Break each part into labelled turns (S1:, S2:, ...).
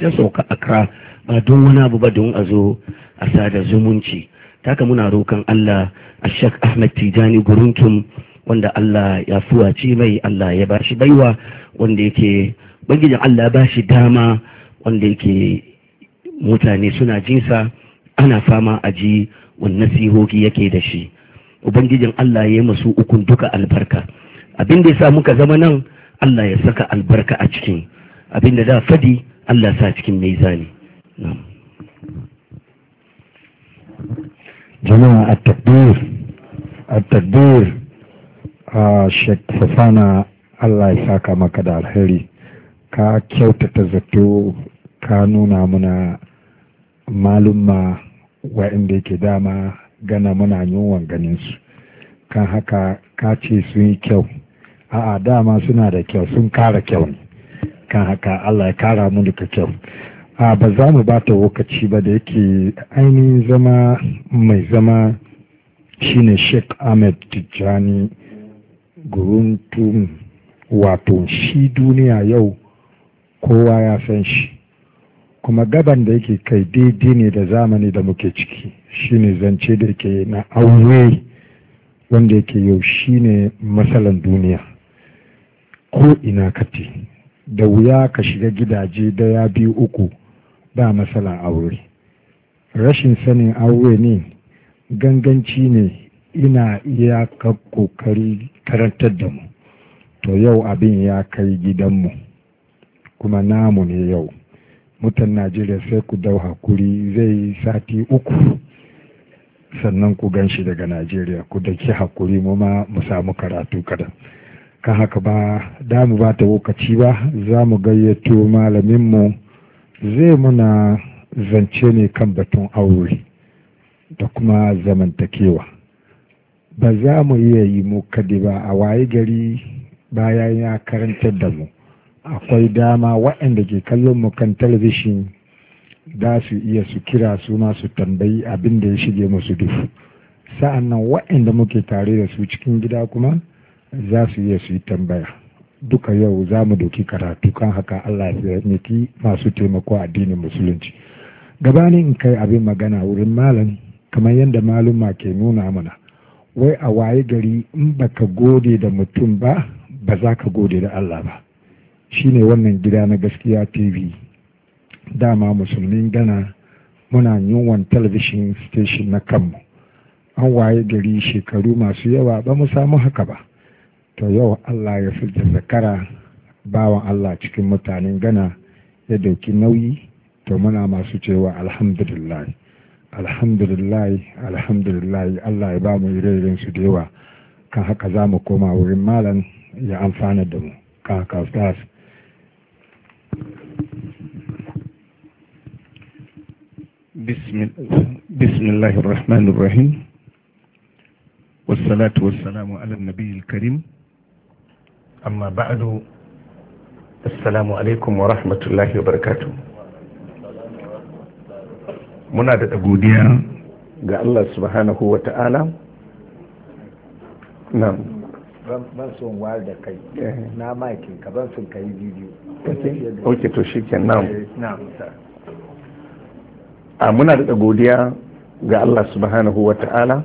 S1: ya sauka akra ba don wani abu ba don a zo a sada zumunci taka muna rokan Allah a shek Ahmed Tijani Guruntum wanda Allah ya fuwaci mai Allah ya bashi baiwa wanda yake bangijin Allah ya bashi dama wanda yake mutane suna jinsa ana fama a ji wannan sihoki yake da shi ubangijin Allah ya yi masu ukun duka albarka abinda da ya sa muka zama nan Allah ya saka albarka a cikin abinda da za fadi Allah
S2: sa cikin mai zane. jama'a a takbir a takbir a Sheikh Allah ya saka maka da alheri ka kyautata zato ka nuna muna malumma wa'inda yake dama gana muna ganin ganinsu kan haka ka ce sun yi kyau a'a dama suna da kyau sun kara kyau ne kan haka Allah ya kara mu da kyau a ba za mu ba ta lokaci ba da yake ainihin zama mai zama shine Sheikh Ahmed Tijjani Guruntum wato shi duniya yau kowa ya san shi kuma gaban da yake kai daidai ne da zamani da muke ciki shine zance da yake na aure wanda yake yau shine matsalan duniya ko ina kati da wuya ka shiga gidaje daya biyu uku ba matsala aure rashin sanin aure ne ganganci ne ina ka kokari karantar da mu to yau abin ya kai gidanmu kuma namu ne yau mutan najeriya sai ku dau hakuri zai sati uku sannan ku gan shi daga najeriya ku daki hakuri mu ma mu samu karatu kadan kan haka ba damu mu ba ta lokaci ba za mu gayyato malaminmu zai muna zance ne kan batun aure da kuma zamantakewa ba za mu iya yi mu kade ba a waye gari bayan ya karantar da mu akwai dama waɗanda ke kallon mu kan talabishin da su iya su kira su masu tambayi abinda ya shige musu duhu sa'an nan waɗanda muke tare da su cikin gida kuma za su iya su yi tambaya duka yau za mu doki karatu kan haka Allah ya miki masu taimako a addinin musulunci gabanin in kai abin magana wurin malam kamar yadda maluma ke nuna mana wai a waye gari in baka gode da mutum ba ba za ka gode da Allah ba shine wannan gida na gaskiya tv dama musulmin gana muna yunwan television station na kanmu an waye gari shekaru masu yawa ba mu samu haka ba to yau Allah ya da zakara bawan Allah cikin mutanen Gana ya dauki nauyi to muna masu cewa alhamdulillah alhamdulillah alhamdulillah Allah ya ba mu ire su da yawa kan haka za mu koma wurin malam ya amfana da mu kan haka ustaz bismillahir rahmanir rahim والصلاة والسلام على النبي الكريم amma ba'adu assalamu alaikum wa rahmatullahi wa barakatu muna da godiya ga Allah subhanahu wa ta'ala nan ban son wayar da kai na maki ka ban son kai bidiyo ok to shi ke nan a muna da godiya ga Allah subhanahu wa ta'ala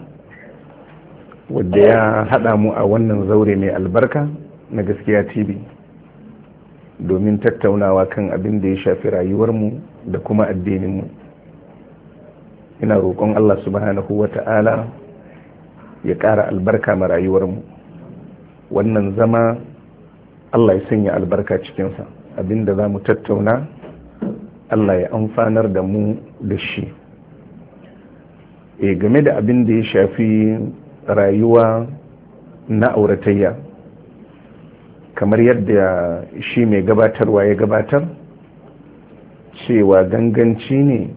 S2: wadda ya haɗa mu a wannan zaure mai albarka na gaskiya tv domin tattaunawa kan abin da ya shafi rayuwarmu da kuma addininmu ina roƙon allah subhanahu wa ta'ala ya ƙara albarka ma rayuwarmu wannan zama allah ya sanya albarka cikinsa abin da za mu tattauna allah ya amfanar da mu da shi e game da abin da ya shafi rayuwa na auratayya kamar yadda shi mai gabatarwa ya gabatar cewa ganganci ne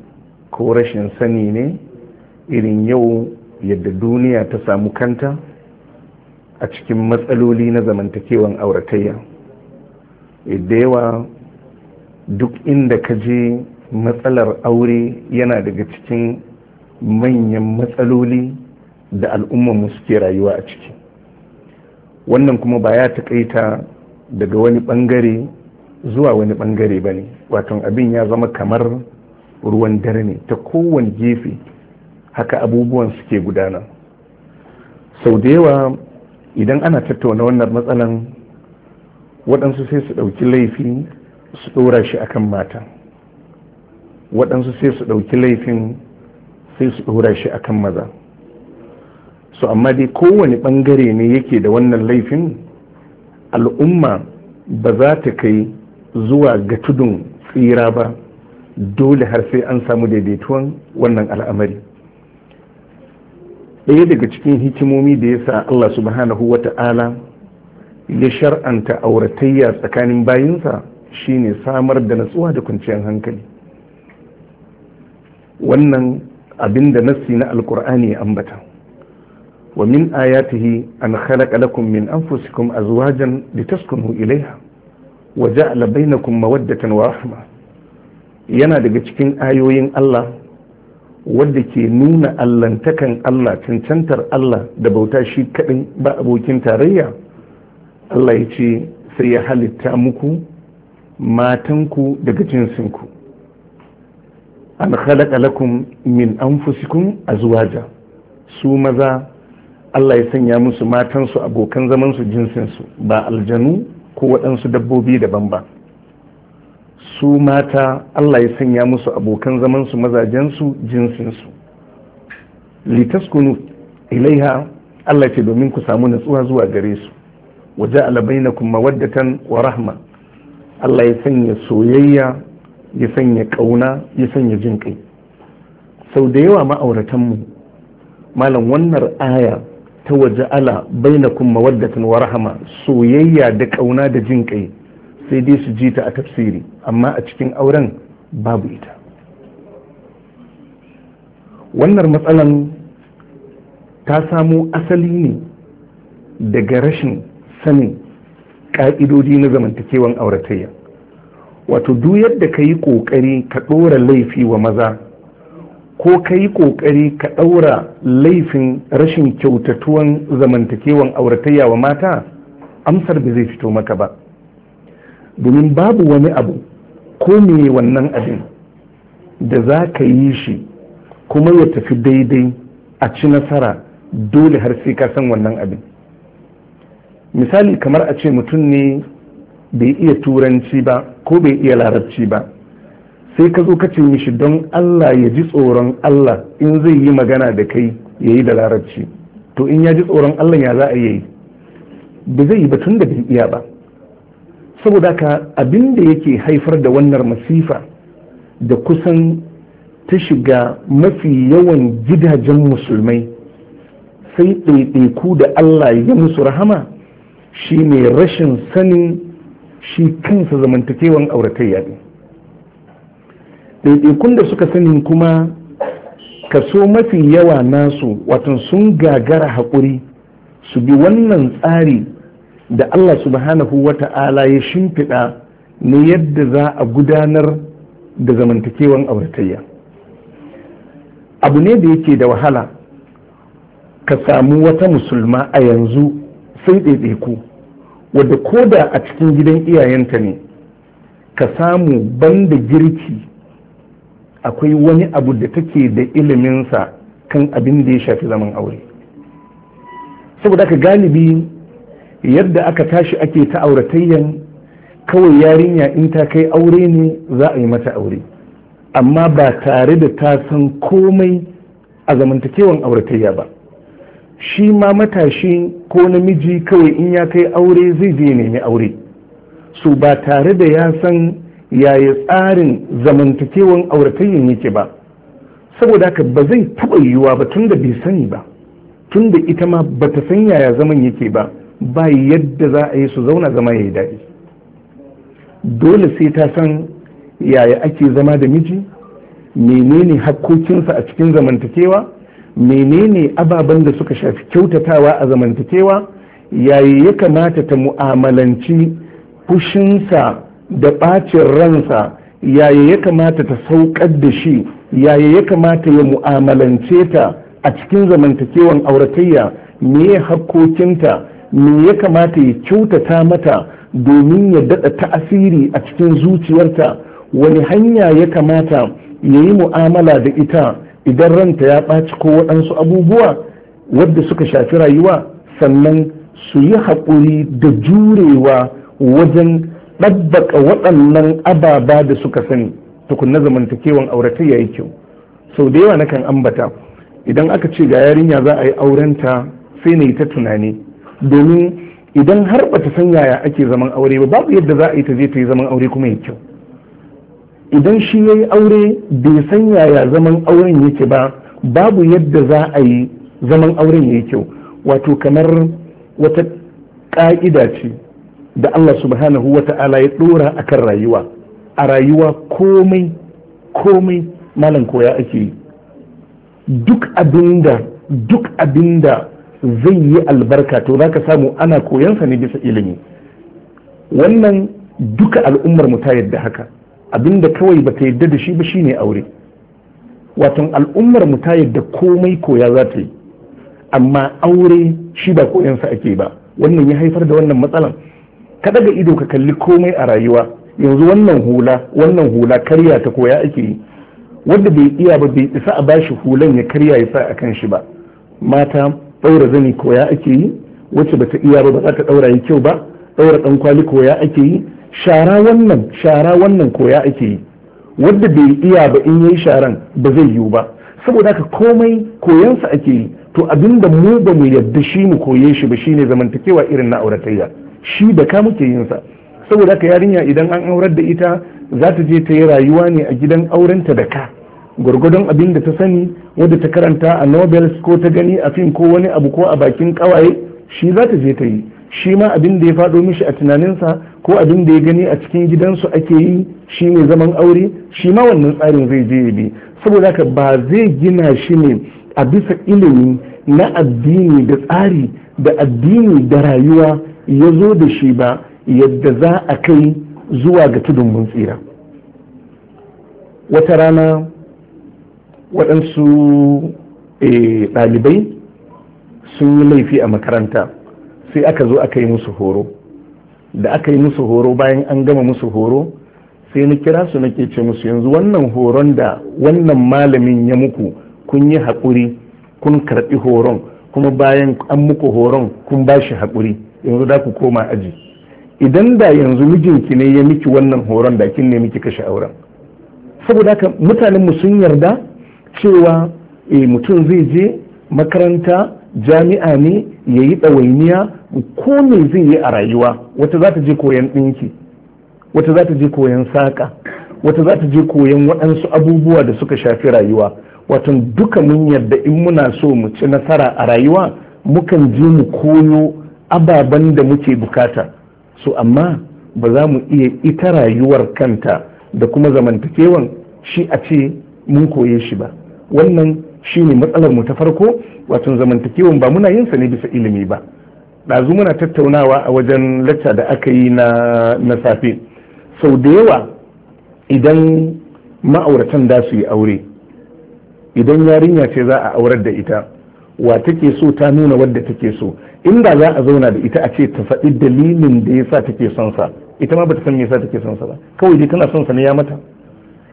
S2: ko rashin sani ne irin yau yadda duniya ta samu kanta a cikin matsaloli na zamantakewan auratayya eh, da yawa duk inda ka je matsalar aure yana daga cikin manyan matsaloli da al'ummarmu suke rayuwa a ciki wannan kuma ba ya kaita daga wani bangare zuwa wani ɓangare ba ne waton abin ya zama kamar ruwan dare ne ta kowane gefe haka abubuwan suke gudana sau da yawa idan ana tattauna wannan matsalan waɗansu sai su ɗauki laifi su ɗora shi akan mata waɗansu sai su ɗauki laifin sai su ɗora shi akan maza su amma dai kowane bangare ne yake da wannan laifin al'umma ba za ta kai zuwa ga tudun tsira ba dole har sai an samu daidaituwan wannan al'amari ɗaya daga cikin hikimomi da ya sa allah subhanahu wa ta'ala ya shar'anta auratayya tsakanin bayinsa shine samar da natsuwa da kwanciyar hankali wannan abin da nassi na alkur'ani ya ambata ومن آياته أن خلق لكم من أنفسكم أزواجا لتسكنوا إليها وجعل بينكم مودة ورحمة yana daga cikin ayoyin Allah wadda ke nuna allantakan Allah cancantar Allah da bauta shi kaɗin ba abokin tarayya Allah ya ce sai ya halitta muku matanku daga jinsinku an khalaqa lakum min anfusikum azwaja su maza Allah ya sanya musu matansu abokan zamansu jinsinsu ba aljanu ko waɗansu dabbobi daban ba su mata Allah ya sanya musu abokan zamansu mazajensu jinsinsu litaskunu ilaiha Allah ce domin ku samu natsuwa zuwa gare su waje kuma mawaddatan wa rahma Allah ya sanya soyayya ya sanya ƙauna ya sanya jin kai sau da yawa ma'auratanmu malam wannan aya ta waje ala bainakum mawaddatan wa rahama soyayya da kauna da jin kai sai dai su ji ta a tafsiri amma a cikin auren babu ita wannan matsalan ta samo asali ne daga rashin sanin ƙa'idodi na zamantakewan auratayya wato duk yadda ka yi ƙoƙari ka ɗora laifi wa maza ko ka yi ƙoƙari ka ɗaura laifin rashin kyautatuwan zamantakewan auratayya wa mata amsar ba zai fito maka ba domin babu wani abu ko me wannan abin da za ka yi shi kuma ya tafi daidai a ci nasara dole har sai ka san wannan abin misali kamar a ce mutum ne bai iya turanci ba ko bai iya larabci ba sai ka zo ka ce mishi don Allah ya ji tsoron Allah in zai yi magana da kai ya yi da larabci to in ya ji tsoron Allah ya za a yi ba zai yi ba tun da bai iya ba saboda ka abin da yake haifar da wannan masifa da kusan ta shiga mafi yawan gidajen musulmai sai ɗaiɗaiku da Allah ya musu rahama shi ne rashin sanin shi kansa zamantakewan auratayya ne ɗaiɗaikun da suka sani kuma kaso mafi yawa nasu watan sun gagara haƙuri su bi wannan tsari da Allah subhanahu wa ta'ala ya shimfiɗa ne yadda za a gudanar da zamantakewan auratayya abu ne da yake da wahala ka samu wata musulma a yanzu sai ɗaiɗaiku wadda ko da a cikin gidan iyayenta ne ka samu banda girki akwai wani abu da take da iliminsa kan abin da ya shafi zaman aure saboda aka galibi yadda aka tashi ake ta auratayyan kawai yarinya in ta kai aure ne za a yi mata aure amma ba tare da ta san komai a zamantakewan auratayya ba shi ma matashi ko namiji kawai in ya kai aure zai je nemi aure su ba tare da ya san yaya tsarin zamantakewan auratayyan yake ba saboda haka ba zai taɓa yiwuwa ba tunda bai sani ba tunda ita ma ba ta san yaya zaman yake ba ba yadda za a yi su zauna zama ya yi daɗi dole sai ta san yaya ake zama da miji menene hakkokinsa a cikin zamantakewa menene ababen da suka shafi kyautatawa a zamantakewa yayi ya kamata ta mu'amalanci fushinsa da ɓacin ransa yaya ya kamata ta sauƙar da shi yaya ya kamata ya mu'amalance ta a cikin zamantakewan auratayya me ya hakkokinta me ya kamata ya kyautata mata domin ya daɗa ta'asiri a cikin zuciyarta wani hanya ya kamata ya yi mu'amala da ita idan ranta ya ɓaci ko waɗansu abubuwa wadda suka shafi rayuwa sannan su yi haƙuri da jurewa wajen ɗabbaka waɗannan ababa da suka sani tukunna zamantakewan auratayya ya yi kyau sau da yawa nakan ambata idan aka ce ga yarinya za a yi aurenta sai na yi ta tunani domin idan har ta san yaya ake zaman aure ba babu yadda za a yi ta je ta yi zaman aure kuma ya kyau idan shi ya yi aure bai san yaya zaman auren yake ba babu yadda za a yi zaman auren ya yi kyau wato kamar wata ƙa'ida ce da Allah subhanahu wa ta'ala ya dora kan rayuwa a rayuwa komai komai malam koya ake yi duk abinda duk abinda zai yi albarka to za ka samu ana koyansa ne bisa ilimi wannan duka al'ummar mu ta yadda haka abinda kawai ba ta yadda da shi ba shi ne aure watan al'ummar mu ta yadda komai koya za ta yi amma aure shi ba koyansa ake ba wannan ya haifar da wannan matsalan ka daga ido ka kalli komai a rayuwa yanzu wannan hula wannan hula karya ta koya ake yi wanda bai iya ba bai isa a bashi hulan ya karya ya sa a kan shi ba mata ɗaura zani koya ake yi wacce ba ta iya ba ba za ta ɗaura ya kyau ba ɗaura ɗan kwali koya ake yi shara wannan shara wannan koya ake yi wanda bai iya ba in yi sharan ba zai yiwu ba saboda haka komai koyansa ake yi to abinda mu ba mu yarda shi mu koye shi ba shine zamantakewa irin na auratayya shi da ka muke yinsa saboda haka yarinya idan an aurar da ita za ta je ta yi rayuwa ne a gidan aurenta da ka gwargwadon abin da ta sani wadda ta karanta a nobel ko ta gani a fim ko wani abu ko a bakin kawaye shi za ta je ta yi shi ma abin da ya fado mishi a tunaninsa ko abin da ya gani a cikin gidansu ake yi shi ne zaman aure shi ma wannan tsarin zai je ya bi saboda haka ba zai gina shi ne a bisa ilimi na addini da tsari da addini da rayuwa ya zo da shi ba yadda za a kai zuwa ga tudun mun tsira wata rana waɗansu eh, ɗalibai sun yi laifi a makaranta sai aka zo aka yi musu horo da aka yi musu horo bayan an gama musu horo sai na kira su nake ce musu yanzu wannan horon da wannan malamin ya muku kun yi haƙuri kun karɓi horon kuma bayan an muku horon kun ba shi haƙuri yanzu da ku koma aji idan da yanzu mijinki ne ya miki wannan horon da kin ne miki kashe auren saboda haka mutanen mu sun yarda cewa e, mutum zai je makaranta jami'a ne ya yi ɗawainiya ko me zai yi a rayuwa wata za ta je koyan ɗinki wata za ta je koyan saƙa wata za ta je koyan waɗansu abubuwa da suka shafi rayuwa wato duka mun yarda in muna so mu ci nasara a rayuwa mukan je mu koyo ababen da muke bukata su amma ba za mu iya ita rayuwar kanta da kuma zamantakewan shi a ce mun koye shi ba wannan shi ne matsalar mu ta farko wato zamantakewan ba muna yin sa ne bisa ilimi ba ɗazu muna tattaunawa a wajen lacca da aka yi na safe sau da yawa idan ma'auratan da su yi aure idan yarinya ce za a aurar da ita wa take so ta nuna wadda take so inda za a zauna da ita a ce ta faɗi dalilin da ya sa take son sa ita ma bata san me yasa take son sa ba kawai dai tana son sa ne ya mata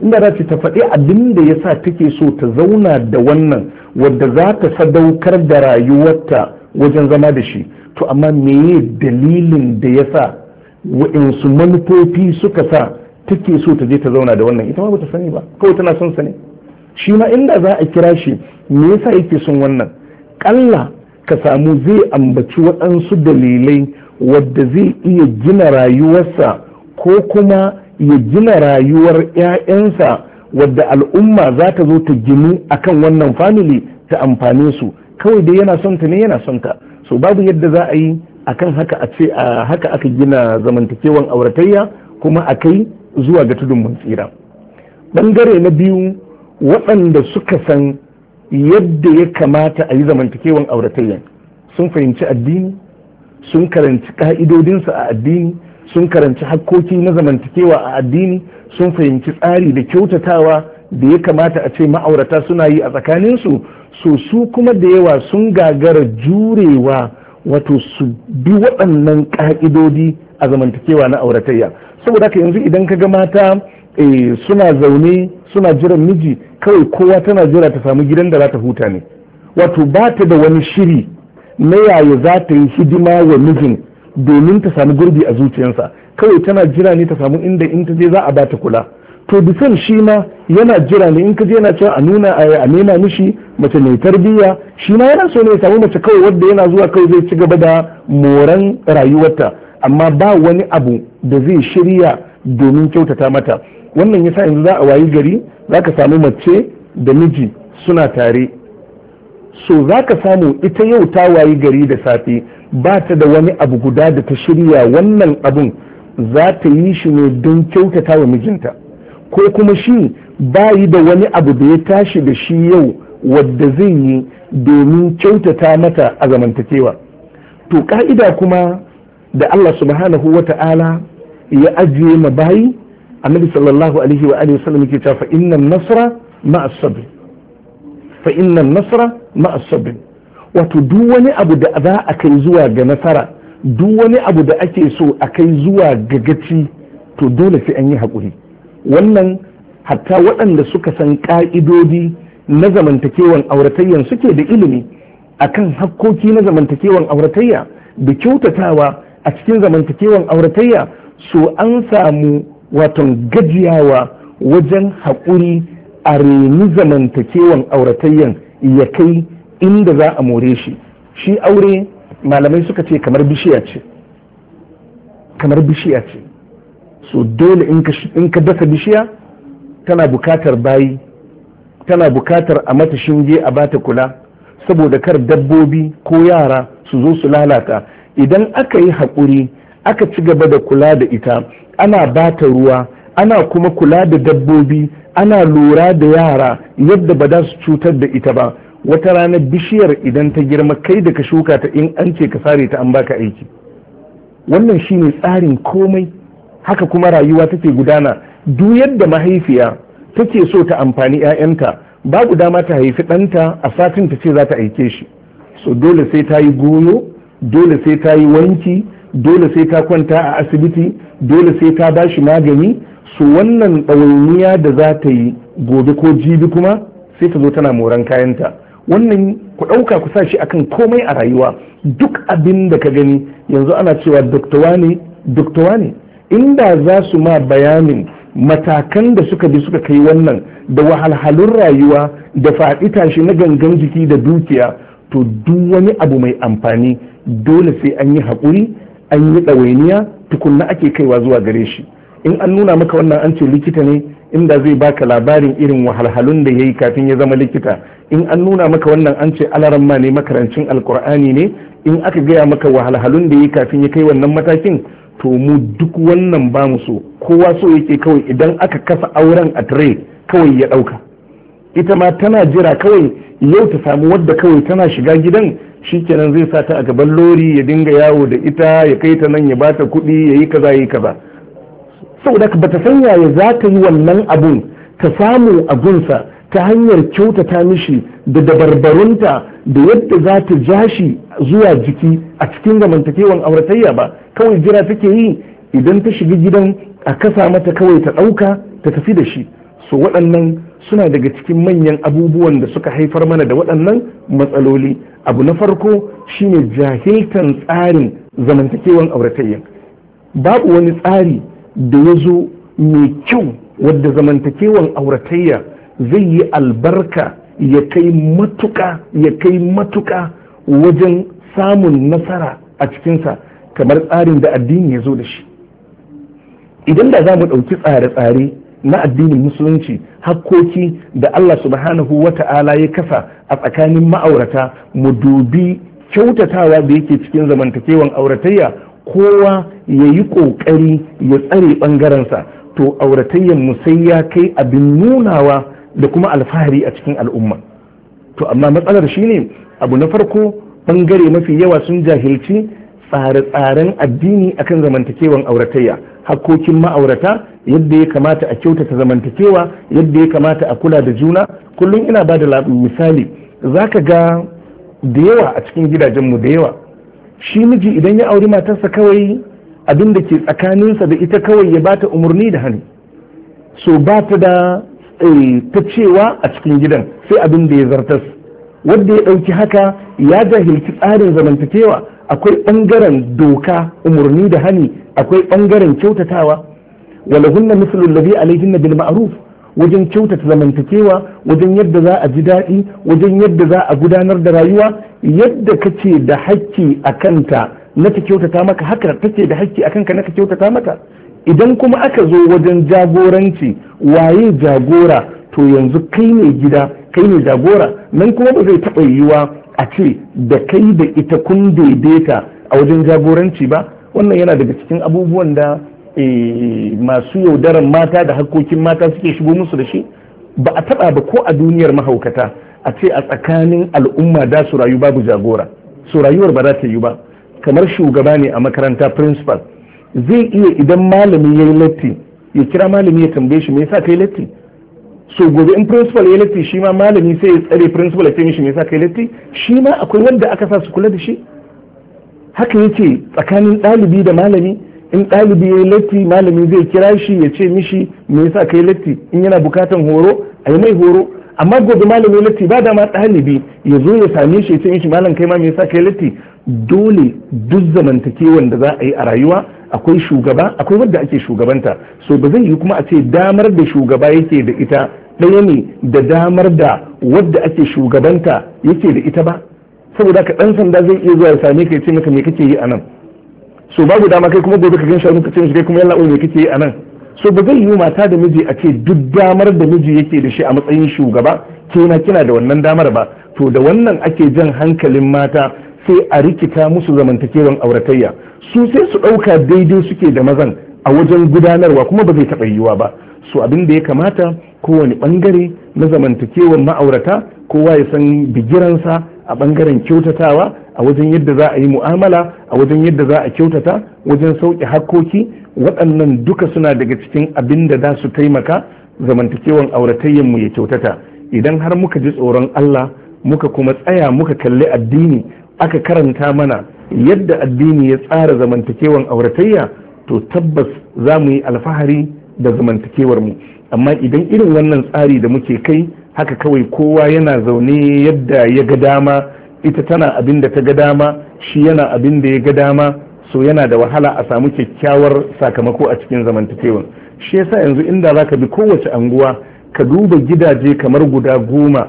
S2: inda za ta faɗi abin da ya sa take so ta zauna da wannan wadda za ta sadaukar da rayuwarta wajen zama da shi to amma ye dalilin da ya sa wa'insu manufofi suka sa take so ta je ta zauna da wannan ita ma bata sani ba kawai tana son sa ne shi ma inda za a kira shi me yasa yake son wannan aƙalla ka samu zai ambaci waɗansu dalilai wadda zai iya gina rayuwarsa ko kuma ya gina rayuwar 'ya'yansa wadda al'umma za ta zo ta gini a kan wannan famili ta amfane su kawai dai yana son ta ne yana son ta so babu yadda za a yi a kan haka a ce a haka aka gina zamantakewan auratayya kuma a kai zuwa ga tudun mun tsira bangare na biyu waɗanda suka san yadda ya kamata a yi zamantakewan auratayya sun fahimci addini sun karanci ka'idodinsa a addini sun karanci hakkoki na zamantakewa a addini sun fahimci tsari da kyautatawa da ya kamata a ce ma'aurata suna yi a tsakaninsu so su kuma da yawa sun gagara jurewa wato su bi waɗannan ƙa'idodi a zamantakewa na auratayya saboda haka yanzu idan ka ga mata eh, suna zaune suna jiran miji kawai kowa tana jira ta samu gidan da za ta huta ne wato ba ta da wani shiri na yaya za ta yi hidima wa mijin domin ta samu gurbi a zuciyarsa kawai tana jira ne ta samu inda in ta je za a ba ta kula to bisan shi ma yana jira ne in ka je yana cewa a nuna a nema mishi mace mai tarbiyya shi ma yana so ne ya samu mace kawai wadda yana zuwa kawai zai ci gaba da moran rayuwarta amma ba wani abu da zai shirya domin kyautata mata wannan yasa yanzu za a wayi gari za ka samu mace da miji suna tare so za ka samu ita yau ta wayi gari da safe ba ta da wani abu guda da ta shirya wannan abun za ta yi shi ne don kyautata wa mijinta ko kuma shi ba yi da wani abu da ya tashi da shi yau wadda zai yi domin kyautata mata a zamantakewa to ka'ida kuma da Allah subhanahu wa ta'ala ya ajiye ma bayi annabi sallallahu alaihi wa alihi wasallam yake cewa fa innan nasra ma'a sabr fa innan nasra ma'a sabr wato duk wani abu da za a kai zuwa ga nasara duk wani abu da ake so a kai zuwa ga gaci to dole sai an yi haƙuri wannan hatta waɗanda suka san ƙa'idodi na zamantakewan auratayyan suke da ilimi akan hakkoki na zamantakewan auratayya da kyautatawa a cikin zamantakewan auratayya so an samu watan gajiyawa wajen haƙuri a reni zamantakewan auratayyan ya kai inda za a more shi shi aure malamai suka ce kamar bishiya ce kamar bishiya ce so dole in ka dasa bishiya tana bukatar bayi tana bukatar a mata shinge a bata kula saboda kar dabbobi ko yara su zo su lalata idan aka yi haƙuri aka ci gaba da kula da ita ana ba ta ruwa ana kuma kula da dabbobi ana lura da yara yadda ba za su cutar da ita ba wata ranar bishiyar idan ta girma kai da ka shuka ta in an ce ka sare ta an baka aiki wannan shine tsarin komai haka kuma rayuwa take gudana duk yadda mahaifiya take so ta amfani 'ya'yanta babu dama ta haifi ɗanta a satin ta ce za ta aike shi so dole sai ta yi goyo dole sai ta yi wanki dole sai ta kwanta a asibiti dole sai ta ba shi magani su wannan ɗawainiya da za ta yi gobe ko jibi kuma sai ta zo tana moran kayanta wannan ku ɗauka ku sa shi akan komai a rayuwa duk abin da ka gani yanzu ana cewa doktawa ne ne inda za su ma bayanin matakan da suka bi suka kai wannan da wahalhalun rayuwa da faɗi tashi na gangan jiki da dukiya to duk wani abu mai amfani dole sai an yi haƙuri an yi ɗawainiya tukunna ake kaiwa zuwa gare shi in an nuna maka wannan an ce likita ne inda zai baka labarin irin wahalhalun da ya yi kafin ya zama likita in an nuna maka wannan an ce alaramma ne makarancin alkur'ani ne in aka gaya maka wahalhalun da ya yi kafin ya kai wannan matakin to mu duk wannan ba mu so kowa so yake kawai idan aka kasa auren a tire kawai ya ɗauka ita ma tana jira kawai yau ta samu wadda kawai tana shiga gidan shikenan zai sa ta a gaban lori ya dinga yawo da ita ya kai ta nan ya ba ta kuɗi ya yi kaza ya yi kaza saboda ba ta san yaya za ta yi wannan abun ta samu a gunsa ta hanyar kyautata mishi da dabarbarunta da yadda za ta ja shi zuwa jiki a cikin zamantakewan auratayya ba kawai jira take yi idan ta shiga gidan a kasa mata kawai ta ɗauka ta tafi da shi so waɗannan suna daga cikin manyan abubuwan da suka haifar mana da waɗannan matsaloli abu na farko shine jahiltan tsarin zamantakewan auratayya babu wani tsari da ya zo mai kyau wadda zamantakewan auratayya zai yi albarka ya kai matuka ya kai matuka wajen samun nasara a cikinsa kamar tsarin da addini ya zo da shi idan da za mu ɗauki tsare-tsare na addinin musulunci hakkoki da Allah subhanahu wa ta'ala ya kasa a tsakanin ma'aurata mu dubi kyautatawa da yake cikin zamantakewan auratayya kowa ya yi ƙoƙari ya tsare ɓangarensa to auratayyan mu sai ya kai abin nunawa da kuma alfahari a cikin al'umma to amma matsalar shine abu na farko ɓangare mafi yawa sun jahilci tsare-tsaren addini akan zamantakewan auratayya hakkokin ma'aurata yadda ya kamata a kyautata zamantakewa yadda ya kamata a kula da juna kullum ina ba da misali za ka ga da yawa a cikin gidajenmu da yawa shi miji idan ya auri matarsa kawai abin da ke tsakaninsa da ita kawai ya bata umarni da hannu so ba ta da eh, ta cewa a cikin gidan sai abin da ya zartas wanda ya ɗauki haka ya jahilci tsarin zamantakewa akwai ɓangaren doka umarni da hani akwai ɓangaren kyautatawa walahunna mislul ladhi alaihinna na ma'ruf wajen kyautata zamantakewa wajen yadda za a ji daɗi wajen yadda za a gudanar da rayuwa yadda kace da hakki a kanta na ta kyautata maka haka take da hakki a kanka na ka kyautata maka? idan kuma aka zo wajen jagoranci waye jagora to yanzu kai ne gida kai ne jagora nan kuma ba zai taɓa yiwuwa a ce da kai da ita kun daidaita a wajen jagoranci ba wannan yana daga cikin abubuwan da eh, masu yaudaran mata da harkokin mata suke shigo musu da shi ba a taba ba ko a duniyar mahaukata a ce a tsakanin al'umma da su rayu babu jagora su rayuwar ba za ta yi ba kamar shugaba ne a makaranta principal zai iya idan malami ya yi latti ya kira malami ya tambaye shi me yasa kai latti so gobe in principal ya latti shi ma malami sai ya tsare principal ya ce mishi me yasa kai latti shi ma akwai wanda aka sa su kula da shi haka ya yace tsakanin ɗalibi da malami in ɗalibi ya latti malami zai kira shi ya ce mishi me yasa kai latti in yana bukatan horo a yi mai horo amma gobe malami latti ba dama ɗalibi ya zo ya same shi ya ce mishi malam kai ma me yasa kai latti dole duk zamantakewan da za a yi a rayuwa akwai shugaba akwai wadda ake shugabanta so ba zai yi kuma a ce damar da shugaba yake da ita ɗaya ne da damar da wadda ake shugabanta yake da ita ba saboda ka ɗan sanda zai iya zuwa ya same ka ya ce maka me kake yi a nan so babu dama kai kuma gobe ka gan shanu ka ce kai kuma yalla me kake yi a nan so ba zai yi mata da miji a ce duk damar da miji yake da shi a matsayin shugaba kina kina da wannan damar ba to da wannan ake jan hankalin mata sai a rikita musu zamantakewar auratayya su sai su ɗauka daidai suke da mazan a wajen gudanarwa kuma ba zai taɓa yiwuwa ba su abin da ya kamata kowane ɓangare na zamantakewar ma'aurata kowa ya san bigiransa a ɓangaren kyautatawa a wajen yadda za a yi mu'amala a wajen yadda za a kyautata wajen sauƙi hakkoki waɗannan duka suna daga cikin abin da za su taimaka zamantakewar auratayyan mu ya kyautata idan har muka ji tsoron Allah muka kuma tsaya muka kalli addini aka karanta mana yadda addini ya tsara zamantakewan auratayya to tabbas za mu yi alfahari da zamantakewar mu amma idan irin wannan tsari da muke kai haka kawai kowa yana zaune yadda ya ga dama ita tana abin da ta ga dama shi yana abin da ya ga dama so yana da wahala a samu kyakkyawar sakamako a cikin zamantakewar shi yasa yanzu inda za ka bi kowace anguwa ka duba gidaje kamar guda goma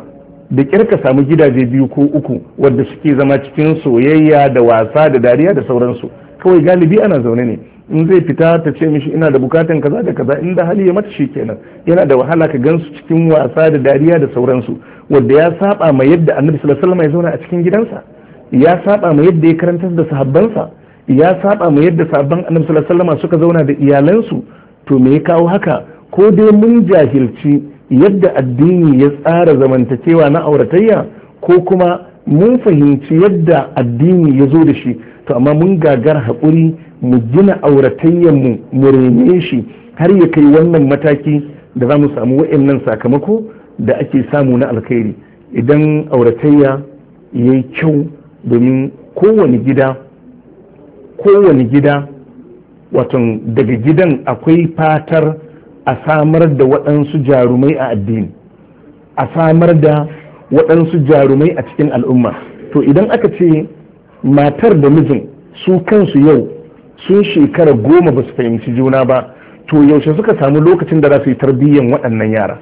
S2: da kirka samu gidaje biyu ko uku wadda suke zama cikin soyayya da wasa da dariya da sauransu kawai galibi ana zaune ne in zai fita ta ce mishi ina da bukatan kaza da kaza inda hali ya mata kenan yana da wahala ka gansu cikin wasa da dariya da sauransu wadda ya saba ma yadda annabi sallallahu alaihi ya zauna a cikin gidansa ya saba ma yadda ya karanta da sahabbansa ya saba ma yadda sahabban annabi sallallahu alaihi suka zauna da iyalansu to me ya kawo haka ko dai mun jahilci yadda addini ya tsara zamantakewa na auratayya ko kuma mun fahimci yadda addini ya zo da shi to amma mun gagar haƙuri mu gina auratayyan mu mu rene shi har ya kai wannan mataki da za mu samu wa'annan sakamako da ake samu na alkhairi idan auratayya ya yi kyau domin kowane gida kowane gida waton daga gidan akwai fatar a samar da waɗansu jarumai a addini a samar da waɗansu jarumai a cikin al'umma to idan aka ce matar da mijin su kansu yau sun shekara goma ba su fahimci juna ba to yaushe suka samu lokacin da za su yi tarbiyyan waɗannan yara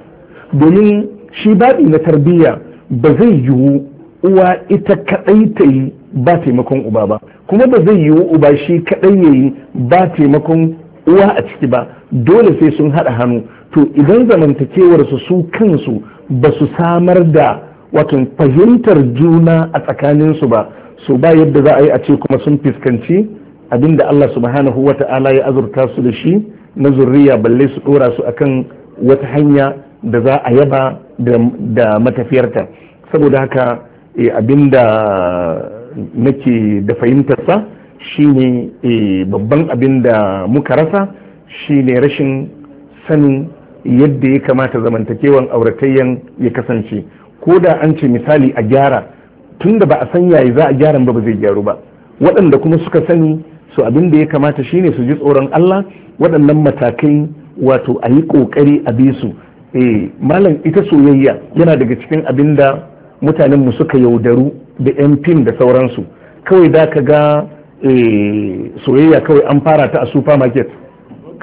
S2: domin shi baɗi na tarbiyya ba zai yiwu uwa ita kaɗai ta yi ba taimakon uba ba kuma ba zai yiwu uba shi kaɗai ya yi ba taimakon uwa a ciki ba dole sai sun haɗa hannu to idan zamantakewarsu su kansu ba su samar da watan fahimtar juna a tsakaninsu ba su ba yadda za a yi a ce kuma sun fuskanci abinda Allah subhanahu wa ta'ala ya azurta su da shi na zurriya balle su dora su akan wata hanya da za a yaba da matafiyarta saboda haka eh, abinda nake da fahimtarsa shine eh, babban abin da muka rasa Shi ne rashin sanin yadda ya kamata zamantakewan auratayyan ya kasance ko da an ce misali a gyara tun da ba a san yayi za a gyaran ba ba zai gyaru ba waɗanda kuma suka sani su abin da ya kamata shi ne su ji tsoron Allah waɗannan matakai wato a yi ƙoƙari a bi su eh malam ita soyayya yana daga cikin abin da mutanen mu suka yaudaru da yan fim da sauransu kawai da ka ga eh, soyayya kawai an fara ta a supermarket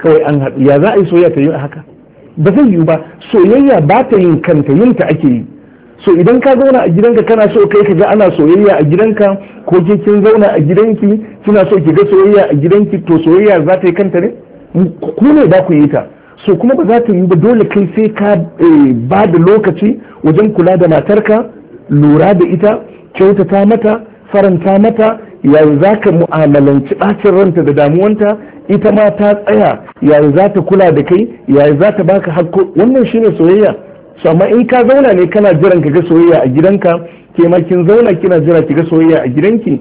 S2: kawai an haɗu ya za a yi soyayya ta yi haka ba zai yi ba soyayya ba ta yin kanta yin ta ake yi so idan ka zauna a gidanka kana so kai ka ga ana soyayya a gidanka ko ke kin zauna a gidanki kina so ki ga soyayya a gidanki to soyayya za ta yi kanta ne ku ne ba ku yi ta so kuma ba za ta yi ba dole kai sai ka eh, ba da lokaci wajen kula da matarka lura da ita kyautata mata faranta mata yayin za ka mu'amalanci ɓacin ranta da damuwanta ita ma ta tsaya yayin za ta kula da kai yayin za ta baka hakko wannan shine soyayya so amma in ka zauna ne kana jiran ka ga soyayya a gidanka ke ma kin zauna kina jira ki ga soyayya a gidanki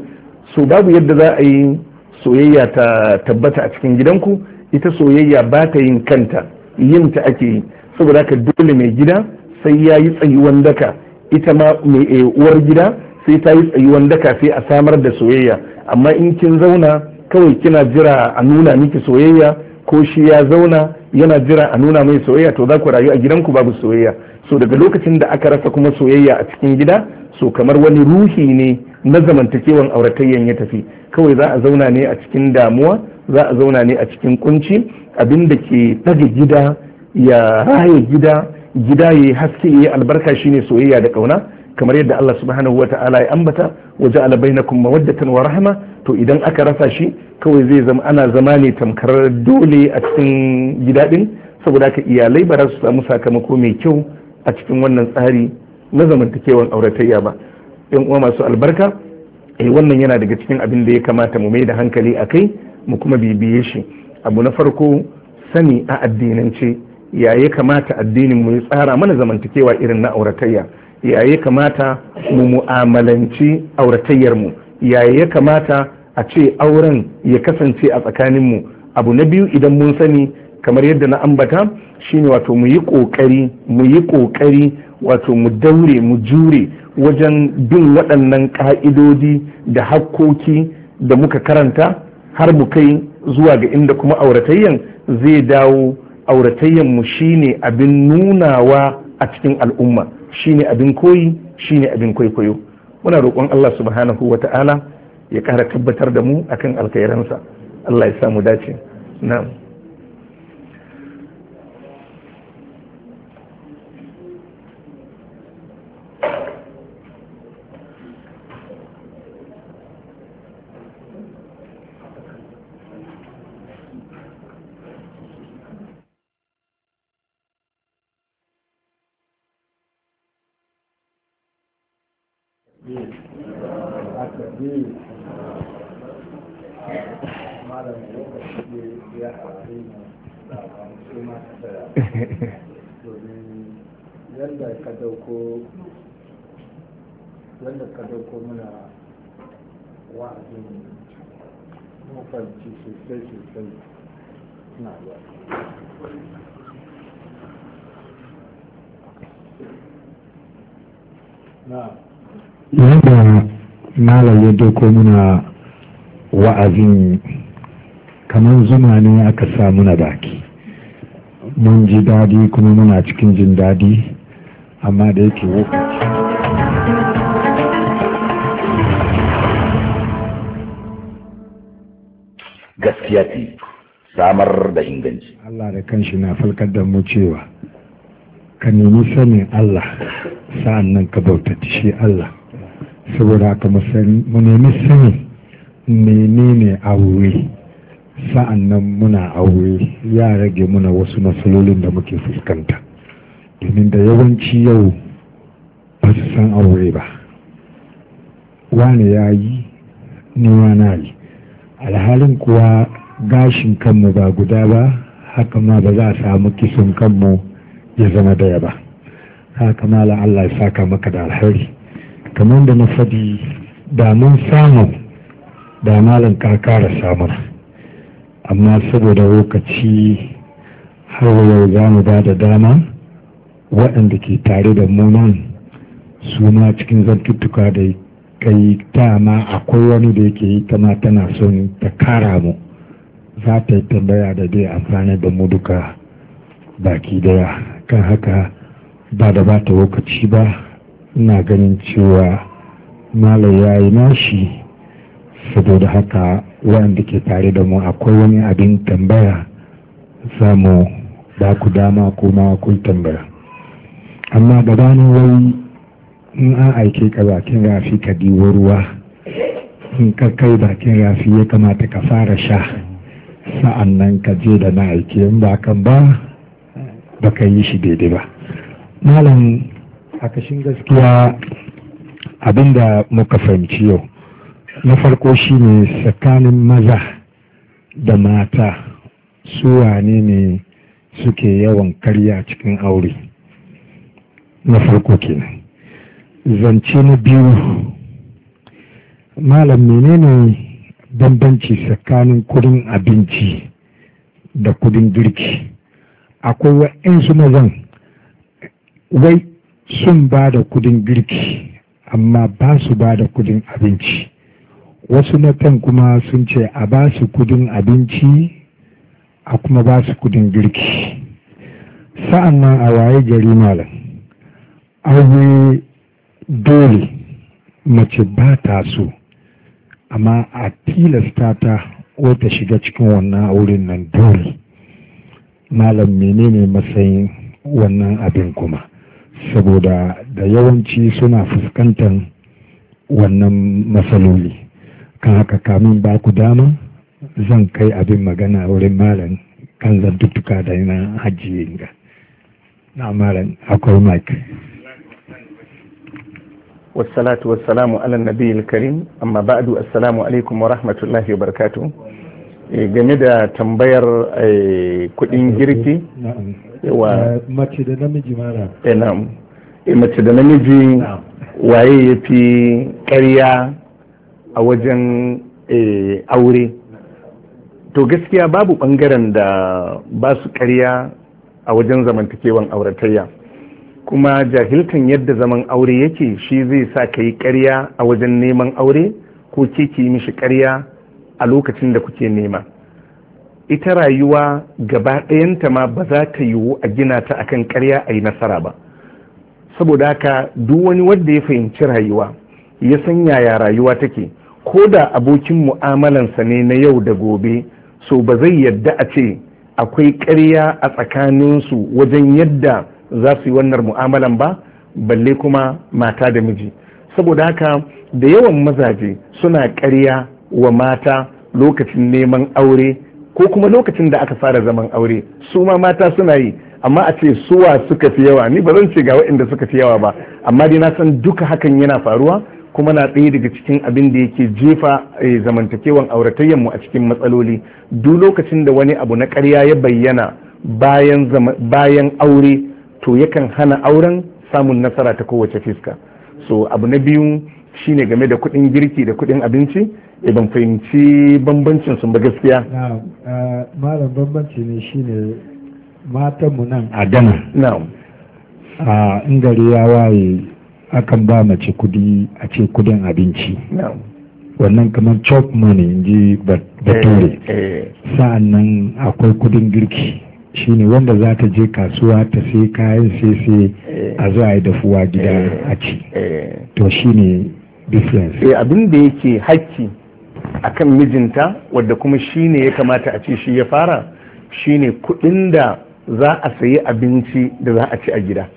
S2: so babu yadda za a yi soyayya ta tabbata a cikin gidanku ita soyayya ba ta yin kanta yin ta ake yi saboda ka dole mai gida sai ya yi tsayuwan daka ita ma mai eh, uwar gida sai ta yi tsayuwan daka sai a samar da soyayya amma in kin zauna kawai kina jira a nuna miki soyayya ko shi ya zauna yana jira a nuna mai soyayya to za ku rayu a gidanku babu soyayya so daga lokacin da aka rasa kuma soyayya a cikin gida so kamar wani ruhi ne na zamantakewan auratayyan ya tafi kawai za a zauna ne a cikin damuwa za a zauna ne a cikin kunci abin da ke daga gida ya raye gida gida ya haske ya albarka shine soyayya da ƙauna kamar yadda Allah subhanahu wa ta'ala ya ambata wa ja'ala bainakum mawaddatan wa rahma to idan aka rasa shi kawai zai zama ana zama ne tamkar dole a cikin gida din saboda ka iyalai ba za su samu sakamako mai kyau a cikin wannan tsari na zamantakewan auratayya ba yan uwa masu albarka eh wannan yana daga cikin abin da ya kamata mu mai da hankali akai mu kuma bibiye shi abu na farko sani a addinance ya ya kamata addinin mu ya tsara mana zamantakewa irin na auratayya ya kamata mu mu'amalanci auratayyarmu mu ya kamata a ce auren ya kasance a tsakaninmu abu na biyu idan mun sani kamar yadda na ambata shine wato mu yi kokari mu yi kokari wato mu daure mu jure wajen bin waɗannan ka'idodi da hakkoki da muka karanta har mu kai zuwa ga inda kuma auratayyan zai dawo auratayyan mu shine abin nunawa a cikin al'umma shine abin koyi shine abin kwaikwayo muna roƙon Allah subhanahu wa ta'ala ya ƙara tabbatar da mu akan alkhairansa Allah ya samu dace na'am ɗauko mana na ba malam ya doko muna wa'azin kamar zuma ne aka sa muna baki mun ji daɗi kuma muna cikin jin daɗi amma da yake lokaci gaskiya ce samar da inganci Allah da kanshi na falkar da mu cewa ka nemi sanin Allah sa'an nan ka bauta shi Allah saboda haka mu nemi sanin menene aure sa'an nan muna aure ya rage muna wasu matsalolin da muke fuskanta domin da yawanci yau ba su san aure ba wane ya yi ni na yi alhalin kuwa gashin kanmu ba guda ba haka ma ba za a samu kisan kanmu ya zama daya ba haka ma Allah ya saka maka da alhari kamar da na faɗi da mun samu da malam kakara samun amma saboda lokaci har yau za mu ba da dama waɗanda ke tare da munan nan cikin zantuttuka da kai ma akwai wani da yake yi kama tana son ta kara mu za ta yi tambaya da dai amfani da mu duka baki daya kan haka ba da ba ta lokaci ba ina ganin cewa malam ya yi nashi saboda haka waɗanda ke tare da mu akwai wani abin tambaya za mu ba ku dama kuma kun tambaya amma gabanin wani. in an aike ka bakin rafi ka diwo ruwa in ka kai bakin rafi ya kamata ka fara sha sa'an nan ka je da na aike in ba kan ba ba ka yi shi daidai ba malam a gaskiya abinda muka fahimci yau na farko shine tsakanin maza da mata su wane ne suke yawan karya cikin aure na farko kenan zance na biyu malam menene bambanci tsakanin kudin abinci da kudin girki akwai wa'insu mazan wai sun ba da kudin girki amma ba su ba da kudin abinci wasu matan kuma sun ce a ba su kudin abinci a kuma ba su kudin girki sa'an nan a waye gari malam aure dole mace ba ta so amma a tilasta ta wata shiga cikin wannan auren nan dole malam menene matsayin wannan abin kuma saboda da yawanci suna fuskantar wannan matsaloli kan haka kamin ba ku dama zan kai abin magana wurin malam kan zantuttuka da yana yin ga na malam akwai mike والصلاة والسلام على النبي الكريم أما بعد السلام عليكم ورحمة الله وبركاته game da tambayar kudin girki wa mace da namiji mara mace da namiji waye ya fi karya a wajen aure to gaskiya babu bangaren da ba su karya a wajen zamantakewan auratayya kuma jahiltan yadda zaman aure yake shi zai sa ka yi ƙarya a wajen neman aure ko ke ki mishi ƙarya a lokacin da kuke nema ita rayuwa gaba ɗayanta ma ba za ta yiwu a gina ta akan karya a yi nasara ba saboda haka duk wani wanda ya fahimci rayuwa ya san yaya rayuwa take ko da abokin mu'amalansa ne na yau da gobe so ba zai yadda a ce akwai ƙarya a tsakaninsu wajen yadda za su yi wannan mu'amalan ba balle kuma mata da miji saboda haka da yawan mazaje suna karya wa mata lokacin neman aure ko kuma lokacin da aka fara zaman aure su ma mata suna yi amma a ce suwa suka fi yawa ni ba zan ce ga waɗanda suka fi yawa ba amma dai na san duka hakan yana faruwa kuma na ɗaya daga cikin abin da yake jefa eh, zamantakewan auratayyanmu a cikin matsaloli duk lokacin da wani abu na ƙarya ya bayyana bayan aure to yakan hana auren samun nasara ta kowace fiska so abu na biyu shine game da kuɗin girki da kuɗin abinci idan eh, fahimci bambancin sun ba gaskiya eh, malam bambanci ne shine matanmu nan a gana a ingari ya waye akan ba mace kudi a ce kudin abinci wannan kamar chop money in ji eh, bature sa'an nan akwai kudin girki shine wanda za ta je kasuwa ta sai kayan sai a zuwa yi dafuwa gida eh, a ci eh. to shine difference eh abin da yake hakki akan mijinta wadda kuma shine ya kamata a ce shi ya fara shine kuɗin da za a sayi abinci da za a ci a gida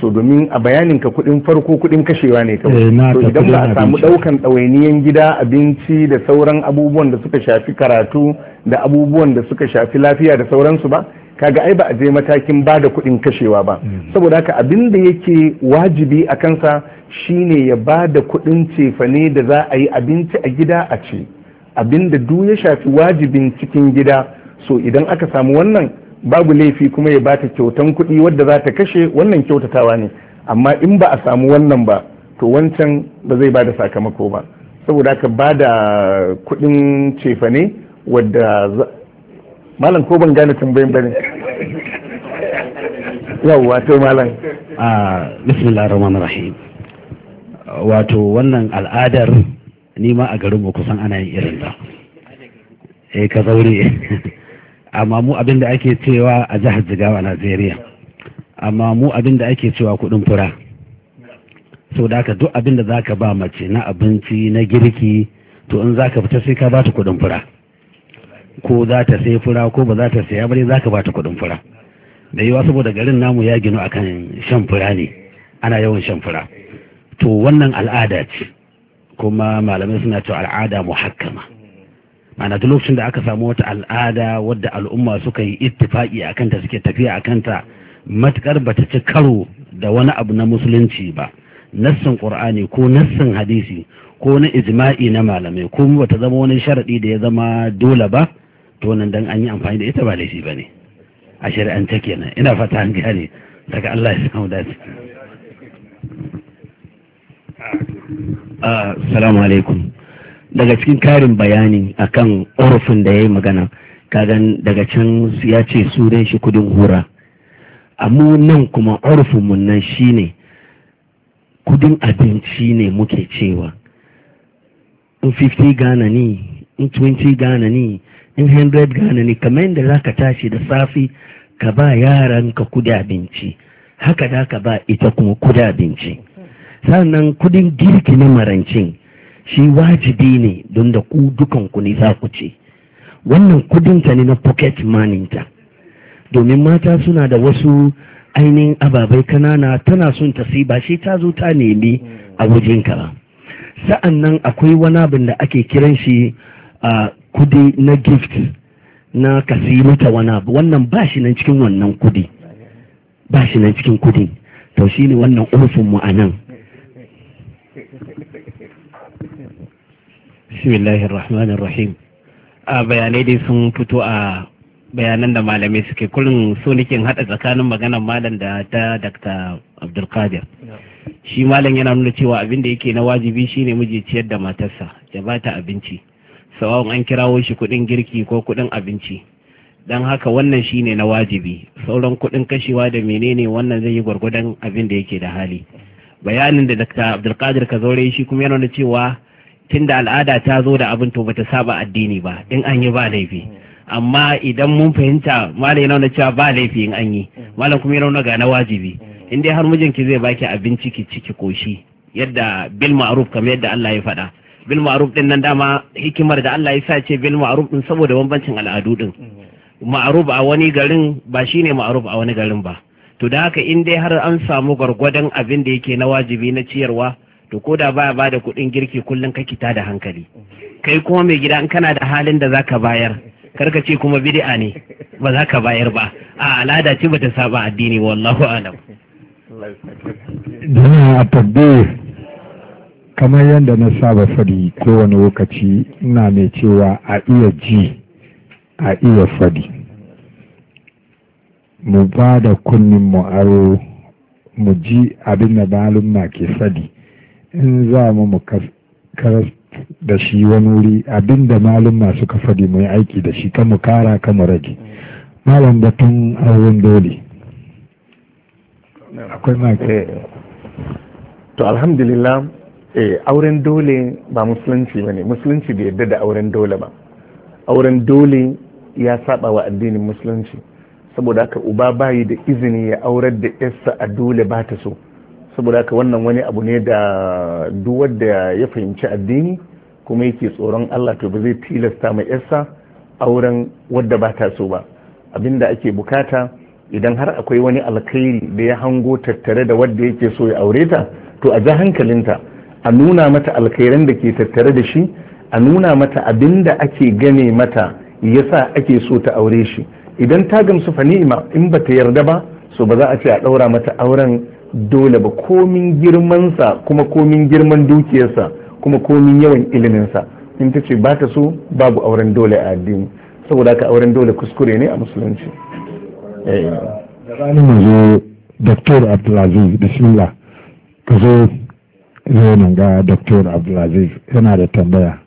S2: so domin a bayanin ka kudin farko kuɗin kashewa ne kawai eh, to idan ba a samu ɗaukan ɗawainiyan gida abinci da sauran abubuwan da suka shafi karatu da abubuwan da suka shafi lafiya da sauransu ba kaga ai ba a je matakin ba da kuɗin kashewa ba mm. saboda haka abin da yake wajibi a kansa shine ya ba da kuɗin cefane da za a yi abinci a gida a ce abin da duk ya shafi wajibin cikin gida so idan aka samu wannan babu laifi kuma ya bata kyautan kuɗi wadda za ta kashe wannan kyautatawa ne amma in ba a samu wannan ba to wancan ba zai bada sakamako ba saboda haka ba da kuɗin cefane wadda malam ko ban gane tambayin bane yawwa to malam a ah,
S1: bismillahir rahmanir rahim wato wannan al'adar ni ma a garin mu kusan ana yin irin ta eh ka zaure amma mu abin da ake cewa a jihar Jigawa Najeriya amma mu abin da ake cewa kudin fura sau da duk abin da zaka ba mace na abinci na girki to in zaka fita sai ka ba ta kudin fura ko za ta sai fura ko ba za ta saya ba dai za ka ba ta kuɗin fura da yawa saboda garin namu ya ginu akan shan fura ne ana yawan shan fura to wannan al'ada ce kuma malamai suna cewa al'ada muhakkama ma'ana duk lokacin da aka samu wata al'ada wadda al'umma suka yi ittifaki a kanta suke tafiya a kanta matukar ta ci karo da wani abu na musulunci ba nassin qur'ani ko nassin hadisi ko na ijma'i na malamai ko ba ta zama wani sharadi da ya zama dole ba to wannan dan an yi amfani da ita ba laifi ba ne a shari'ance kenan ina fata an gane daga Allah ya samu dace ah, assalamu alaikum daga cikin karin bayani akan orofin da ya yi magana kagan daga can ya ce sunan shi kudin hura amma nan kuma orfinmu nan shine kudin abinci ne muke cewa in 50 gana ni in 20 gana ni in hundred Ghana ne kamar yadda za ka tashi da safi ka ba yaranka kudi abinci haka da ka ba ita kuma kudi abinci sannan kudin girki na marancin shi wajibi ne don da ku dukanku ne za ku ce wannan ta ne na pocket money ta domin mata suna da wasu ainihin ababai kanana tana son ta sai ba shi ta zo ta nemi a wajenka ba sa'an nan akwai wani abin da ake kiran shi a ah, kudi na gift na kasiru mata wani wannan ba shi nan cikin wannan kudi ba shi nan cikin kudi to shi ne wannan ofin mu a nan a bayanai dai sun fito a bayanan da malamai suke kullum so nake hada tsakanin maganar malam da ta Dr. Abdulkadir. Shi malam yana nuna cewa abin da yake na wajibi shine miji ciyar da matarsa ya bata abinci. sawa'un an kirawo shi kuɗin girki ko kuɗin abinci don haka wannan shine na wajibi sauran kuɗin kashewa da menene wannan zai yi gwargwadon abin da yake da hali bayanin da Dr. Abdulkadir Kazaure shi kuma yana da cewa tun da al'ada ta zo da abin to bata saba addini ba in an yi ba laifi amma idan mun fahimta malam yana da cewa ba laifi in an yi malam kuma yana ga na wajibi in dai har mijinki zai baki abinci ki ciki koshi yadda bil ma'ruf kamar yadda Allah ya faɗa bil ma'ruf din nan dama hikimar da Allah ya sa ce bil ma'ruf din saboda bambancin al'adu din mm-hmm. ma'ruf a wani garin ba shine ma'ruf a wani garin ba to da haka in dai har an samu gwargwadon abin da yake na wajibi na ciyarwa to ko da baya bada kuɗin girki kullum ka kita da hankali mm-hmm. kai kuma mai gida in kana da halin da zaka bayar karka ce kuma bid'a ne ba za ka bayar ba a al'ada ce bata saba addini wallahu alam
S2: kamar yadda na saba fadi kowane lokaci ina mai cewa a iya ji a iya fadi mu ba da kunnin mu aro mu ji abin da ma ke fadi in za mu mu karas da shi wani wuri abin da ma suka fadi mu yi aiki da shi kan mu kara kan mu rage malam batun auren dole akwai ma eh, to alhamdulillah eh auren dole ba musulunci ba ne musulunci bai yarda da auren dole ba auren dole ya saba wa addinin musulunci saboda haka uba bayi da izini ya aurar da yarsa a dole ba ta so saboda haka wannan wani abu ne da duk wanda ya fahimci addini kuma yake tsoron Allah to ba zai tilasta mai yarsa auren wadda ba ta so ba abinda ake bukata idan har akwai wani alkhairi da ya hango tattare da wadda yake so ya aure ta to a ji hankalinta a nuna mata alkhairan da ke tattare da shi a nuna mata abin da ake gane mata ya sa ake so ta aure shi idan ta gamsu fa ni'ima in ta yarda ba so ba za a ce a ɗaura mata auren dole ba komin girmansa kuma komin girman dukiyarsa kuma komin yawan iliminsa in ta ce ba ta so babu auren dole a addini saboda haka auren dole kuskure ne a musulunci da eh. ranar doktor abdulaziz bismillah ka zo zainin ga dr abdulaziz yana da tambaya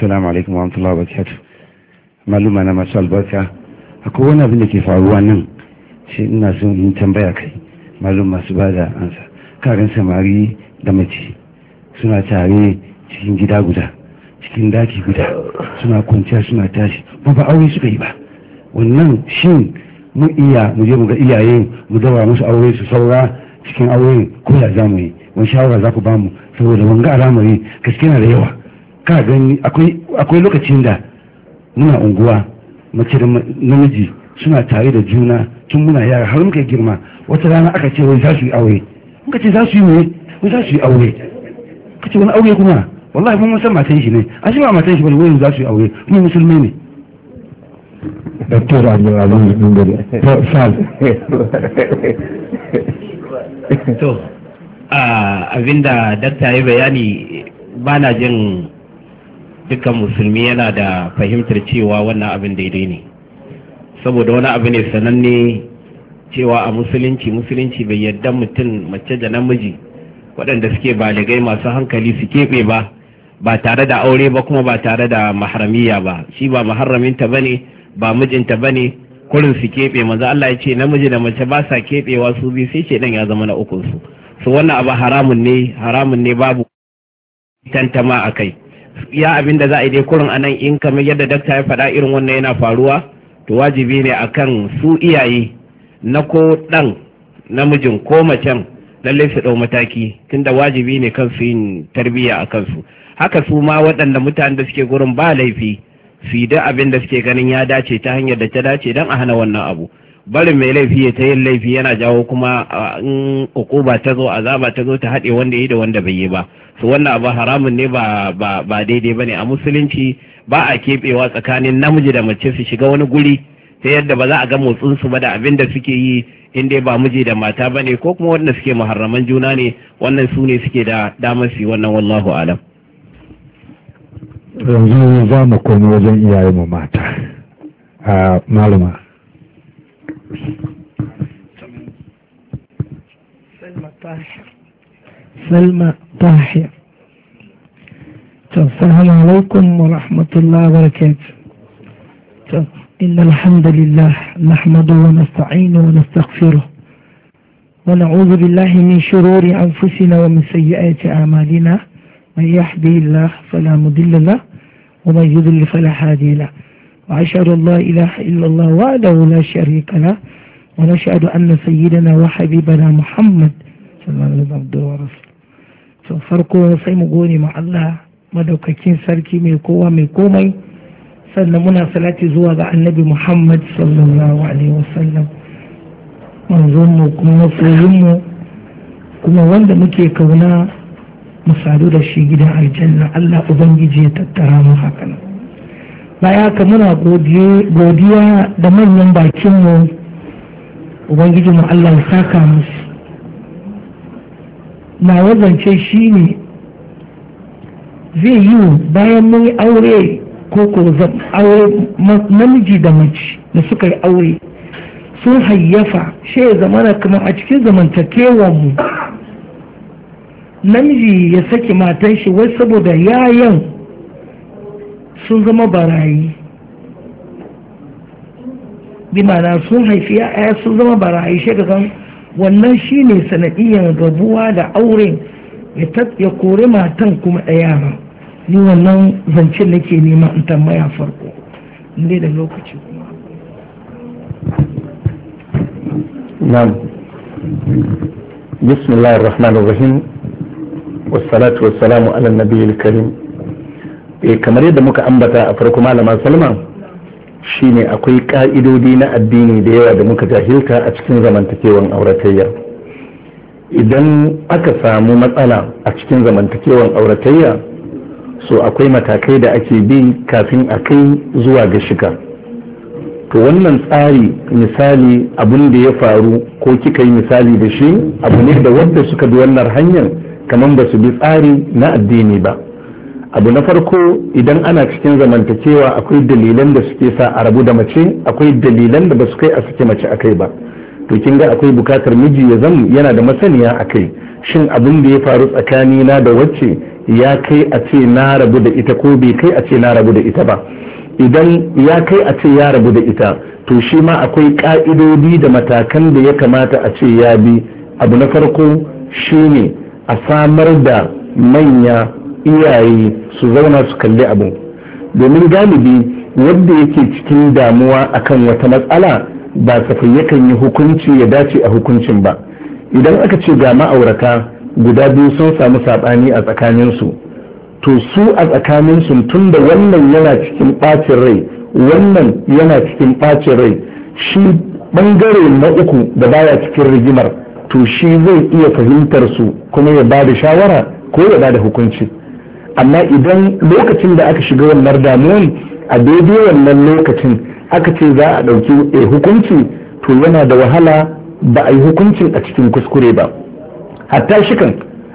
S2: salamu alaikum wa rahmatullahi wa barakatuh maluma na masu
S1: albarka akwai wani abin da ke faruwa nan shi ina son in tambaya kai Maluma masu ba da ansa karin samari da mace suna tare cikin gida guda cikin daki guda suna kwanciya suna tashi ba ba aure suka yi ba wannan shin mu iya mu je mu ga iyayen mu dawa musu aure su
S2: saura cikin aure ko za mu yi wani shawara za ku ba mu saboda wanga al'amari gaske na da yawa ka gani akwai lokacin da muna unguwa
S1: mace da namiji suna tare da juna tun muna yara har muka girma wata rana aka ce
S2: wai za su yi aure muka ce za su yi mai wai za su yi aure ka ce wani aure kuma wallahi mun san matan shi ne a shi ba matan shi bane wai za su yi aure kuma musulmi ne sal to
S1: abinda dakta yi bayani ba na jin dukkan musulmi yana da fahimtar cewa wannan abin daidai ne saboda wani abu ne sananne cewa a musulunci musulunci bai yadda mutum mace da namiji waɗanda suke baligai masu hankali su keɓe ba ba tare da aure ba kuma ba tare da maharamiya ba shi ba maharaminta bane ba mijinta bane kurin su keɓe maza Allah ya ce namiji da mace ba sa keɓewa su biyu sai ce dan ya zama na ukun su su wannan abu haramun ne haramun ne babu tantama a kai ya abin da za a yi dai kurin anan in kamar yadda dakta ya faɗa irin wannan yana faruwa to wajibi ne akan su iyaye na ko ɗan namijin ko macen lallai su ɗau mataki tunda wajibi ne kan su yin tarbiyya a kansu haka su ma waɗanda mutanen da suke gurin ba laifi fi da abin da suke ganin ya dace ta hanyar da ta dace don a hana wannan abu barin mai laifi ya ta yin laifi yana jawo kuma in ukuba ta zo azaba ta zo ta haɗe wanda yi da wanda bai yi ba su wannan abu haramun ne ba ba daidai bane a musulunci ba a keɓewa tsakanin namiji da mace su shiga wani guri ta yadda ba za a ga motsin su ba da abin da suke yi in dai ba miji da mata bane ko kuma wanda suke muharraman juna ne wannan su ne suke da damar su wannan wallahu alam
S2: yanzu za mu komi wajen mata a malama
S3: salma tahir السلام عليكم ورحمة الله وبركاته إن الحمد لله نحمده ونستعينه ونستغفره ونعوذ بالله من شرور أنفسنا ومن سيئات أعمالنا من يحدي الله فلا مضل له ومن يضل فلا هادي له وأشهد أن لا إله إلا الله وحده لا شريك له ونشهد أن سيدنا وحبيبنا محمد صلى الله عليه وسلم so farko sai mu gode ma Allah madaukakin sarki mai mai komai sannan muna salati zuwa ga annabi Muhammad sallallahu alaihi wasallam manzon mu kuma masoyin mu kuma wanda muke kauna mu sadu da shi gidan aljanna Allah ubangiji ya tattara mu hakan baya ka muna godiya da manyan bakinmu ubangiji mu Allah ya saka musu na wazance shi ne zai yi bayan mun yi aure ko ko aure namiji da mace da suka yi aure sun hayyafa shi ya zamana kamar a cikin zamantakewa mu namiji ya saki matan shi wai saboda yayan sun zama barayi bi mana sun haifi ya'ya sun zama barayi shi kan wannan shi ne sanadiyar rabuwa da auren ya kori matan kuma ɗaya yara ni wannan zancen nake nema in tambaya farko ne da lokaci kuma
S2: نعم wassalatu wassalamu ala nabiyil karim eh kamar yadda muka ambata a farko malama salma shine akwai ka'idodi na addini da yawa da muka jahilta a cikin zamantakewan auratayya idan aka samu matsala a cikin zamantakewan auratayya so akwai matakai da ake bi kafin a kai zuwa ga shika to wannan tsari misali abin da ya faru ko kika yi misali da shi abu ne da wanda suka bi wannan hanyar kamar ba su bi tsari na addini ba abu na farko idan ana cikin zamantakewa akwai dalilan da suke sa a rabu da mace akwai dalilan da ba su kai a suke mace akai ba to kin ga akwai bukatar miji ya zama yana da masaniya akai shin abin da ya faru tsakani na da wacce ya kai a ce na rabu da ita ko bai kai a ce na rabu da ita ba idan ya kai a ce ya rabu da ita to shi ma akwai ka'idodi da matakan da ya kamata a ce ya bi abu na farko shine a samar da manya iyaye su zauna su kalli abu domin galibi wanda yake cikin damuwa akan wata matsala ba safai yakan yi hukunci ya dace a hukuncin ba idan aka ce ga ma'aurata guda biyu sun samu saɓani a tsakaninsu to su a tsakaninsu tun da wannan yana cikin ɓacin rai wannan yana cikin ɓacin rai shi ɓangare na uku da baya cikin rigimar to shi zai iya fahimtar su kuma ya ba da shawara ko ya ba da hukunci amma idan lokacin da aka shiga wannan damuwan a daidai wannan lokacin aka ce za a ɗauki eh, hukunci to yana da wahala ba a yi hukuncin a cikin kuskure ba hatta shi kan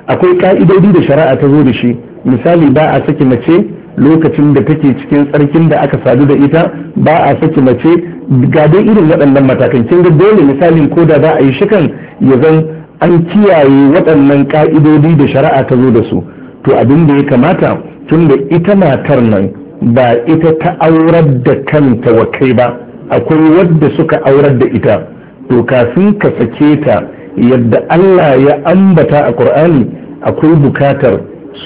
S2: akwai ka'idodi da shari'a ta zo da shi misali ba a saki mace lokacin da take cikin tsarkin da aka sadu da ita ba a saki mace ga dai irin waɗannan matakan kin ga dole misalin ko da za a yi shikan ya zan an kiyaye waɗannan ka'idodi da shari'a ta zo da su to abin da ya kamata tun da ita matar nan ba ita ta aurar da kanta wa kai ba akwai wadda suka aurar da ita to kafin ka sake ta yadda Allah ya ambata a Qur'ani akwai bukatar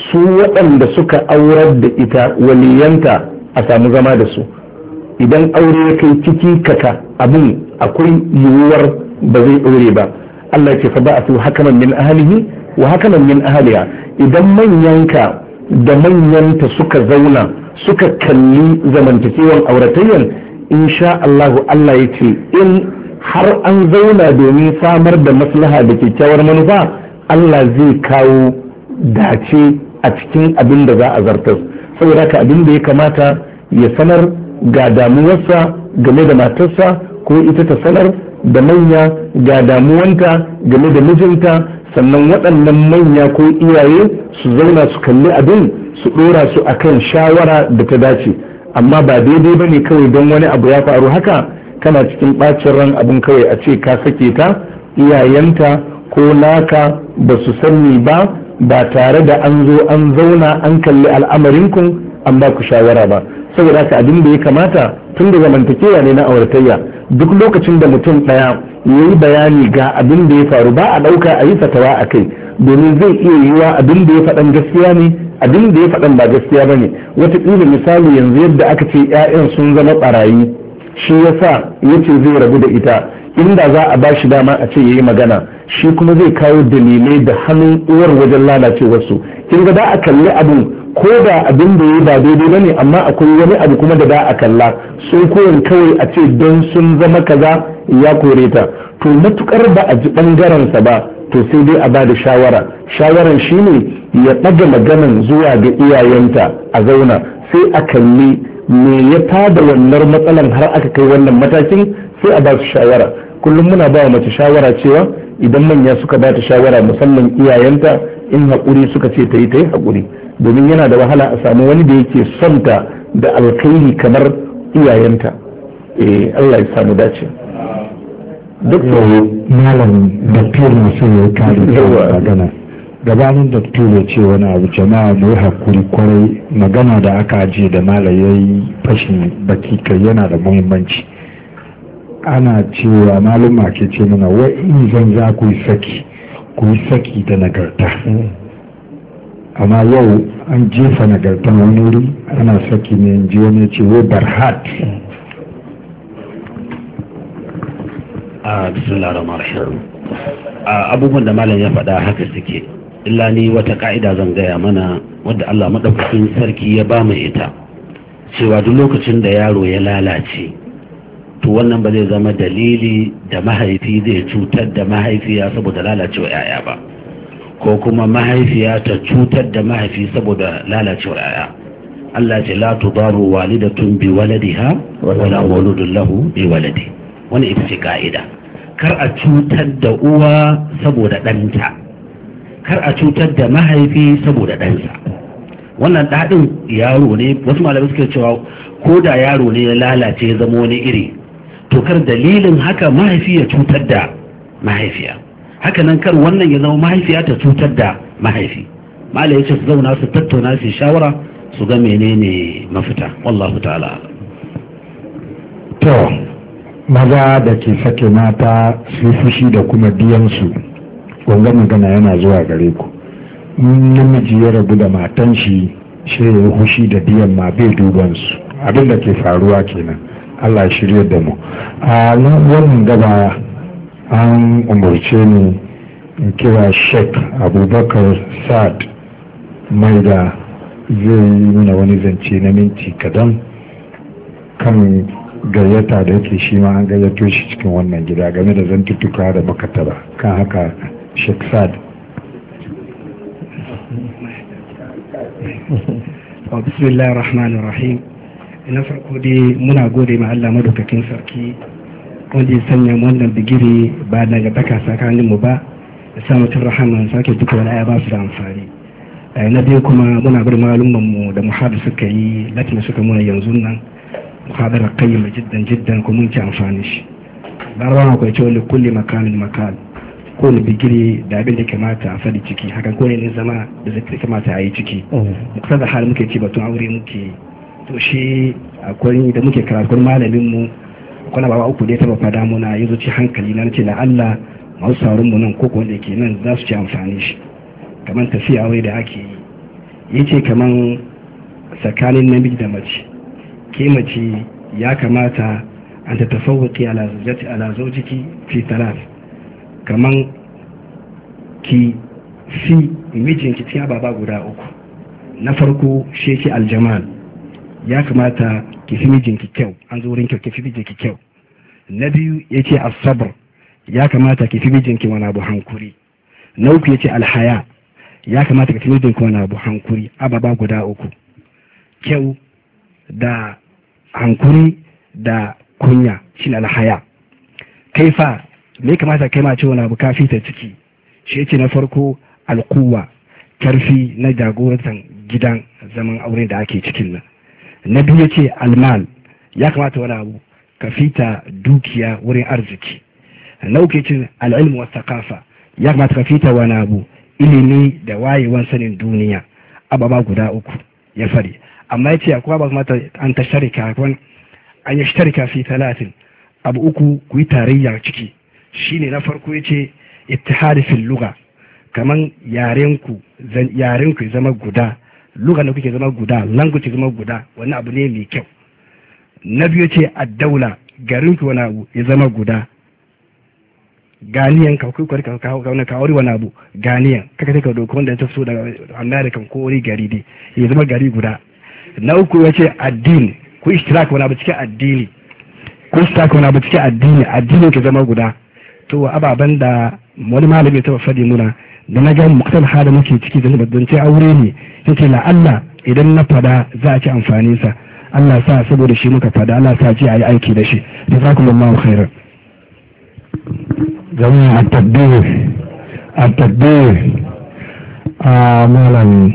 S2: su waɗanda suka aurar da ita waliyanta a samu zama da su idan aure ya kai ciki kaka abin akwai yiwuwar ba zai ɗore ba Allah ce fa su hakaman min ahlihi wa hakaman min ahliha idan manyanka da manyanta suka zauna suka kalli zamantakewan auratayyan insha allahu Allah ya ce in har an zauna domin samar da maslaha da kyakkyawar manufa Allah zai kawo dace a cikin abin da za a zartar saboda haka abin da ya kamata ya sanar ga damuwarsa game da matarsa ko ita ta sanar da manya ga damuwanta game da mijinta sannan waɗannan manya ko iyaye su zauna su kalli abin su ɗora su akan shawara da ta dace amma ba daidai ba ne kawai don wani abu ya faru haka kana cikin ɓacin ran abin kawai a ce ka sake ta iyayenta ko naka ba su sani ba ba tare da an zo an zauna an kalli al'amarinku an ba ku shawara ba saboda haka abin da ya kamata tun da zamantakewa ne na auratayya duk lokacin da mutum ɗaya ya yi bayani ga abin da ya faru ba a ɗauka a yi fatawa a kai domin zai iya yiwuwa abin da ya faɗan gaskiya ne abin da ya faɗan ba gaskiya ba ne wataƙila misali yanzu yadda aka ce 'ya'yan sun zama ɓarayi shi ya sa ya ce zai rabu da ita inda za a ba shi dama a ce ya yi magana shi kuma zai kawo dalilai da hannun uwar wajen lalacewarsu kin ga da a kalli abin ko da abin da ya ba daidai ne, amma akwai wani abu kuma da za a kalla sun koyar kawai a ce don sun zama kaza ya kore ta to matukar ba a ji bangaren sa ba to sai dai a bada shawara shawaran shine ya ɗaga maganan zuwa ga iyayenta a zauna sai a kalli me ya tada wannan matsalan har aka kai wannan matakin sai a ba su shawara kullum muna bawa mace shawara cewa idan manya suka ba shawara musamman iyayenta in haƙuri suka ce ta yi ta yi haƙuri domin yana da wahala a samu wani da yake son ta da alkhairi kamar iyayenta eh Allah ya samu dace duk malam daktar mutum ya kare magana gabanin daktar ya ce wani abu jama'a mu yi hakuri kwarai magana da aka je da malam ya yi fashin baki kai yana da muhimmanci ana cewa malama ke ce mana in zan za ku yi saki ku yi saki da nagarta mm. amma yau an jefa nagartan wani wuri ana saki ne ji wani ce wai barhat
S1: a abubuwan da malam ya faɗa haka suke illa ni wata ka'ida zan gaya mana wadda Allah maɗaukakin sarki ya ba mai ita cewa duk lokacin da yaro ya lalace to wannan ba zai zama dalili da mahaifi zai cutar da mahaifiya saboda lalacewa 'ya'ya ba ko kuma mahaifiya ta cutar da mahaifi saboda lalacewar yaya Allah ce la tudaru walidatun bi waladiha wala waludun lahu bi waladi wani ita ce ka'ida kar a cutar da uwa saboda ɗanta kar a cutar da mahaifi saboda ɗansa wannan daɗin yaro ne wasu malamai suke cewa ko da yaro ne ya lalace ya zama wani iri to kar dalilin haka mahaifi ya cutar da mahaifiya haka nan kar wannan ya zama mahaifiya ta cutar da mahaifi malai ce su zauna su tattauna su shawara su ga menene mafita wallahu ta'ala
S3: to
S2: maza da ke sake mata su fushi da kuma biyansu gonga magana yana zuwa gare ku namiji ya rabu da matan shi shi ya fushi da biyan ma bai duban su abin da ke faruwa kenan Allah shirya da mu a wannan gaba an umarce ni in kira sheik abubakar sa'ad mai da zai yi mana wani zance na minti kadan kan gayyata da yake shi ma an gayyato shi cikin wannan gida game da zantuttuka da makatara kan haka sheik sa'ad
S1: bismillah rahman rahim na farko dai muna gode ma Allah madaukakin sarki wanda ya sanya wannan bigiri ba daga baka tsakanin mu ba da samun rahama sake duka wani ya ba su da amfani eh, na biyu kuma muna bari malumman mu da muhadu suka yi latin suka muna yanzu nan da kayi mai jiddan jiddan kuma mun ci amfani shi larabawa akwai ce wani kulle makamin makal ni bigiri da abin da kamata a faɗi ciki hakan ko ne zama da zai kamata a yi ciki mm. kusa da hali muke ci batun aure muke to shi akwai da muke karatu malamin mu kwana baba uku da taba fada muna ya zuci hankali na nace da Allah masu saurin mu nan ko ko da ke nan za su ci amfani shi kamar tafiya wai da ake yi yace kamar tsakanin namiji da mace ke mace ya kamata an ta tafawuki ala zaujati ala fi kaman ki fi mijinki cikin baba guda uku na farko sheki aljamal ya kamata ki fi mijinki kyau an zo wurin kyau ki fi mijinki kyau na biyu ya ce asabar ya kamata ki fi mijinki wani abu hankuri na uku ya ce alhaya ya kamata ka fi mijinki wani abu hankuri ababa guda uku kyau da hankuri da kunya shi alhaya kai fa me kamata kai ma ce wani abu kafi ta ciki shi ce na farko alkuwa karfi na jagorantar gidan zaman auren da ake cikin nan na biyu ya ce almal ya kamata wani abu ka fita dukiya wurin arziki na uku ce al'ilmu wa takafa ya kamata ka fita wani abu ilimi da wayewan sanin duniya ababa guda uku ya fari amma ya ce akwai ba kamata an ta sharika kwan an yi sharika fi talatin abu uku ku yi tarayya ciki shine na farko ya ce ittihadi fil luga kaman yarenku yarenku zama guda lugha ne kuke zama guda language zama guda wani abu ne mai kyau na biyu ce addaula garin ki wani abu ya zama guda ganiyan ka kuka ka kawo ka wuri wani abu ganiyan kaka take doka wanda ta so daga america ko wani gari dai ya zama gari guda na uku ya ce addini ku istiraka wani abu cikin addini ku ishtirak wani abu cikin addini addinin ke zama guda to ababen da wani malami ta fadi muna da na ga muktal hada muke ciki da zan aure ne ta ce Allah idan na fada za a ci amfani sa Allah sa saboda shi muka fada Allah sa ji a yi aiki da shi da za
S2: ku lamma khairar jami'a a tabbir a tabbir a ah, malam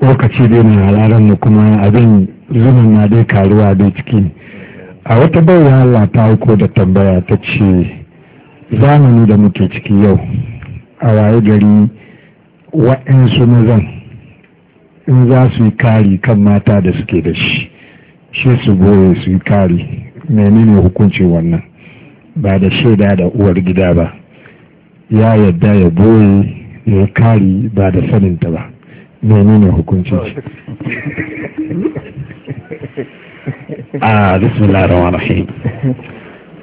S2: lokaci dai na halarar mu kuma abin zuman na dai karuwa dai ciki a wata bayan Allah ta hauko da tambaya ta ce zamani da muke ciki yau a waye gari waɗansu mazan in za su yi kari kan mata da suke da shi shi su goye su yi kari menene hukunci wannan ba da shaida da uwar gida ba ya yadda ya boye ya yi kari ba da saninta ba menene hukunci a ah, bismillah
S1: rahim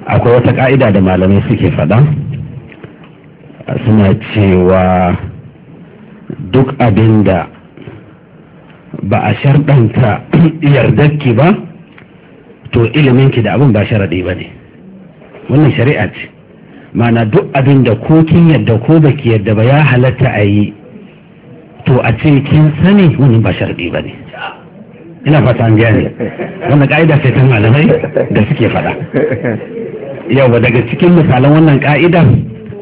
S1: akwai wata ka'ida da malamai suke faɗa suna cewa duk abin da ba a sharɗanta yardarki ba to iliminki da abin ba sharaɗi ba ne wannan shari'a ce mana duk abin da ko kin yadda ko baki yadda ba ya halatta a yi to a ce kin sani wannan ba sharaɗi ba ne ina fata an gane wannan ka'ida sai ta malamai da suke faɗa yau daga cikin misalan wannan ka'ida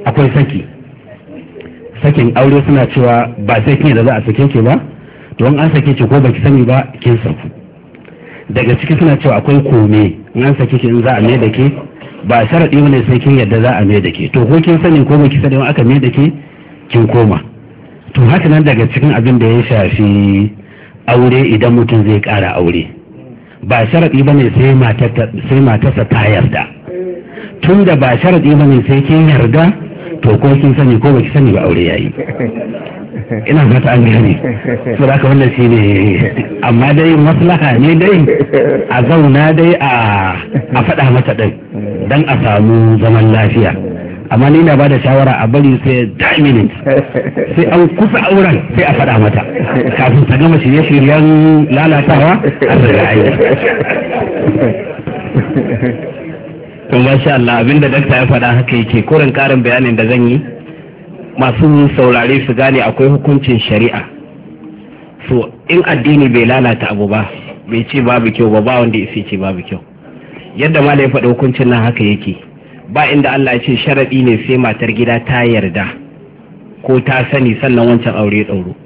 S1: akwai saki sakin aure suna cewa ba sai kin da za a sake ki ba to an sake ki ko baki sani ba kin saku daga ciki suna cewa akwai kome in an sake ki in za a mai da ke ba sharadi ne sai kin yadda za a mai da ke to ko kin sani ko baki sani aka mai da ke kin koma to haka nan daga cikin abin da ya shafi aure idan mutum zai ƙara aure ba sharaɗi ba ne sai matarsa ta yarda tun da ba sharadi ba ne sai kin yarda to ko kin sani ko baki sani ba aure yayi ina fata an gane to da wannan shine amma dai maslaha ne dai a zauna dai a a faɗa mata dai dan a samu zaman lafiya amma ni na bada shawara a bari sai diamond sai an kusa auren sai a faɗa mata kafin ta gama
S2: shirye-shiryen
S1: lalatawa a rigaye to masha Allah abinda dakta ya faɗa haka yake kurin ƙarin bayanin da zan yi masu saurare su gane akwai hukuncin shari'a so in addini bai lalata abu ba bai ce babu kyau ba ba wanda isa ce babu kyau yadda ma ya faɗa hukuncin nan haka yake ba inda Allah ya ce sharaɗi ne sai matar gida ta yarda ko ta sani sannan wancan aure ya ɗauro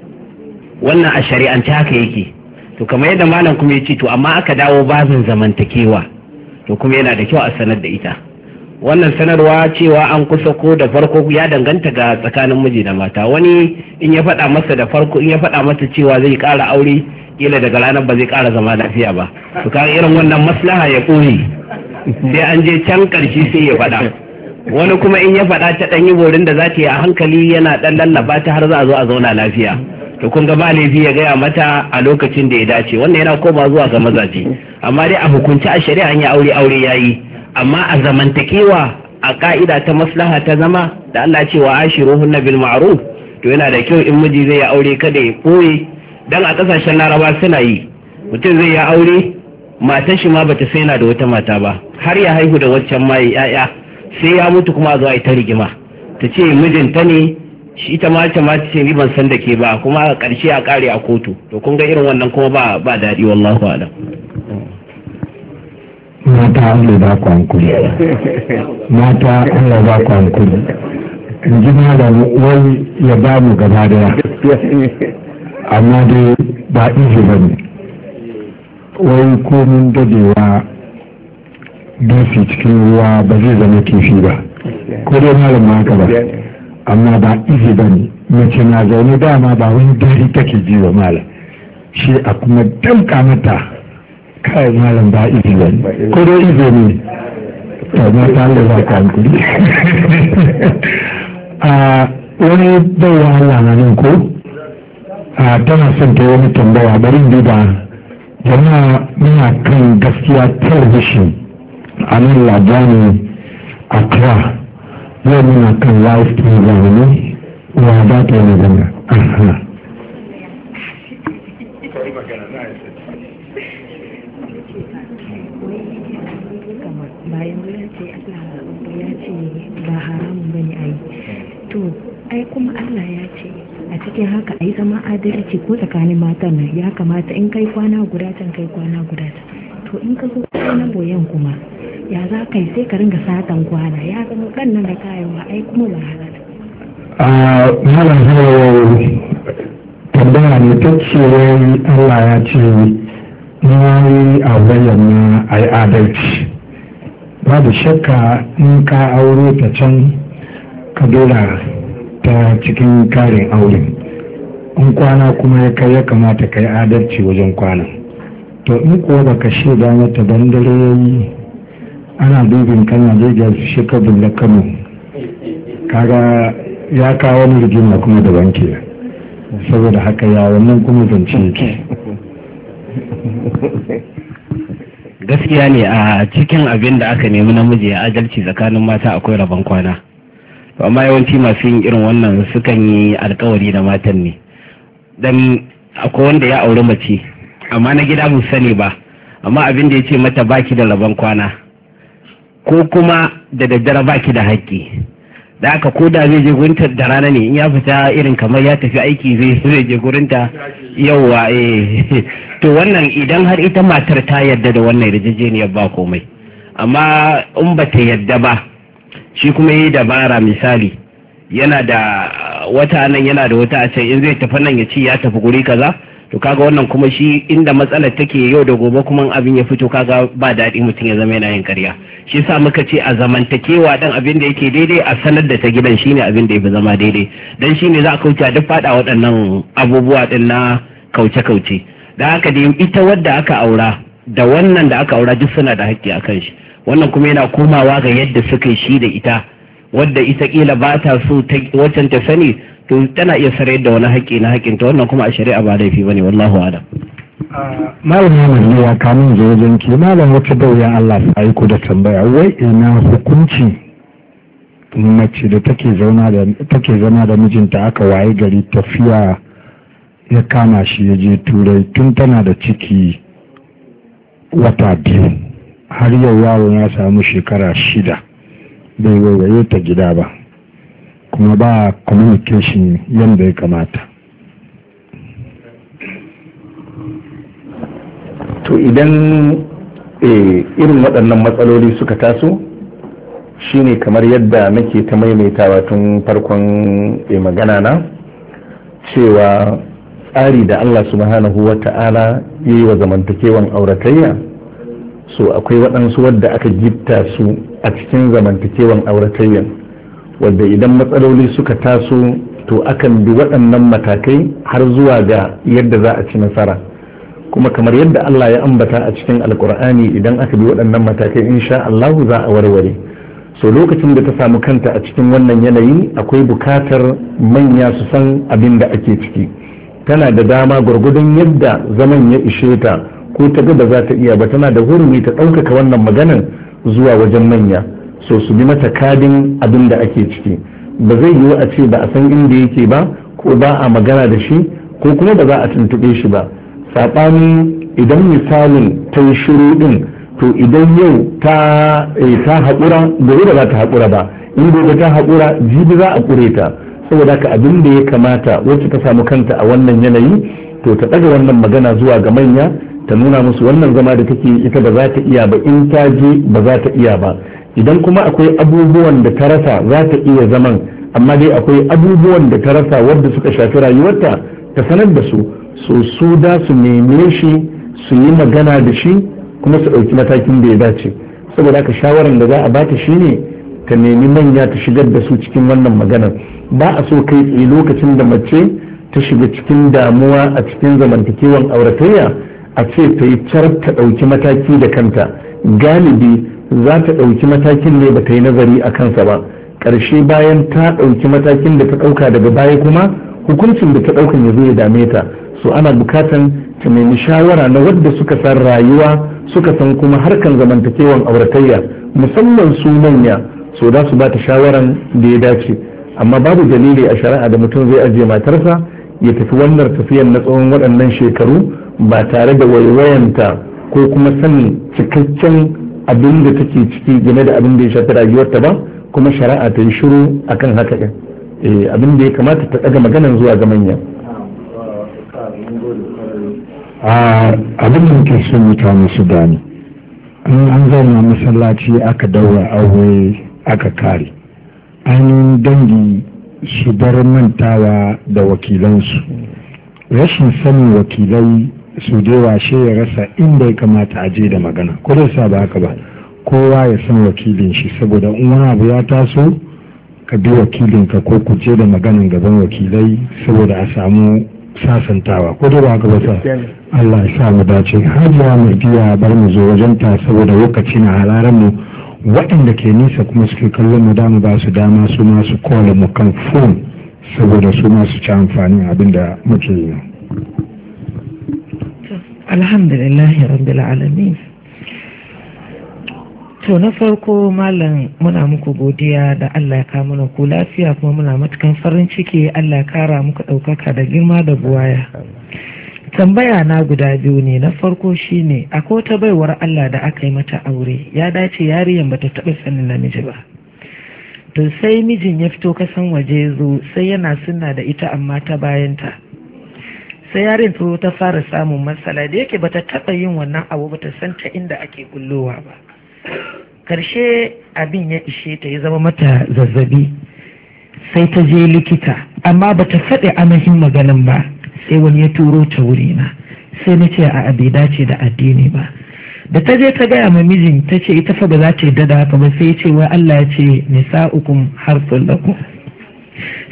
S1: wannan a shari'ance haka yake to kamar yadda malam kuma ya ce to amma aka dawo babin zamantakewa to kuma yana da kyau a sanar da ita wannan sanarwa cewa an kusa ko da farko ya danganta ga tsakanin miji da mata wani in ya faɗa masa da farko in ya faɗa masa cewa zai kara aure kila daga ranar ba zai kara zama lafiya ba to kaga irin wannan maslaha ya ƙuri sai an je can ƙarshe sai ya faɗa wani kuma in ya faɗa ta ɗan yi borin da za ta yi a hankali yana ɗan lallaba ta har za a zo a zauna lafiya to kun ga ba laifi ya gaya mata a lokacin da ya dace wannan yana koma zuwa ga mazaje amma dai a hukunci a shari'a an ya aure aure yayi amma a zamantakewa a ka'ida ta maslaha ta zama da Allah ce wa na bil ma'ruf to yana da kyau in miji zai yi aure kada ya koye dan a kasashen Laraba suna yi mutum zai yi aure matar shi ma bata sai yana da wata mata ba har ya haihu da waccan mai ya'ya sai ya mutu kuma zuwa ita rigima ta ce mijinta ne shi ta ma mace ce riban ban san da ke ba kuma a ƙarshe a ƙare a kotu to kun ga irin wannan kuma ba ba daɗi wallahu alam
S3: mata
S2: Allah ba ku hankuri mata Allah ba ku hankuri in ji da wai ya ba mu gaba daya amma dai ba ihi ba ne wai komin dadewa dafi cikin ruwa ba zai zama kifi ba ko dai malam ma haka ba amma ba izi ba ne mace na zaune dama ba wani dare take ji wa malam shi a kuma damka mata kai malam ba izi ba ne ko dai izi ne ta ma ta ba ka hankuli a wani baiwa Allah na ko a tana son ta wani tambaya bari duba jama'a muna kan gaskiya television a nan labari a kira yau muna kan live program ne wa ba ta yi magana Allah ce a cikin haka zama adalci ko tsakanin matan nan ya kamata in kai kwana guda can kai kwana guda to in ka zo na boyan kuma ya za ka yi sai ka ringa satan kwana ya zama kan nan da kayawa ai kuma ba halala a malam hawa tambaya ne ta ce wai Allah ya ce ni a bayyana a yi adalci babu shakka in ka aure ta can ka dora ta cikin karin aure in kwana kuma ya kai ya kamata ka yi adalci wajen kwana to in kuwa baka shaida mata bandare ya yi ana dubin kana zai ga shekar bulla kano kaga ya kawo wani rigima kuma da wanke saboda haka ya wannan kuma zance yake
S1: gaskiya ne a cikin abin da aka nemi namiji ya adalci tsakanin mata akwai rabon kwana amma yawanci masu yin irin wannan sukan yi alkawari da matan ne dan akwai wanda ya auri mace amma na gida mu sani ba amma abin da ya ce mata baki da rabon kwana ko kuma da daddare ba ki da haƙƙi da aka da zai je gurinta da rana ne in ya fita irin kamar ya tafi aiki zai zai je gurinta yauwa eh to wannan idan har ita matar ta yarda da wannan yarjejeniyar ba komai amma in ba ta yarda ba shi kuma yi dabara misali yana da wata nan yana da wata a can in zai tafi nan ya ci ya tafi guri kaza to kaga wannan kuma shi inda matsalar take yau da gobe kuma abin ya fito kaga ba daɗi mutum ya zama yana yin ƙarya shi sa muka ce a zamantakewa dan abin da yake daidai a sanar da ta gidan shine abin da yafi zama daidai dan shine za a kauce duk faɗa waɗannan abubuwa din na kauce-kauce da haka dai ita wadda aka aura da wannan da aka aura duk suna da haƙƙi a kan shi wannan kuma yana komawa ga yadda suka shi da ita wadda ita kila ba ta so waccan ta sani to tana iya sarayar da wani haƙƙi na haƙƙin ta wannan kuma a shari'a ba laifi bane wallahu alam
S2: malam yana ya kamun wajen ki malam wata dauya Allah su aiko da tambaya wai ina hukunci mace da take zauna zama da mijinta aka waye gari tafiya ya kama shi ya je turai tun tana da ciki wata biyu har yau yaro ya samu shekara shida bai waiwaye ta gida ba kuma ba communication yadda ya kamata to idan eh, irin waɗannan matsaloli suka taso shine kamar yadda nake ta maimaitawa tun farkon eh, magana na cewa tsari da Allah subhanahu wa ta'ala ya yi wa zamantakewan auratayya so akwai waɗansu wadda aka gifta su a cikin zamantakewan auratayya. wanda idan matsaloli suka taso to akan bi waɗannan matakai har zuwa ga yadda za a ci nasara kuma kamar yadda Allah ya ambata a cikin alkur'ani idan aka bi waɗannan matakai insha allahu za a warware so lokacin da ta samu kanta a cikin wannan yanayi akwai bukatar manya su san abin da ake ciki tana da dama gwargwadon yadda zaman ya ishe ta ko ta ga ba za ta iya ba tana da hurumi ta ɗaukaka wannan maganan zuwa wajen manya so su bi mata kadin abin da ake ciki ba zai yiwu a ce ba a san inda yake ba ko ba a magana da shi ko kuma ba za a tuntuɓe shi ba saɓani idan misalin ta yi shiru ɗin to idan yau ta eh, haƙura gobe ba za ta haƙura ba in gobe ta haƙura jibi za a ƙure ta saboda ka abin da ya kamata wacce ta samu kanta a wannan yanayi to ta ɗaga wannan magana zuwa ga manya ta nuna musu wannan zama da take ita ba za ta iya ba in ta je ba za ta iya ba idan kuma akwai abubuwan da ta rasa za ta iya zaman amma dai akwai abubuwan da ta rasa wadda suka shafi rayuwarta ta sanar da su so su da su neme shi su yi magana da shi kuma su ɗauki matakin da ya dace saboda haka shawaran da za a bata ne ta nemi manya ta shigar da su cikin wannan maganar ba a so kai tsaye lokacin da mace ta shiga cikin damuwa a cikin zamantakewan auratayya a ce ta yi ta ɗauki mataki da kanta galibi za ta ɗauki matakin ne ba ta yi nazari a kansa ba ƙarshe bayan ta ɗauki matakin da ta ɗauka daga baya kuma hukuncin da ta ɗaukan ya zo ya dame ta so ana bukatan ta nemi shawara na wadda suka san rayuwa suka san kuma harkan zamantakewan auratayya musamman su manya so za su ba ta shawaran da ya dace amma babu dalili a shari'a da mutum zai ajiye matarsa ya tafi wannan tafiyan na tsawon waɗannan shekaru ba tare da waiwayanta ko kuma sanin cikakken Abinda da take ciki game da abin da ya shafi rayuwarta ba kuma shari'a ta yi shiru akan haka ɗin eh, abin ya kamata ta ɗaga maganan zuwa ga manya abin da muke son mutane su gani in an zauna masallaci aka daura aure aka kare ainihin dangi su bar mantawa da wakilansu rashin sanin wakilai su wa shi ya rasa inda ya kamata a je da magana ko da sa ba haka ba kowa ya san wakilin shi saboda in wani abu ya taso ka bi wakilin ka ko ku je da maganin gaban wakilai saboda a samu sasantawa ko da ba ka ba Allah ya sa mu dace ya mai biya bar mu zo wajen ta saboda lokaci na halaran mu waɗanda ke nisa kuma suke kallon mu dama ba su dama su ma su kola mu kan fon saboda su ma su ci amfani abin da muke yi
S3: alhamdulillahi rabbil alamin to na farko malam muna muku godiya da Allah ya ka mana ku lafiya kuma muna matukan farin ciki Allah ya kara muku ɗaukaka da girma da buwaya tambaya na guda biyu ne na farko shine akwai ta baiwar Allah da aka yi mata aure ya dace yariyan bata taba sanin namiji ba to sai mijin ya fito kasan waje zo sai yana sunna da ita amma ta bayanta sai yarin turo ta fara samun matsala da yake bata taɓa yin wannan abu bata san ta inda ake kullowa ba karshe abin ya ishe ta ya zama mata zazzabi sai ta je likita amma bata faɗi amahin maganin ba sai wani ya turo ta wurina sai na ce a bai dace da addini ba da ta je ta gaya ma mijin ta ce ita fa ba za ta yi dada haka ba sai ce wai Allah ya ce har sun lakum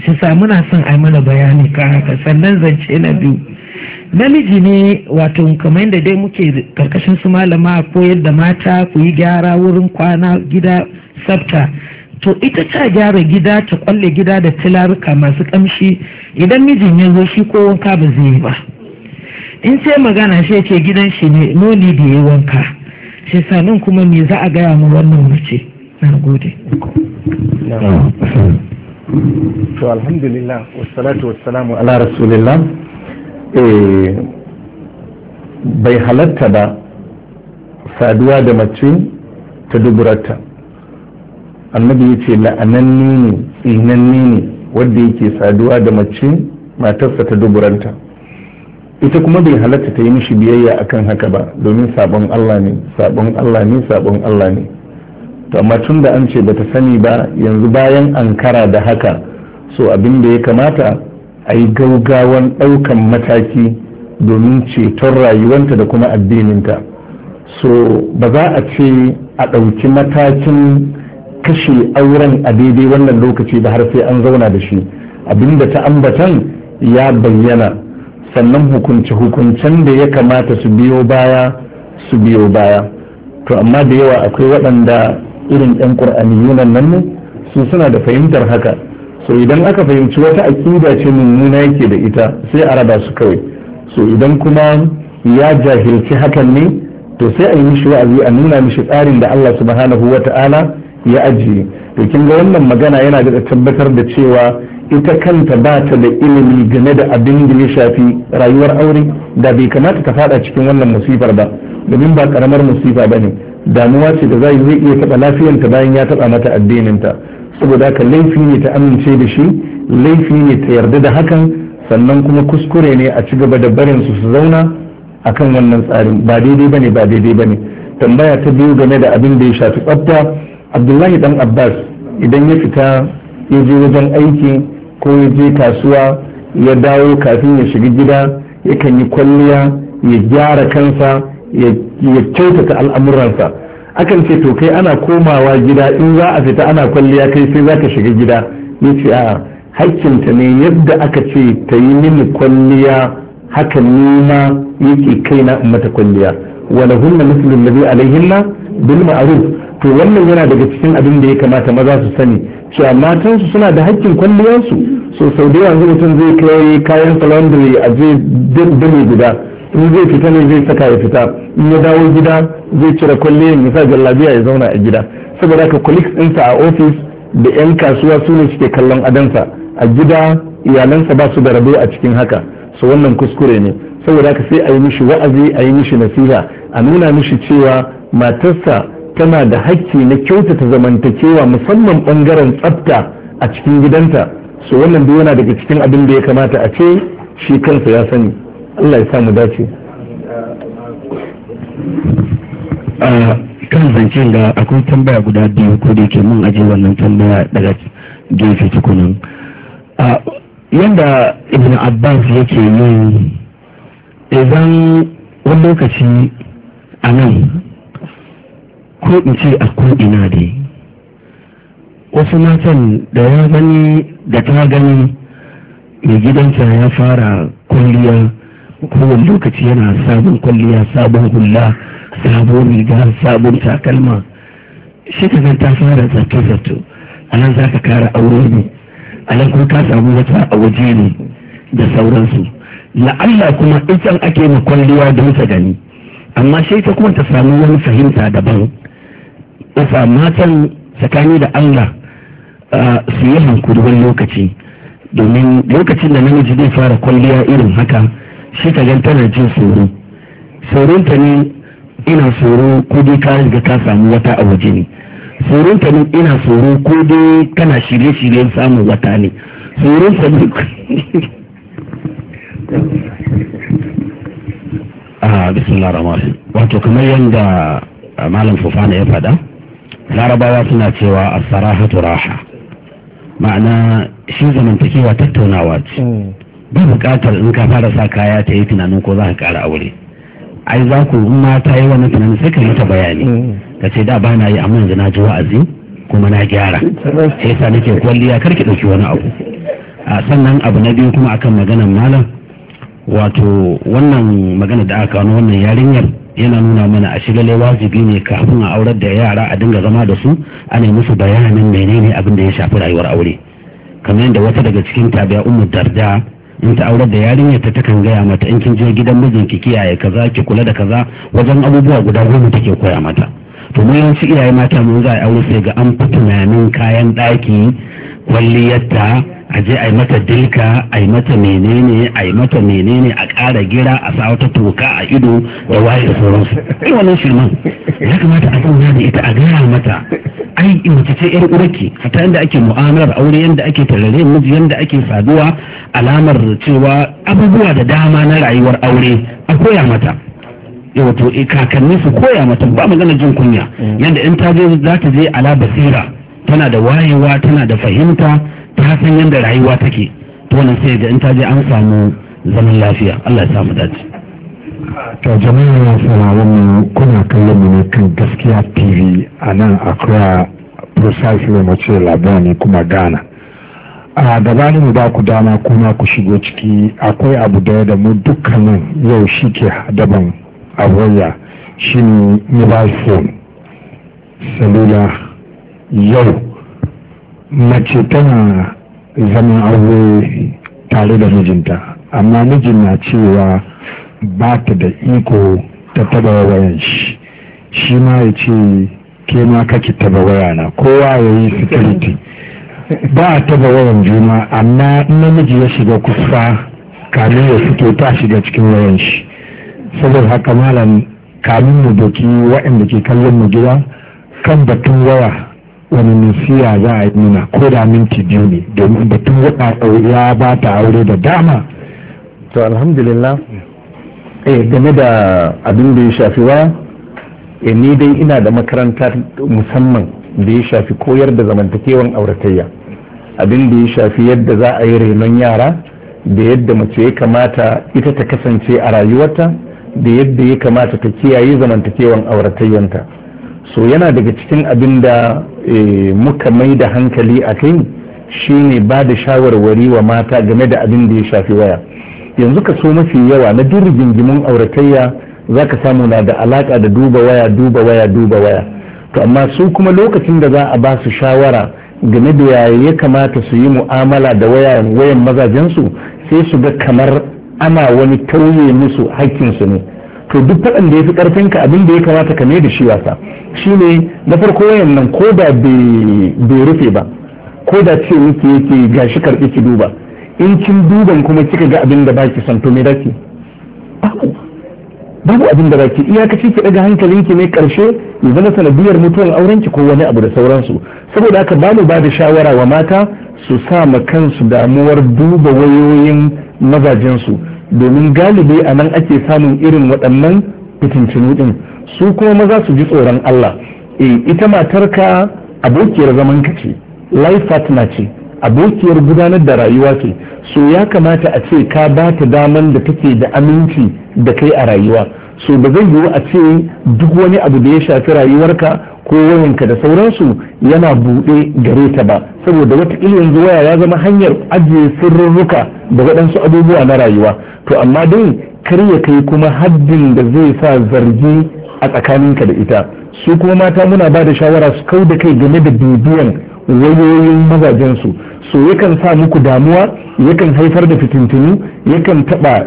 S3: shi sa muna son ai mana bayani ka haka sannan zance na biyu namiji ne wato kamar yadda dai muke karkashin su malama ko yadda mata ku yi gyara wurin kwana gida tsafta to ita ta gyara gida ta kwalle gida da tilaruka masu kamshi idan mijin ya zo shi ko wanka ba zai yi ba in sai magana shi ce gidan shi ne noli da ya wanka shi sanin kuma me za a gaya mu wannan mace na gode
S2: to alhamdulillah wassalatu wassalamu ala rasulillah Eh, bai halatta ba saduwa da mace ta duburarta annabi ya ce la'ananne ne tsinanne ne wadda yake saduwa da mace matarsa ta duburanta ita kuma bai halatta ta yi mishi biyayya akan haka ba domin sabon Allah ne sabon Allah ne sabon Allah ne to amma tun da an ce bata sani ba yanzu bayan ankara da haka so abin da ya kamata a yi gaugawan ɗaukan mataki domin ceton rayuwanta da kuma addininta so ba za a ce a ɗauki matakin kashe auren a daidai wannan lokaci ba har sai an zauna da shi abinda ta ambatan ya bayyana sannan hukunce-hukuncen da ya kamata su biyo baya su biyo baya to amma da yawa akwai waɗanda irin 'yan ƙur'aniyunan nan ne su suna da fahimtar haka so idan aka fahimci wata aƙida ce mummuna yake da ita sai a raba su kawai so idan kuma ya jahilci hakan ne to sai a yi mishi wa'azi a nuna mishi tsarin da Allah subhanahu wa ta'ala ya ajiye to kin ga wannan magana yana da tabbatar da cewa ita kanta ba ta da ilimi game da abin da ya shafi rayuwar aure da bai kamata ta fada cikin wannan musifar ba domin ba karamar musifa ba ne damuwa ce da za zai iya taɓa lafiyanta bayan ya taɓa mata addininta saboda haka laifi ne ta amince da shi laifi ne ta yarda da hakan sannan kuma kuskure ne a ci gaba da barin su su zauna kan wannan tsarin ba daidai ne ba daidai ne tambaya ta biyu game da abin da ya shafi tsafta abdullahi dan abbas idan ya fita ya je wajen aiki ko ya je kasuwa ya dawo kafin ya shiga gida yakan yi kwalliya ya gyara kansa ya kyautata al'amuransa akan ce to kai ana komawa gida in za a fita ana kwalliya kai sai za ka shiga gida ni ce a hakkinta ne yadda aka ce ta yi mini kwalliya haka nima yake kaina in mata kwalliya wala hunna muslim ladhi alaihinna bil ma'ruf to wannan yana daga cikin abin da ya kamata maza su sani cewa matansu suna da hakkin kwalliyarsu so sau da yanzu mutum zai kai kayan laundry a je dame guda in zai fita ne zai saka ya fita in ya dawo gida zai cire kulle ya sa jallabiya ya zauna a gida saboda haka colleagues ɗinsa a ofis da 'yan kasuwa su ne suke kallon adansa a gida iyalansa ba su da rabo a cikin haka su wannan kuskure ne saboda haka sai a yi mishi wa'azi a yi mishi nasiha a nuna mishi cewa matarsa tana da hakki na kyautata zamantakewa musamman bangaren tsafta a cikin gidanta su wannan duk yana daga cikin abin da ya kamata a ce shi kansa ya sani Allah ya mu dace kan zancen ga akwai
S1: tambaya guda biyu ko da yake mun aje wannan tambaya daga gefe tukunan
S2: yadda ibn abbas yake yi idan wani lokaci a nan ko in ce a ko'ina ne? wasu matan da ya gani da ta gani mai gidansa ya fara kwalliya kowane lokaci yana sabon kwalliya sabon hula sabon riga sabon takalma
S1: shi ka ta fara zato-zato a nan za ka kara aure ne a nan kuma ka samu wata a waje ne da sauransu la'alla kuma itan ake ma kwalliya don ta gani amma shi ta kuma ta samu wani fahimta daban ufa matan tsakani da allah su yi hankuri lokaci
S2: domin lokacin da namiji zai fara kwalliya irin haka shi ta gan tana jin tsoro tsoronta ne ina tsoro ko dai ka riga ka samu wata a waje ne
S4: tsoron ta ne ina tsoro ko dai kana shirye-shiryen samun wata ne tsoron ta ne.
S1: a ah, bismillah rahman wato kamar yadda malam fufana ya faɗa larabawa suna cewa a sarahatu raha ma'ana shi zamantakewa tattaunawa ce hmm. ba buƙatar in ka fara sa kaya ta yi tunanin ko za ka ƙara aure ai za ku in ma ta yi wannan tunanin sai ka mata bayani mm. ka ce da bana na yi amma yanzu na ji wa'azi kuma na gyara sai sa nake kwalliya karki ɗauki wani abu a sannan abu na biyu kuma akan maganar malam wato wannan magana da aka kawo wannan yarinyar yana nuna mana a shigale wajibi ne kafin a aurar da yara a dinga zama da su ana musu bayanin menene abin da ya shafi rayuwar aure kamar yadda wata daga cikin tabi'a ummu darda in ta aure da yarinyar ta takan gaya mata in kin je gidan mijin ki kiyaye kaza ki kula da kaza wajen abubuwa guda goma take koya mata to mu yawanci iyaye mata mun za a aure sai ga an fi tunanin kayan ɗaki kwalliyarta a je a yi mata dilka a yi mata menene a yi mata menene a ƙara gira a sa wata toka a ido da waye sauransu ai wannan shirman ya kamata a zauna da ita a gaya mata ai mace ce yar uraki hata yadda ake mu'amalar aure yadda ake tarare miji yadda ake saduwa alamar cewa abubuwa da dama na rayuwar aure a koya mata wato eh, kakanni su koya mata ba magana jin kunya mm. yadda in ta je za ta je ala basira tana da wayewa tana da fahimta ta san yadda rayuwa take to wannan sai ga in ta je an samu zaman lafiya Allah ya samu dace
S2: to jama'a ya sauraron mu kuna kallon mu ne kan gaskiya tv a nan accra precisely mace labarai ne kuma gana. a gabanin mu ba ku dama kuma ku shigo ciki akwai abu da da mu dukkanin yau shi ke daban abuwa shi ne mobile phone salula yau mace tana zaman aure tare da mijinta amma mijin na cewa ba ta da iko ta taba wayan shi shi ma ya ce ke ma kake taba waya na kowa ya yi security ba a taba wayan juna amma namiji ya shiga kusa kamin ya fito ta shiga cikin wayan shi saboda haka malam kamin mu doki waɗanda ke kallon mu gida kan batun waya wani nufiya za a yi nuna ko da minti biyu ne domin batun wata ya ba ta aure da dama to alhamdulillah eh game da abin da ya shafi wa eh, ni dai ina da makaranta musamman da ya shafi koyar da zamantakewan auratayya abin da ya shafi yadda za a yi renon yara da yadda mace ya kamata ita ta kasance a rayuwarta da yadda ya kamata ta kiyaye zamantakewan auratayyanta so yana daga cikin abin da Eh, muka mai da hankali a kai shine ba da shawarwari wa mata game da abin da ya shafi waya yanzu ka so mafi yawa na duk rigingimin auratayya za ka samu na da alaka da duba waya duba waya duba waya to amma su kuma lokacin da za a ba su shawara game da yaya ya kamata su yi mu'amala da wayan mazajensu sai su ga kamar ana wani tauye musu hakkinsu ne to duk faɗin da ya fi ƙarfinka abin da ya kamata ka mai da shi wasa shine na farko wayannan nan ko da bai rufe ba ko da ce wuce yake gashi karɓi ki duba in kin duban kuma kika ga abin da baki san to me dace babu abin da baki iyakaci ki daga hankalinki ne karshe ya zama sanadiyar mutuwar aurenki ko wani abu da sauransu saboda haka ba mu ba da shawara wa mata su sa ma kansu damuwar duba wayoyin mazajensu domin galibi a nan ake samun irin waɗannan fitincinu ɗin su kuma maza su ji tsoron Allah e ita matarka abokiyar zaman ka ce life partner ce abokiyar gudanar da rayuwa ce so ya kamata a ce ka ba ta daman da take da aminci da kai a rayuwa so ba zai yiwu a ce duk wani abu da ya shafi rayuwarka ko wayanka da sauransu yana buɗe gare ta ba saboda wata yanzu waya ya zama hanyar ajiye sirrurruka da waɗansu abubuwa na rayuwa to amma dai kar ya kai kuma haddin da zai sa zargi a tsakaninka da ita su kuma mata muna ba da shawara su kau da kai game da bibiyan wayoyin mazajensu so yakan sa muku damuwa yakan haifar da fitintuni yakan taɓa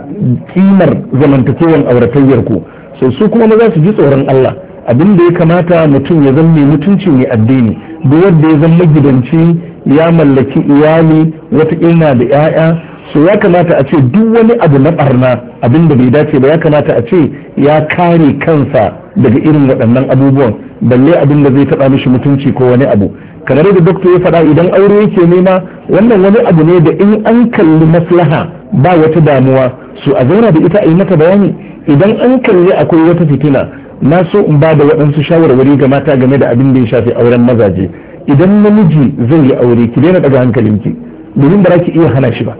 S2: kimar zamantakewan auratayyarku so su kuma maza su ji tsoron Allah abin da ya kamata mutum ya zan mai mutunci mai addini duk wanda ya zama magidanci ya mallaki iyali wata ina da 'ya'ya so ya kamata a ce duk wani abu na barna abin da bai dace ba ya kamata a ce ya kare kansa daga irin waɗannan abubuwan balle abin da zai taɓa mishi mutunci ko wani abu kamar da doktor ya faɗa idan aure yake nema wannan wani abu ne da in an kalli maslaha ba wata damuwa so a zauna da ita a yi mata bayani idan an kalli akwai wata fitina na so in ba da waɗansu shawarwari ga mata game da abin da ya shafi auren mazaje idan namiji zai yi aure ki daina ɗaga hankalinki domin ba za ki iya hana shi ba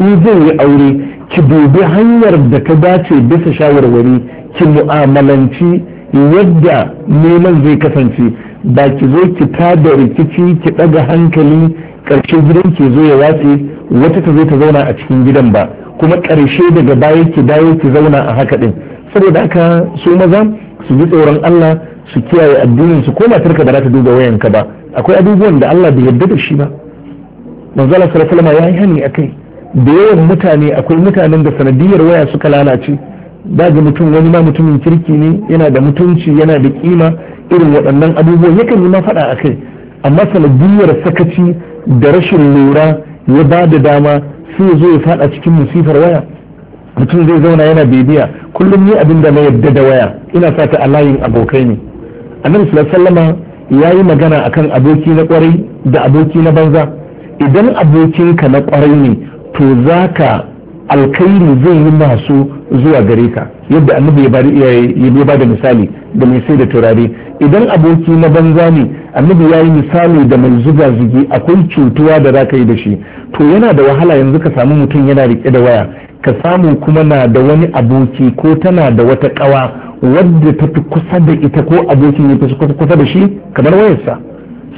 S2: in zai yi aure ki dubi hanyar da ka dace bisa shawarwari ki mu'amalanci yadda neman zai kasance ba ki zo ki ta da rikici ki ɗaga hankali ƙarshe gidan ki zo ya watse wata ta zo ta zauna a cikin gidan ba kuma ƙarshe daga baya ki dawo ki zauna a haka din saboda haka su maza su ji tsoron Allah su kiyaye addinin su ko matarka ba za ta duba wayan ka ba akwai abubuwan da Allah bai yarda da shi ba manzo Allah sallallahu alaihi wasallam ya yi hani akai da yawan mutane akwai mutanen da sanadiyar waya suka lalace ba ga mutum wani ma mutumin kirki ne yana da mutunci yana da kima irin waɗannan abubuwa yakan yi ma faɗa a kai amma sanadiyar sakaci da rashin lura ya ba da dama su zo ya faɗa cikin musifar waya mutum zai zauna yana bibiya kullum ni abin da na yadda da waya ina sa ta a layin abokai ne annabi sallallahu ya yi magana akan aboki na kwarai da aboki na banza idan abokinka na kwarai ne to za ka alkairi zai yi masu zuwa gare ka yadda annabi ya ba da misali da mai sai da turare idan aboki na banza ne annabi ya yi misali da mai zuga zugi akwai cutuwa da za ka yi da shi to yana da wahala yanzu ka samu mutum yana rike da waya ka samu kuma na da wani aboki ko tana da wata kawa wadda ta fi kusa da ita ko abokin ya fi kusa da shi kamar wayarsa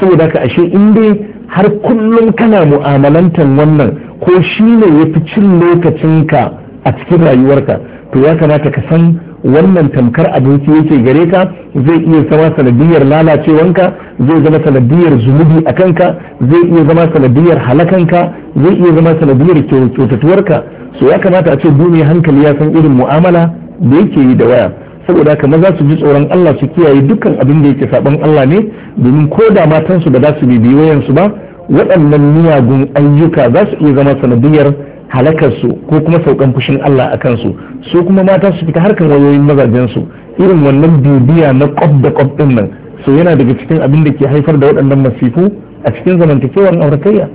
S2: saboda ka ashe in dai har kullum kana mu'amalantar wannan ko shi ne ya fi cin lokacinka a cikin rayuwarka to ya kamata ka san wannan tamkar abinci yake gare ka zai iya zama sanadiyar lalacewanka zai zama sanadiyar zunubi a kanka zai iya zama sanadiyar halakanka zai iya zama sanadiyar kyautatuwarka so ya kamata a ce duniya hankali ya san irin mu'amala da yake yi da waya saboda haka za su ji tsoron Allah su kiyaye dukkan abin da yake saban Allah ne domin ko da matansu ba za su bibiyi wayansu ba waɗannan miyagun ayyuka za su iya zama sanadiyar halakarsu ko kuma saukan fushin Allah a kansu su kuma mata su fita harkar wayoyin mazajensu irin wannan bibiya na kwab da kwab din nan so yana daga cikin abin da ke haifar da waɗannan masifu a cikin zamantakewar auratayya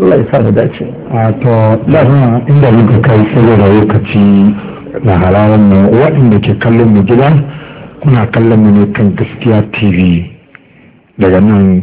S2: Allah ya sa da dace a to inda muka kai da lokaci na halawan mu waɗanda ke kallon mu gida kuna kallon mu ne kan gaskiya tv daga nan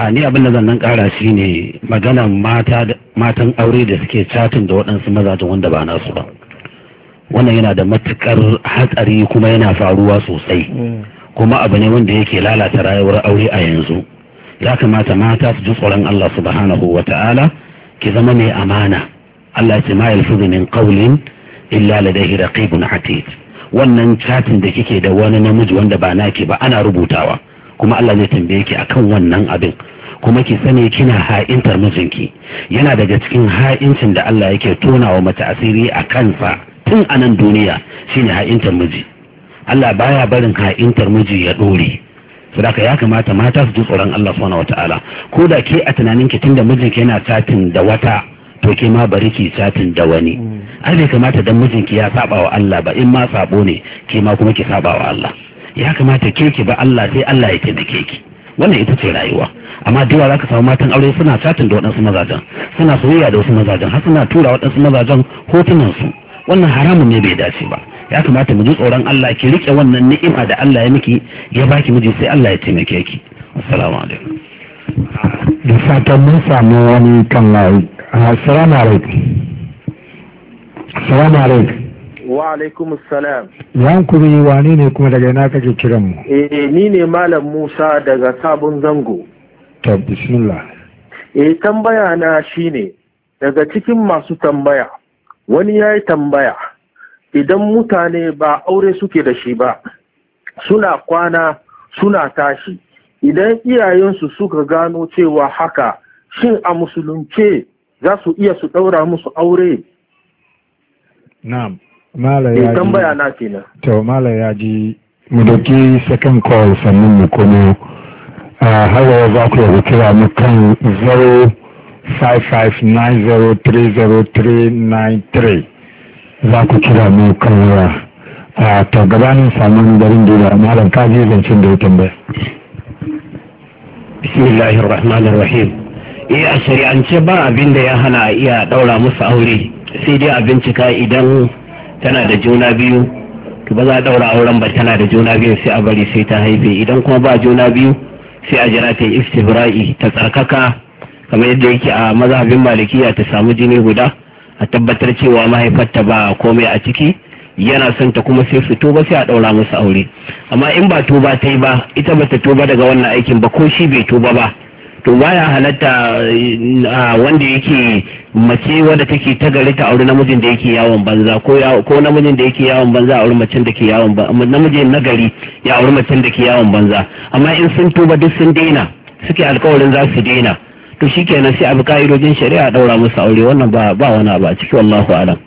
S1: a ni abin da zan kara shi ne maganan matan aure da suke chatin da waɗansu mazajen wanda ba nasu ba wannan yana da matukar hatsari kuma yana faruwa sosai kuma abu ne wanda yake lalata rayuwar aure a yanzu ya kamata mata su ji tsoron Allah subhanahu wa ta'ala ki zama mai amana Allah ce ma yalfuzu min qawlin illa ladayhi raqibun atid wannan chatin da kike da wani namiji wanda ba naki ba ana rubutawa kuma Allah zai tambaye ki akan wannan abin kuma ki sani kina ha'intar mijinki yana daga cikin ha'incin da Allah yake tona wa mace asiri a kansa tun a nan duniya shine ha'intar miji Allah baya barin ha'intar miji ya dore sadaka ya kamata mata su ji tsoron Allah subhanahu wataala ko da ke a tunanin ki tunda mijinki yana satin da wata to ke ma bari ki satin da wani mm. ai kamata dan mijinki ya saba wa Allah ba in ma sabo ne ke ma kuma ki saba wa Allah ya kamata keke ba Allah sai Allah ya taimake keke wannan ita ce rayuwa amma da za ka samu matan aure suna satin da waɗansu mazajen suna soyayya da wasu mazajen har suna tura waɗansu mazajen hotunan su wannan haramun ne bai dace ba ya kamata mu ji tsoron Allah ki rike wannan ni'ima da Allah ya miki ya baki miji sai Allah ya taimake ki
S2: assalamu alaikum da fatan mun samu wani kan layi assalamu alaikum assalamu alaikum wa alaikum salam yankuri wane ne kuma daga ina kake kiran mu eh ni ne malam Musa daga sabon zango ta bismillah eh tambaya na shine daga cikin masu tambaya wani ya yi tambaya idan mutane ba aure suke da shi ba suna kwana suna tashi idan iyayensu suka gano cewa haka shin a musulunce za su iya su ɗaura musu aure na'am mala ya eh, tambaya na kenan to mala ya ji mu doki second call sannan mu komo ah, har wa za ku yi kira mu kan 0559030393 za ku kira mu kan waya a ah, to gabanin samun garin duniya malam kaji zancen da ya tambaya
S1: bismillahir rahmanir rahim eh a shari'ance ba abin da ya hana iya daura musu aure sai dai a bincika idan tana da juna biyu to ba za a daura auren ba tana da juna biyu sai a bari sai ta haife idan kuma ba juna biyu sai a jira ta yi istibra'i ta tsarkaka kamar yadda yake a mazhabin malikiya ta samu jini guda a tabbatar cewa mahaifarta ba komai a ciki yana son ta kuma sai su tuba sai a daura musu aure amma in ba tuba ta yi ba ita ba ta tuba daga wannan aikin ba ko shi bai tuba ba to baya halatta wanda yake mace wadda take ta gari ta auri namijin da yake yawon banza ko namijin da yake yawon banza a wurin macen da ke yawon banza namijin na gari ya auri macen da ke yawon banza amma in sun tuba duk sun daina suke alkawarin za su daina to shikenan sai abu ka'idojin shari'a daura musu aure wannan ba ba wani abu a ciki wallahu alam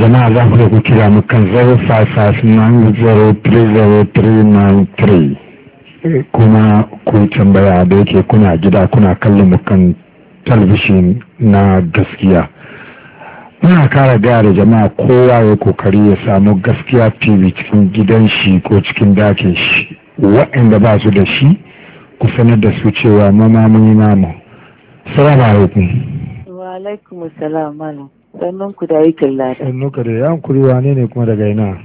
S2: jama'a za ku kira mu kan 0559 03 039 3 kuma ku tambaya da yake kuna gida kuna kallon mu kan talbishin na gaskiya muna kara gaya da jama'a kowa ya kokari ya samu gaskiya tv cikin gidan shi ko cikin dakin shi waɗanda ba su da shi ku sanar da su cewa mama mun yi namu salamu alaikum
S5: wa alaikum salam malam sannan ku da kalla lada
S2: sannan ku da yan kuriwa ne ne kuma daga
S5: ina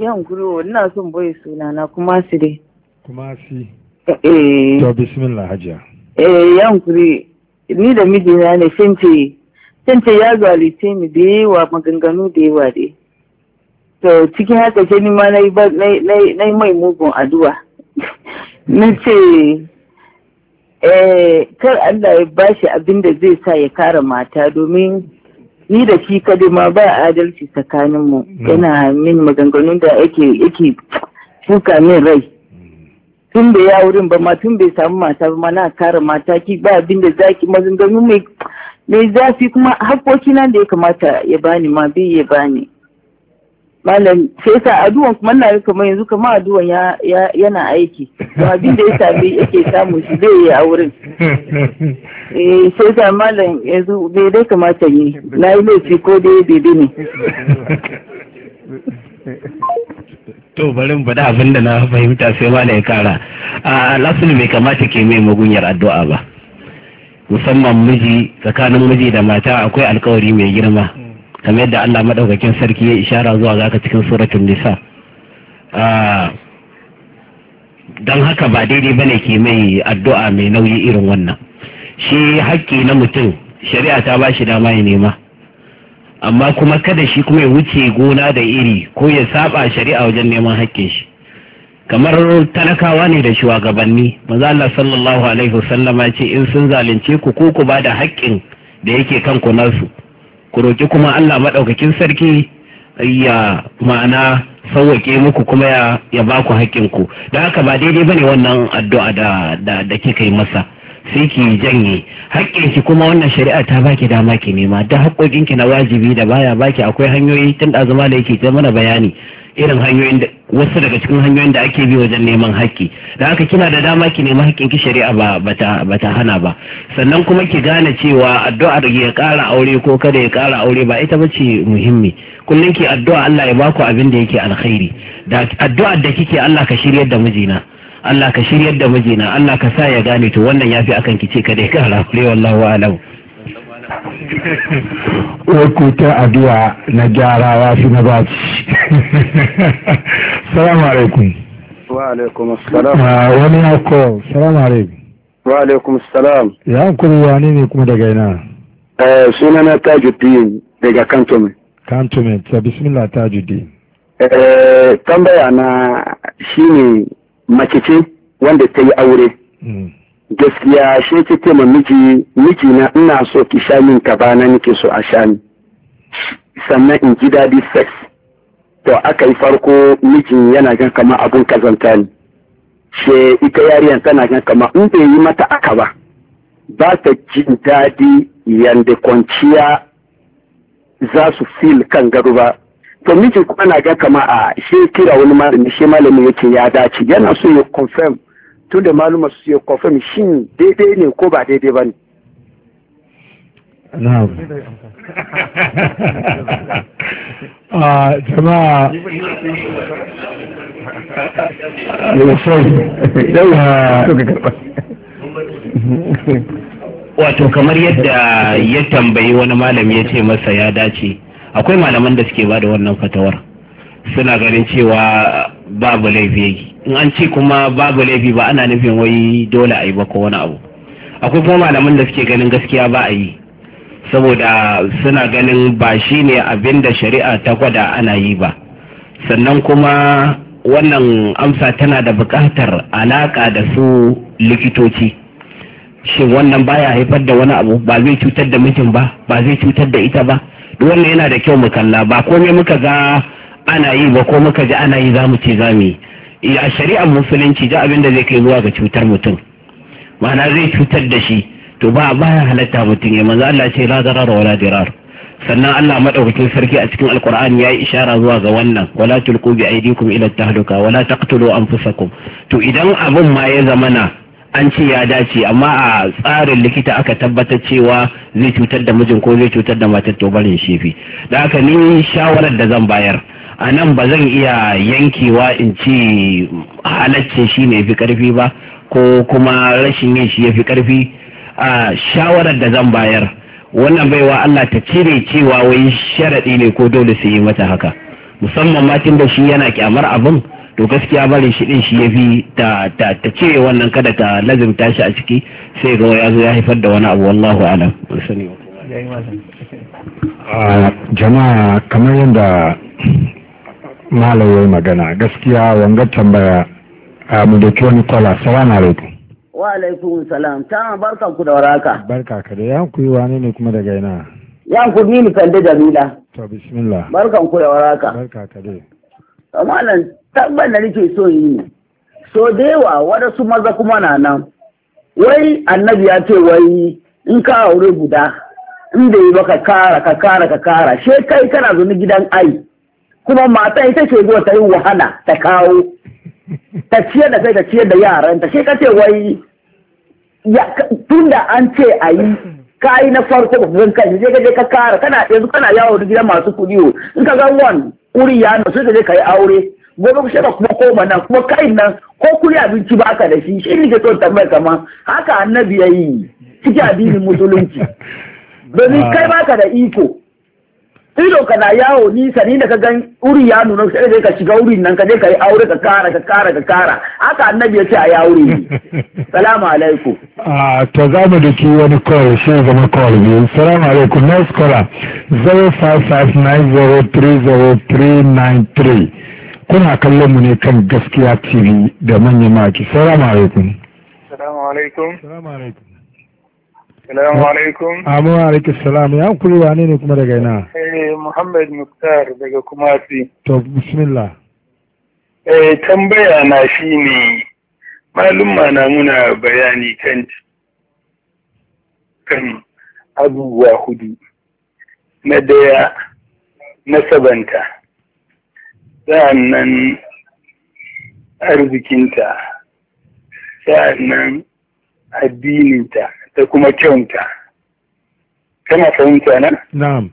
S5: yan kuriwa ina son boye suna na kuma su dai kuma eh. to
S2: bismillah hajiya
S5: eh yankuri ni da mijina ne sun ce ya zalice ni da yawa maganganu da yawa dai to cikin haka sai ni ma na yi mai mugun addu'a na ce eh, kar Allah ya bashi abin da zai sa ya kare mata domin ni da shi kadai ma ba adalci tsakaninmu mm. yana min maganganun da yake yake fuka min rai tun da ya wurin ba ma tun bai samu mata ba mana na kare mata ki ba abin da zaki maganganu mai mai zafi kuma hakoki nan da ya kamata ya bani ma bai ya bani malam sai sa addu'an kuma na kamar yanzu kamar addu'an yana aiki Ba abin da ya sami yake samu shi zai yi a wurin eh sai sa malam yanzu bai dai kamata yi na yi laifi ko dai bebe ne
S1: to mu bada abin da na fahimta sai ma ya kara a lasul bai kamata ke mai magunyar addu'a ba musamman miji tsakanin miji da mata akwai alkawari mai girma kamar yadda Allah madaukakin sarki ya ishara zuwa zaka cikin suratul nisa don haka ba daidai bane ke mai addu'a mai nauyi irin wannan shi hakki na mutum shari'a ta ba shi dama ya nema amma kuma kada shi kuma ya wuce gona da iri ko ya saba shari'a wajen neman haƙƙin shi kamar talakawa ne da shugabanni maza Allah sallallahu alaihi wasallama ce in sun zalunce ku ko ku ba da haƙƙin da yake kan ku nasu ku roki kuma Allah maɗaukakin sarki ya ma'ana sauwaƙe muku kuma ya ba ku haƙƙin ku da haka ba daidai bane wannan addu'a da da kika yi masa sai ki janye haƙƙin ki kuma wannan shari'a ta baki dama ki nema da haƙƙoƙin ki na wajibi da baya baki akwai hanyoyi tun da zama da yake mana bayani irin hanyoyin da wasu daga cikin hanyoyin da ake bi wajen neman hakki da haka kina da dama ki nema hakkin ki shari'a ba ba ta hana ba sannan kuma ki gane cewa addu'ar ya kara aure ko kada ya kara aure ba ita bace muhimmi kullum ki addu'a Allah ya baku abin da yake alkhairi da addu'ar da kike Allah ka shiryar da mijina Allah ka shiryar da mijina Allah ka sa ya gane to wannan yafi akan ki ce ka dai kara kure wallahu alam
S2: Wai ta addu'a na gyarawa fi na baci. Salamu alaikum.
S1: Wa alaikum salam. Ah, wani ya
S2: ko, salamu alaikum.
S1: Wa alaikum salam.
S2: Ya kuri wani ne kuma daga ina?
S1: Eh,
S4: Suna na Tajuddin daga Kantomen.
S2: Kantomen, ta bismillah Tajuddin.
S4: Eh, tambaya na shi ne mace ce wanda ta yi aure hmm. gaskiya shi ta ma miji miji na ina so ki sha min ka na nake so a sha ni sannan in ji daɗi sex to aka yi farko mijin yana gan kama abun kazanta ne she ita yariyan tana gan kama in bai yi mata aka ba ba ta jin daɗi yanda kwanciya za su fil kan gado ba to miji kuma na ga kama a shi kira wani malami shi malami yake ya dace yana so ya confirm tun da
S2: maluma su ya confirm shin daidai ne ko ba daidai ba ne na'am ah, jama'a wato kamar yadda ya
S1: tambayi wani malam ya ce masa ya dace akwai malaman da suke ba da wannan fatawar suna ganin cewa babu laifi in an ce kuma babu laifi ba ana nufin wai dole a yi ba ko wani abu akwai kuma malaman da suke ganin gaskiya ba a yi saboda suna ganin ba shi ne abin da shari'a ta gwada ana yi ba sannan kuma wannan amsa tana da buƙatar alaƙa da su likitoci shin wannan baya haifar da wani abu ba zai cutar da mijin ba ba zai cutar da ita ba wannan yana da kyau mu kalla ba komai muka ga ana yi ba ko muka ji ana yi za mu ce za mu yi a shari'ar musulunci ji abin da zai kai zuwa ga cutar mutum ma'ana zai cutar da shi to ba baya halatta mutum ya manzo Allah ce la darar wala dirar sannan Allah madaukakin sarki a cikin alkur'ani yayi ishara zuwa ga wannan wala tulqu bi aydikum ila tahluka wala taqtulu anfusakum to idan abun ma ya zamana an ce ya dace amma a tsarin likita aka tabbatar cewa zai cutar da mijin ko zai cutar da matar to barin shefi da haka ni shawarar da zan bayar a nan ba zan iya yankewa in ce halacce shi ne fi karfi ba ko kuma rashin yin shi ya fi karfi a shawarar da zan bayar wannan baiwa Allah ta cire cewa wai sharaɗi ne ko dole su yi mata haka musamman matin da shi yana kyamar abin to gaskiya barin shi din shi ya ta ta ta cire wannan kada ta lazimta shi a ciki sai ga ya zo ya haifar da wani abu wallahu alam
S2: jama'a kamar yadda malam magana gaskiya wangar tambaya mu doki wani kwala na alaikum
S4: wa alaikun salam ta barka ku da waraka barka ka da yanku yi wani ne kuma daga ina yanku ku ni kan da jamila
S2: to bismillah
S4: barkan ku da waraka barka ka da malam tabbar da nake so yi ne so da yawa waɗansu maza kuma na nan wai annabi ya ce wai in ka aure guda in da yi baka kara ka kara ka kara she kai kana zuni gidan ai kuma mata ita ce zuwa ta yi wahala ta kawo ta ciyar da kai ta ciyar da yaranta she ka ce wai tun da an ce a yi ka yi na farko ba zan kai je ka je ka kara kana yanzu kana yawo da gidan masu kuɗi in ka ga wani uri ya sai ka je ka yi aure gobe ku shaka kuma koma nan kuma kain nan ko kuri abinci ba ka da shi shi ne ke son tambayar kama haka annabi ya yi ciki addinin musulunci domin kai ba ka da iko ido ka na yawo nisa ni da ka gan uri ya nuna sai dai ka shiga urin nan ka je ka yi aure ka kara ka kara ka kara haka annabi ya ce a yawo ne salamu alaikum
S2: a ah, to za mu da ki wani call shi zama call biyu salamu alaikum next caller 0559030393 kuna kallon mu ne kan gaskiya tv da manyan maki salamu alaikum salamu alaikum salamu alaikum salamu alaikum ya kuri ne kuma daga ina
S4: eh muhammad muktar daga kumasi
S2: to bismillah
S4: eh tambaya na shine malumma na muna bayani kan kan
S2: abubuwa hudu
S4: na daya na sabanta sa'annan arzikinta sa'annan
S2: addininta da kuma kyauta kana fahimta na? na'am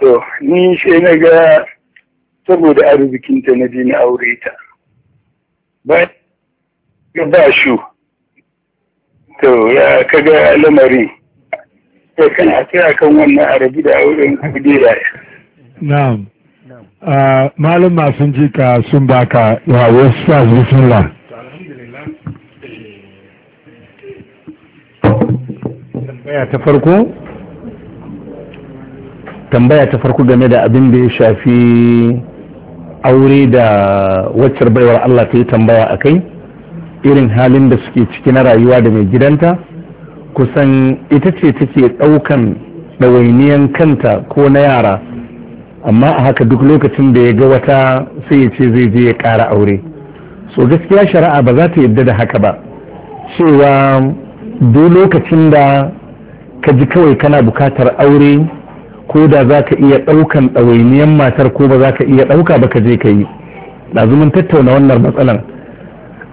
S2: to ni shi na ga saboda arzikinta na ji na aure ta ba ba shu
S4: to ya kaga lamarin Ya kana a kan wannan arabi da auren kudi
S2: na'am Ah, malum masu ji ka sun baka yawo stars bismillah tambaya ta farko tambaya ta farko game da abin da ya shafi aure da waccar baiwar Allah ta yi tambaya a kai irin halin da suke ciki na rayuwa da mai gidanta kusan ita ce take ɗaukan ɗawainiyan kanta ko na yara amma a haka duk lokacin da ya ga wata sai ya ce zai je ya ƙara aure so gaskiya shari'a ba za ta yadda da haka ba cewa duk lokacin da ka ji kawai kana bukatar aure ko da za ka iya ɗaukan ɗawainiyan matar ko ba za ka iya ɗauka ba ka je ka yi ɗazumin tattauna wannan matsalan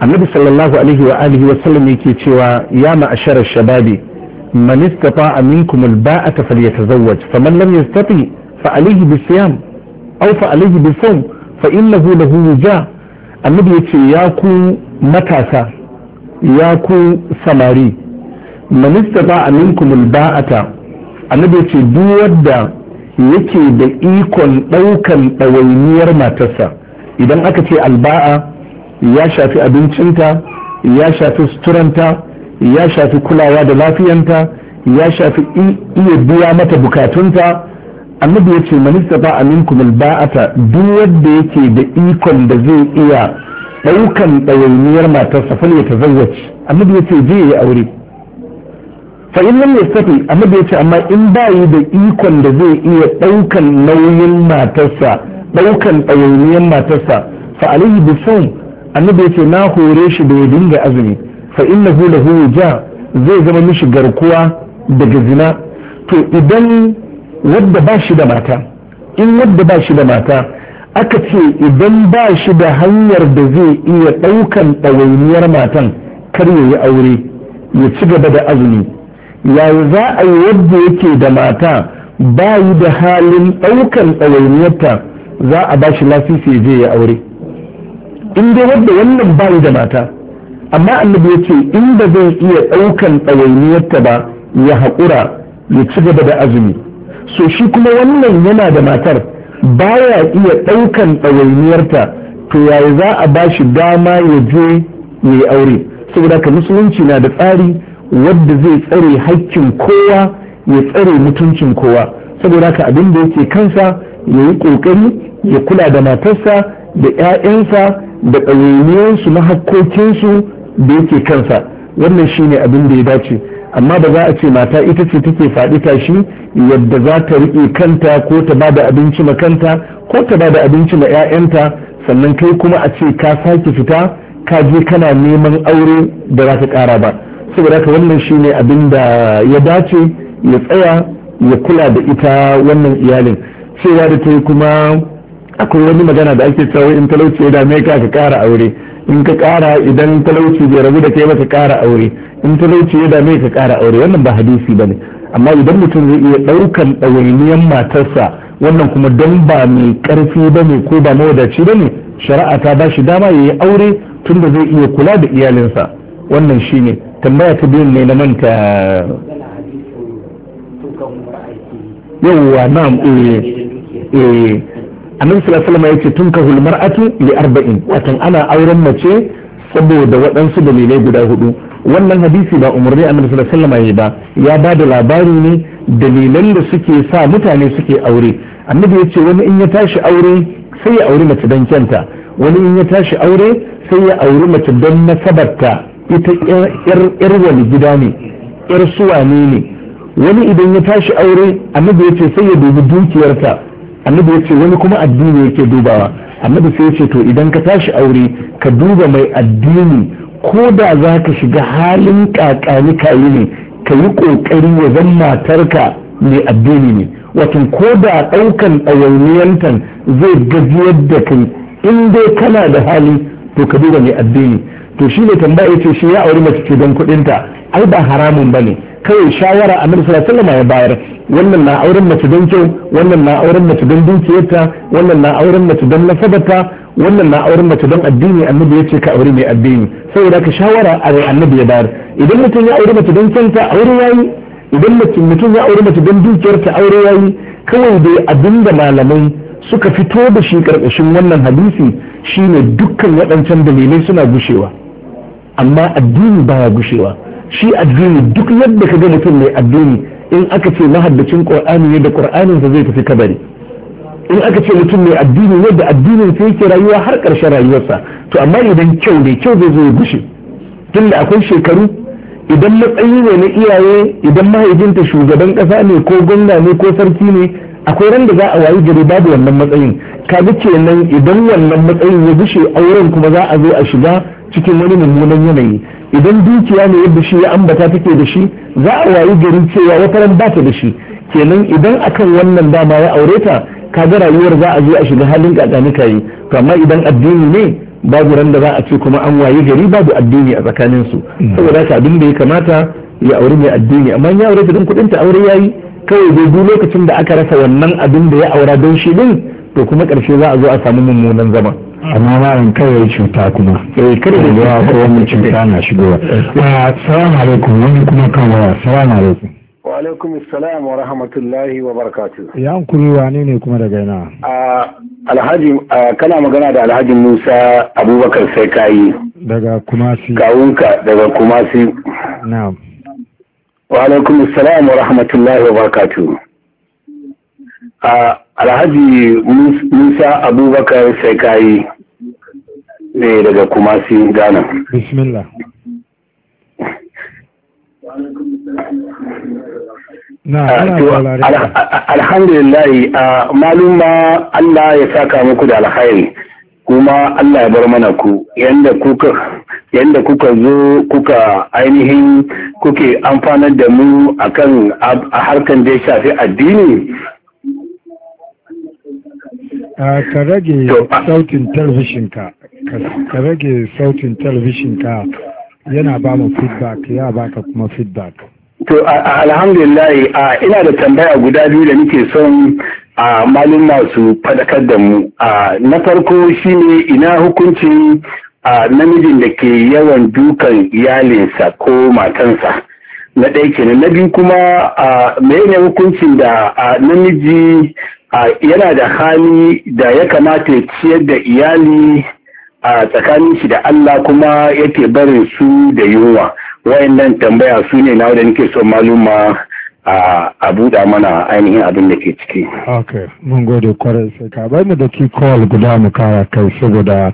S2: annabi sallallahu alaihi wa alihi wa sallam yake cewa ya ma'ashara shababi man istata aminkum al-ba'ata falyatazawwaj faman lam yastati fa'alihi bi siyam aw fa'alihi bi sawm fa innahu lahu wuja annabi yace ya ku matasa ya ku samari man istata minkum duk wanda yake da ikon ɗaukan ɗawainiyar matarsa idan aka ce alba'a ya shafi abincinta ya shafi suturanta ya shafi kulawa da lafiyanta ya shafi iya biya mata bukatunta annabi ya ce manista ba aminkum ta duk wadda yake da ikon da zai iya ɗaukan ɗawainiyar matarsa fal ya tazawwaci annabi ya ce je ya aure fa in lam yastati annabi ya ce amma in ba yi da ikon da zai iya ɗaukan nauyin matarsa ɗaukan ɗawainiyar matarsa fa alaihi bisawm annabi ya ce na hore shi da ya dinga azumi fa innahu lahu ja zai zama mishi garkuwa daga zina to idan wadda ba shi da mata in wadda ba shi da mata aka ce idan ba shi da hanyar da zai iya ɗaukan ɗawainiyar matan kar ya yi aure ya ci gaba da azumi ya za a yi wadda yake da mata ba da halin ɗaukan ɗawainiyarta za a ba shi lasisi ya je ya aure in dai wadda wannan ba da mata amma annabi ya ce in ba zai iya ɗaukan ɗawainiyarta ba ya haƙura ya ci gaba da azumi so shi kuma wannan yana da matar baya iya ɗaukan ɗawainiyarta to yaya za a ba shi dama ya je ya yi aure saboda ka musulunci na da tsari wadda zai tsare haƙƙin kowa ya tsare mutuncin kowa saboda ka abin da yake kansa ya yi ƙoƙari ya kula da matarsa da 'ya'yansa da ɗawainiyarsu na hakkokinsu da yake kansa wannan shine abin da ya dace amma ba za a ce mata ita ce take faɗi tashi yadda za ta riƙe kanta ko ta ba da abinci ma kanta ko ta ba da abinci ma 'ya'yanta sannan kai kuma a ce ka sake fita ka je kana neman aure da za ka ƙara ba saboda haka wannan shi ne abin da ya dace ya tsaya ya kula da ita wannan iyalin cewa da ta yi kuma akwai wani magana da ake cewa in talauci ya dame ka ka ƙara aure in ka kara idan talauci bai rabu da kai ba ka kara aure in talauci ya dame ka kara aure wannan ba hadisi ba ne. amma idan mutum zai iya daukan ɗawainiyar matarsa wannan kuma don ba mai karfi ne ko ba mawadaci ba ne, shari'a ta ba shi dama ya yi aure tunda zai iya kula da iyalinsa wannan shi ne tambaya ta biyun ne na manta yawwa na'am eh eh annabi sallallahu alaihi wasallam yace tunkahul mar'atu li arba'in watan ana auren mace saboda waɗansu dalilai guda hudu wannan hadisi ba umarni annabi sallallahu alaihi wasallam ba ya ba da labari ne dalilan da suke sa mutane suke aure annabi yace wani in ya tashi aure sai ya auri mace dan kyanta wani in ya tashi aure sai ya auri mace don nasabarta ita yar wani gida ne yar suwane ne wani idan ya tashi aure annabi yace sai ya dubi dukiyarta annabi ya ce wani kuma addini yake dubawa annabi sai ya ce to idan ka tashi aure ka duba mai addini ko da za ka shiga halin kakani kayi ne ka yi kokari ya zan matarka mai addini ne watan ko da ɗaukan ɗawainiyantan zai gajiyar da kai in dai kana da hali to ka duba mai addini to shi ne tambaya ce shi ya auri mace ce don kuɗinta ai ba haramun ba ne kawai shawara a sallallahu alaihi wasallam ya bayar wannan na auren mace don kyau wannan na auren mace don dukiyarta wannan na auren mace don nasabata wannan na auren mace don addini annabi ya ce ka aure mai addini saboda ka shawara a annabi ya bayar idan mutum ya aure mace don kyanta aure yi idan mutum ya aure mace don dukiyarta aure yi kawai dai abinda malamai suka fito da shi karkashin wannan hadisi shine dukkan waɗancan dalilai suna gushewa amma addini baya gushewa shi addini duk yadda ka ga mutum mai addini in aka ce mahaddacin qur'ani yadda qur'anin sa zai tafi kabari in aka ce mutum mai addini yadda addinin sa yake rayuwa har ƙarshen rayuwarsa to amma idan kyau ne kyau zai zo ya gushe tunda akwai shekaru idan matsayi ne na iyaye idan mahaifinta shugaban ƙasa ne ko gwamna ne ko sarki ne akwai ran da za a wayi gari babu wannan matsayin ka ga kenan idan wannan matsayin ya gushe auren kuma za a zo a shiga cikin wani mummunan yanayi idan dukiya ne yadda shi ya ambata take da shi za a wayi gari cewa wata ran bata da shi kenan idan akan wannan dama ya aure ta kaga rayuwar za a zo a shiga halin kakani yi to amma idan addini ne babu ran da za a ce kuma an wayi gari babu addini a tsakanin su saboda ka abin da ya kamata ya aure mai addini amma ya aure ta don kudin ta aure yayi kawai dai duk lokacin da aka rasa wannan abin da ya aura don shi din to kuma karshe za a zo a samu mummunan zama amma malam kawai cuta kuma eh kada da ko wani cuta na shigowa ah, assalamu alaikum wani kuma kan waya assalamu alaikum wa alaikum assalam wa rahmatullahi wa barakatuh ya kuri wane ne kuma daga ina ah, alhaji ah, kana magana da alhaji Musa Abubakar sai kai daga Kumasi kawunka daga Kumasi na'am wa alaikum assalam wa rahmatullahi wa barakatuh alhaji Musa Abubakar sai kayi ne daga kumasi ghana bismillah ah,
S1: alhamdulillahi a ah, maluma Allah ya saka muku da alkhairi
S2: kuma Allah ya bar mana ku yadda kuka yadda kuka zo kuka ainihin kuke amfanar da mu akan a harkar da ya shafi addini a ah, ka rage sautin talbishinka ka rage sautin talabishin ka yana ba mu feedback ya baka kuma feedback to alhamdulillah ina da tambaya guda biyu da nake son a malin masu fadakar da mu na farko shine ina hukuncin namijin da ke yawan dukan iyalinsa ko matansa na ɗaya kenan na biyu kuma a ne hukuncin da
S1: namiji yana da hali da ya kamata ya ciyar da iyali a tsakanin shi da Allah kuma yake barin su da yunwa wayannan tambaya su ne na da nake so maluma a buɗa mana ainihin abin da ke ciki.
S2: Ok, mun gode kwarai sai ka bai da ki call guda mu kara kai saboda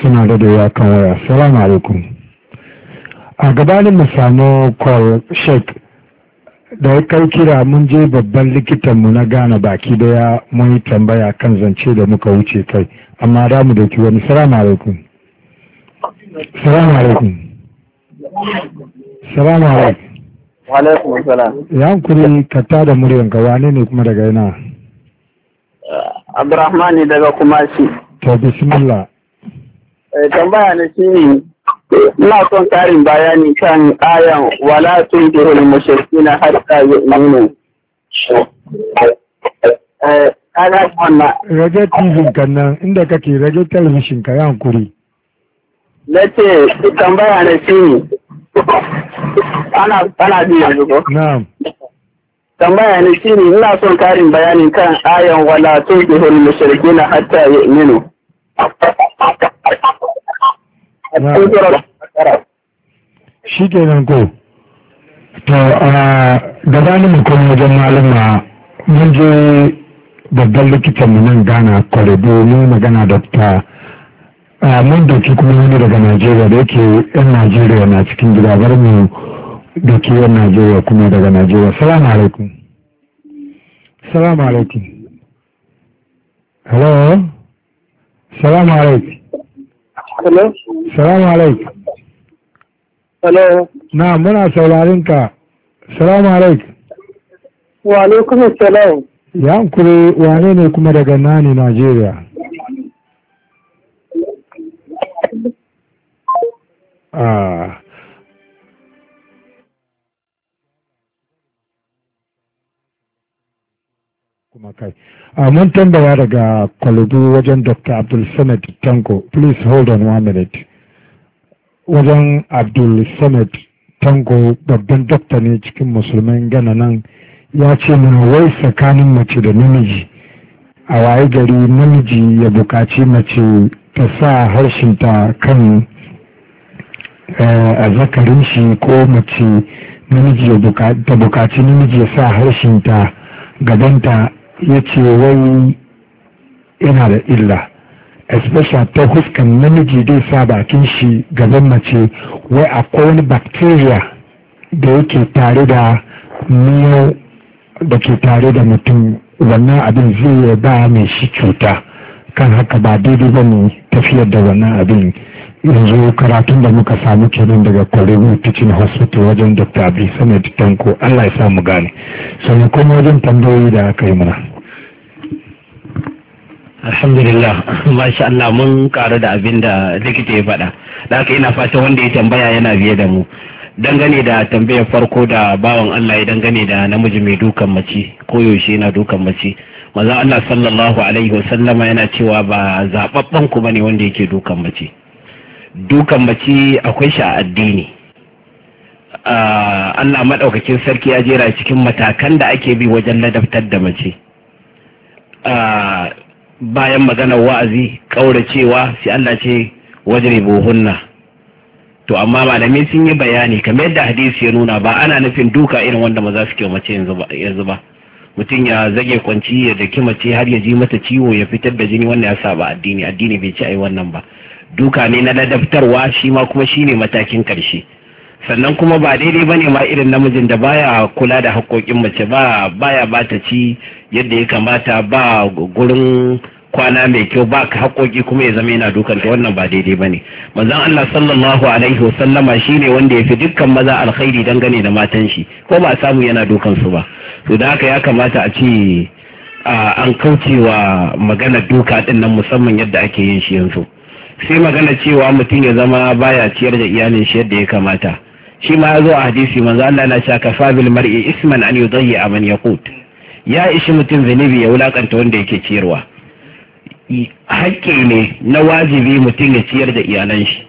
S2: suna da da kan waya. Salamu alaikum. A gabanin mu samu call Sheikh da ya kai kira mun je babban likitanmu na gane baki daya mun yi tambaya kan zance da muka wuce kai amma da mu dauki wani salamu alaikum salamu alaikum salamu alaikum
S4: wa alaikum salam ya kuri
S2: ka da muryan ka wane ne kuma daga yana
S4: abdurrahmani daga shi.
S2: to bismillah
S4: eh, tambaya ne shi ina son karin bayani kan ayan wala tunkiru lil mushrikina hatta yu'minu eh ana wannan
S2: rage tv kan nan inda kake rage television ka yan kuri
S4: nace tambaya ne shi ana ana ji yanzu ko na'am tambaya ne shi ne ina son karin bayani kan ayan wala tunkiru lil mushrikina hatta yu'minu
S3: shi ke nan ko to a gabanin mu kuma wajen malama
S2: mun je babban likitan mu nan gana kwaredo mun magana da ta mun doki kuma wani daga najeriya da yake yan najeriya na cikin gida bar mu da ke yan najeriya kuma daga najeriya Salam alaikum Salam alaikum hello Salam alaikum Hello? Salamu alaikum. Hello? Na muna saurarin ka. Salamu alaikum. Wa alaikum salam. Ya kure wane ne kuma daga nani Najeriya? Ah. kuma kai a ah, mun tambaya daga kwalubu wajen dr abdul samad tanko please hold on one minute wajen abdul samad tanko babban dokta ne cikin musulman gana nan ya ce mana wai tsakanin mace da namiji a waye gari namiji ya bukaci mace ta sa harshenta kan eh, a zakarin shi ko mace namiji ta bukaci namiji ya sa harshenta gabanta ya ce wai yana da illa especially ta huskan namiji dai sa bakin shi gaban mace wai akwai wani bacteria da yake tare da miyau da ke tare da mutum wannan abin zai ba mai shi cuta kan haka ba daidai ba ne tafiyar da wannan abin yanzu karatun da muka samu kenan daga kwarewa teaching hospital wajen dr abi sanad tanko allah ya samu gane sannan kuma wajen tambayoyi da aka yi mana
S1: alhamdulillah masha Allah mun karu da abin da likita ya faɗa da aka ina fata wanda ya tambaya yana biye da mu dangane da tambayar farko da bawan Allah ya dangane da namiji mai dukan mace koyaushe yana dukan mace maza Allah sallallahu alaihi wasallama yana cewa ba zaɓaɓɓen ku ne wanda yake dukan mace dukan mace akwai shi a addini Allah maɗaukakin sarki ya jera cikin matakan da ake bi wajen ladabtar da mace bayan magana wa'azi ƙauracewa sai Allah ce wajen hunna to amma malamai sun yi bayani kamar yadda hadisi ya nuna ba ana nufin duka irin wanda maza suke mace yanzu ba mutum ya zage kwanci ya daki mace har ya ji mata ciwo ya fitar da jini wannan ya saba addini addini bai ci yi wannan ba duka ne na ladabtarwa shi ma kuma shi ne matakin karshe sannan kuma ba daidai ba ne ma irin namijin da baya kula da haƙoƙin mace ba baya bata ci yadda ya kamata ba gurin kwana mai kyau ba ka haƙoƙi kuma ya zama yana dukan ta wannan ba daidai ba ne manzon Allah sallallahu alaihi wa sallama ne wanda ya fi dukkan maza alkhairi dangane da matan shi ko ba samu yana dukan su ba to da haka ya kamata a ce an wa maganar duka ɗin nan musamman yadda ake yin shi yanzu sai magana cewa mutum ya zama baya ciyar da iyalin shi yadda ya kamata shi ma ya zo a hadisi manzo Allah na cewa kafa bil mar'i isman an yudayyi man yaqut ya ishi mutum zanibi ya wulakanta wanda yake ciyarwa haƙƙi ne na wajibi mutum ya ciyar da iyalan shi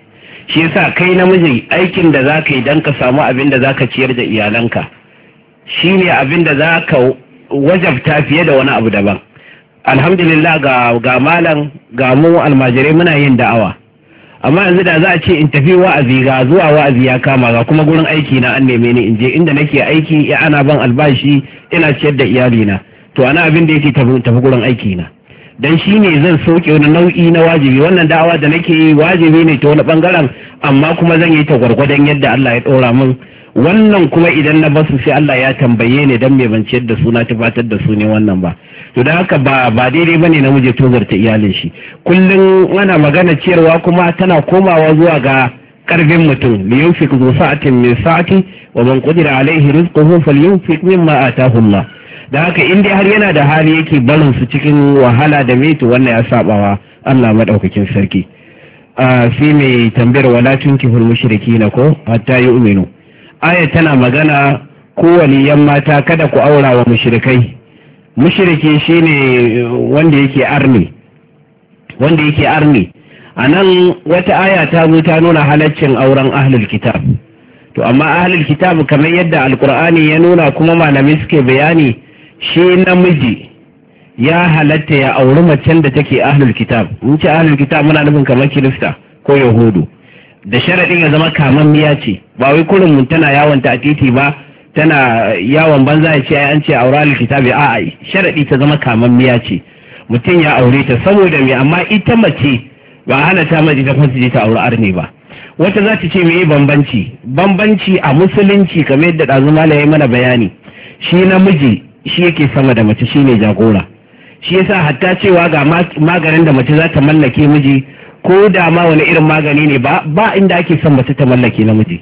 S1: shi yasa kai namiji aikin da zaka yi dan ka samu abin da zaka ciyar da iyalanka shine abin da zaka wajabta fiye da wani abu daban alhamdulillah ga ga malam ga mu almajirai muna yin da'awa amma yanzu da za a ce in tafi wa'azi ga zuwa wa'azi ya kama ga kuma gurin aiki na an neme ni in je inda nake aiki ya ana ban albashi ina ciyar da iyalina to ana abin da yake tafi gurin aiki na dan shi ne zan soke wani nau'i na wajibi wannan da'awa da nake wajibi ne ta wani bangaren amma kuma zan yi ta gwargwadon yadda Allah ya ɗora min wannan kuma idan na basu sai Allah ya tambaye ne dan me ban ciyar da suna na tufatar da su ne wannan ba to da haka ba ba daidai bane miji tozarta iyalin shi kullum ana magana ciyarwa kuma tana komawa zuwa ga karfin mutum li yunfiq zu sa'atin min sa'ati wa man qadira alaihi rizquhu falyunfiq mimma atahu Allah da haka in dai har yana da hali yake barin su cikin wahala da mai to wannan ya sabawa Allah madaukakin sarki a ah, sai mai tambayar wala ki na ko hatta yu'minu aya tana magana kowane yan mata kada ku aura wa mushrikai mushriki shine wanda yake arni wanda yake arni a nan wata aya ta zo ta nuna halaccin auren ahlul kitab to amma ahlul kitab kamar yadda alkur'ani ya nuna kuma malamai suke bayani shi namiji ya halatta ya auri macen da take ahlul kitab in ce ahlul kitab muna nufin kamar kirista ko yahudu da sharaɗin ya zama kaman miya ce ba wai kurin mun tana yawon ta titi ba tana yawon banza ya ce an ce aura likitabi a sharaɗi ta zama kaman miya ce mutum ya aure ta saboda me amma ita mace ba hana ta mace ta kuma ta aure arne ba wata za ta ce me bambanci bambanci a musulunci kamar yadda ɗazu ya mana bayani shi namiji shi yake sama da mace shine jagora shi yasa hatta cewa ga maganin da mace za ta mallake miji ko da ma wani irin magani ne ba ba inda ake son mace ta mallake namiji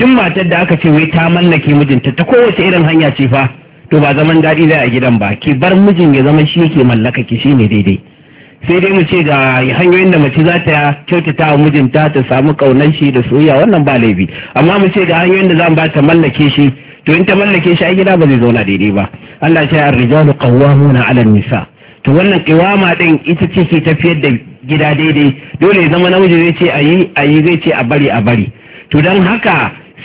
S1: duk matar da aka ce wai ta mallake mijinta ta kowace irin hanya ce fa to ba zaman daɗi zai a gidan ba ki bar mijin ya zama shi yake mallaka ki shine daidai sai dai mu ce ga hanyoyin da mace za ta kyautata wa mijinta ta samu kaunar shi da soyayya wannan ba laifi amma mu ce ga hanyoyin da za mu ba ta mallake shi to in ta mallake shi a gida ba zai zauna daidai ba Allah ya ce ar-rijalu qawwamuna 'ala an-nisa to wannan qiwama din ita ce ke tafiyar da gida daidai dole zama namiji zai ce a yi a zai ce a bari a bari to don haka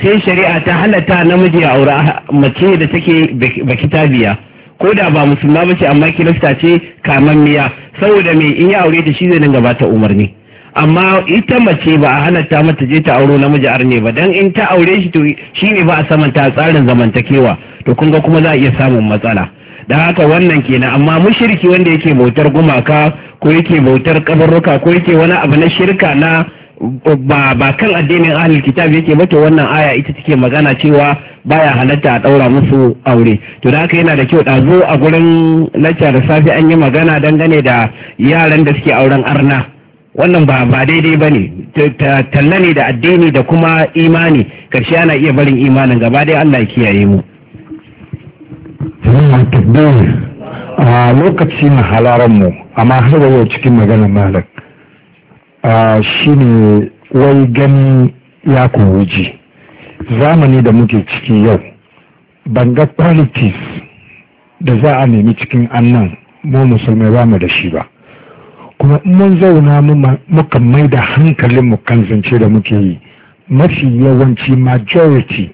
S1: sai shari'a ta halatta namiji a aura mace da take biya ko da ba musulma ba ce amma kirista ce kamammiya saboda mai in ya aure ta shi zai dinga bata umarni amma ita mace ba a halatta mata je ta auro namiji arne ba dan in ta aure shi to shi ne ba a samanta tsarin zamantakewa to kun ga kuma za a iya samun matsala da haka wannan kenan amma mushriki wanda yake bautar gumaka ko yake bautar kabarruka ko yake wani abu na shirka na ba ba kan addinin ahlul kitab yake ba to wannan aya ita take magana cewa baya halatta a daura musu aure to da haka yana da kyau ɗazu a gurin lacca da safe an yi magana dangane da yaran da suke auren arna wannan ba ba daidai bane ne talla ne da addini da kuma imani karshe ana iya barin imanin gaba dai allah ya kiyaye mu
S2: wannan takbir a lokaci na mu amma har da yau cikin maganar malam shi ne wai gani ya ji zamani da muke ciki yau banga qualities da za a nemi cikin annan mu musulmai ba mu da shi ba kuma in mun zauna muka mai da hankalin mu kan zance da muke yi mafi yawanci majority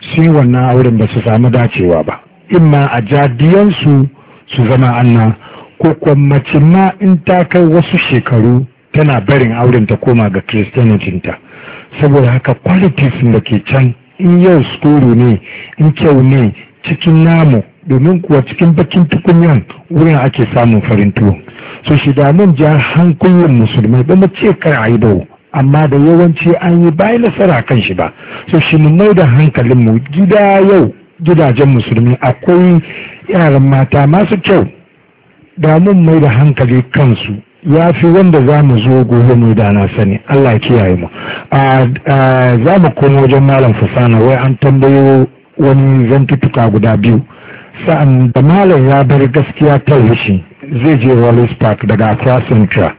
S2: sun wannan auren ba su samu dacewa ba imma a ja diyansu su zama anna ko kuma ma in ta kai wasu shekaru tana barin auren ta koma ga christianity saboda haka qualities da ke can in yau skoro ne in kyau ne cikin namu domin kuwa cikin bakin tukunyan wurin ake samun farin tuwo so shi da nan ja hankulin musulmai ba mu ce kar a yi dawo amma da yawanci an yi bayan nasara kan shi ba so shi mu mai da hankalinmu gida yau gidajen musulmi akwai yaran mata masu kyau da mun mai da hankali kansu ya fi wanda za mu zo gobe mai da na sani Allah ya kiyaye mu za mu koma wajen malam fasana wai an tambayo wani zantuttuka guda biyu sa'an da malam ya bar gaskiya ta wuce zai je Wallace Park daga Accra Central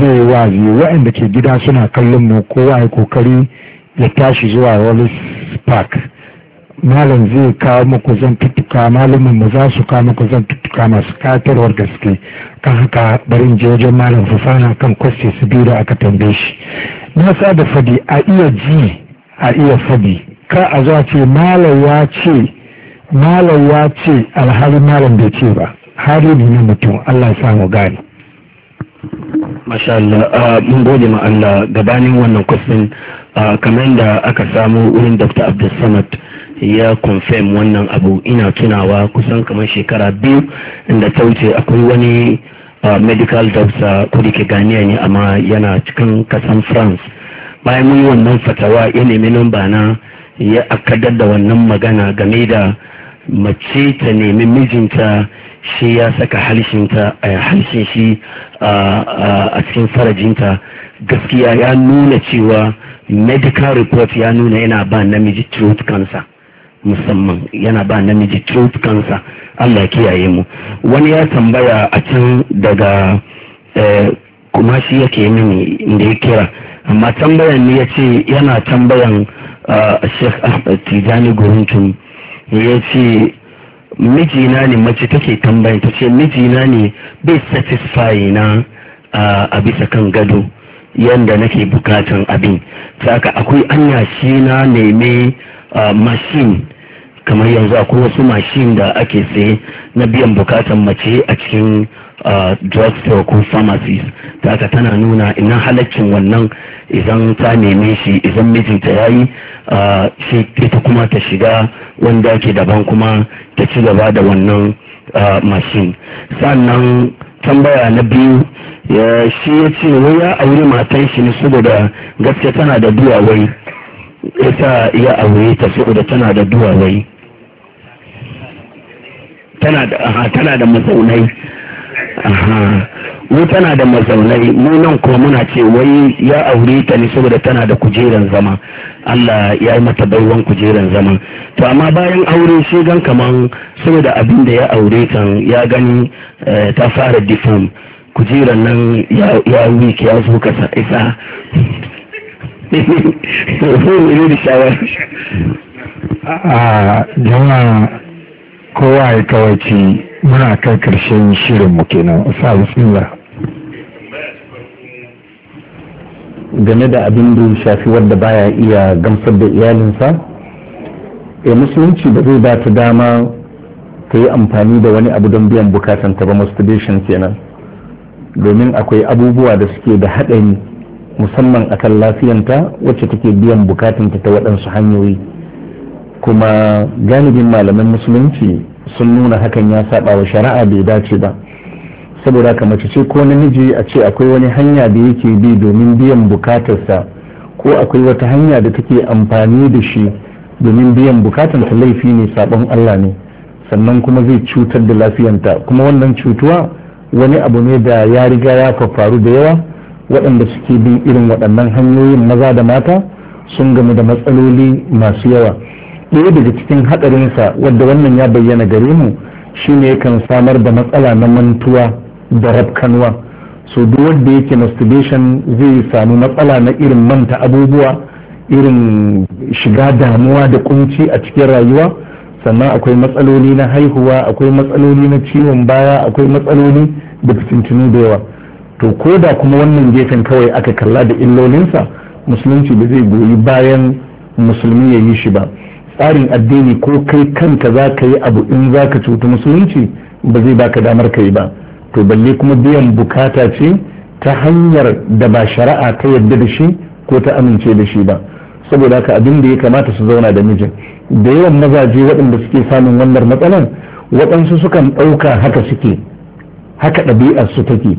S2: zai wazi wa'anda ke gida suna kallon mu kowa ya kokari ya tashi zuwa Wallace Park malam zai kawo muku zantuttuka malamin mu za su kawo muku zan tutuka masu katarwar gaske kan haka barin je wajen malam fufana kan kwasce su biyu da aka tambaye shi na sa da fadi a iya ji a iya fadi ka a zuwa ce malam ce malam alhali malam bai ce ba hali ne na mutum allah ya samu gani
S1: Masha Allah, mun gode ma gabanin wannan kwasin kamar da aka samu wurin Dr. Abdulsamad ya confirm wannan abu ina tunawa kusan kamar shekara biyu inda ta wuce akwai wani uh, medical doctor ko da ke gani ne amma yana cikin kasan france bayan mun yi wannan fatawa ya nemi namba na ya akadar da wannan magana game da mace ta nemi mijinta shi ya saka halshinta a halshin shi a cikin farajinta gaskiya ya nuna cewa medical report ya nuna yana ba namiji throat cancer musamman yana ba namiji cute kansa Allah kiyaye mu wani ya tambaya a can daga eh, kuma shi yake min da ya kira amma tambayan ne ya ce yana tambayan eh, Sheikh Ahmad Tijani Guruntun ya ce mijina ne mace take tambayin ta ce mijina ne bai satisfy na eh, a bisa kan gado yadda nake bukatan abin haka akwai anya shi na neme mashin kamar yanzu akwai wasu mashin da ake saye na biyan bukatan mace a cikin drugstore ko pharmacies ta haka tana nuna ina halaccin wannan idan ta neme shi idan mijinta ya yi shi ita kuma ta shiga wanda ke daban kuma ta ci gaba da wannan
S2: mashin sannan tambaya na biyu shi ya ce wai ya aure matan shi ne saboda gaske tana da duwawai ita ya aure
S1: ta saboda tana da duwawai tana da aha tana da mazaunai mu tana da mazaunai mu nan kuma muna ce wai ya aure ta ne saboda tana da kujeran zama Allah ya yi mata baiwan kujeran zama to amma bayan aure shi gan kaman saboda abin da ya aure kan ya gani eh, ta fara difam kujeran nan ya wik ya zo ka
S2: isa a kowa ya kawaci muna kai karshen shirin mu kenan sa bismillah game da abin da shafi wadda baya iya gamsar da iyalinsa e musulunci ba zai ba ta dama ta yi amfani da wani abu don biyan bukatan ta ba masturbation kenan domin akwai abubuwa da suke da haɗari musamman akan lafiyanta wacce take biyan bukatanta ta waɗansu hanyoyi kuma galibin malaman musulunci sun nuna hakan ya saba wa shari'a bai dace ba saboda haka mace ce ko namiji a ce akwai wani hanya da yake bi domin biyan bukatarsa ko akwai wata hanya da take amfani da shi domin biyan bukatarsa laifi ne sabon Allah ne sannan kuma zai cutar da lafiyanta kuma wannan cutuwa wani abu ne da ya riga ya faru da yawa waɗanda suke bin irin waɗannan hanyoyin maza da mata sun gamu da matsaloli masu yawa ɗaya daga cikin haɗarinsa wadda wannan ya bayyana gare mu shine yakan samar da matsala na mantuwa da rafkanwa so duk wanda yake masturbation zai samu matsala na irin manta abubuwa irin shiga damuwa da kunci a cikin rayuwa sannan akwai matsaloli na haihuwa akwai matsaloli na ciwon baya akwai matsaloli da fitintinu da yawa to ko da kuma wannan gefen kawai aka kalla da illolinsa musulunci ba zai goyi bayan musulmi ya yi shi ba tsarin addini ko kai kanka za ka yi abu in za ka cuta musulunci ba zai baka damar ka yi ba to balle kuma biyan bukata ce ta hanyar da ba shari'a ta yadda da shi ko ta amince da shi ba saboda haka abin da ya kamata su zauna da mijin da yawan mazaje waɗanda suke samun wannan matsalan waɗansu sukan ɗauka haka suke haka ɗabi'ar su take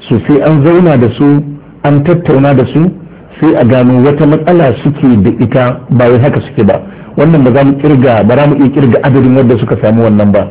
S2: su sai an zauna da su an tattauna da su sai a gano wata matsala suke da ita ba wai haka suke ba wannan ba za mu kirga ba za mu iya kirga adadin wanda suka samu wannan ba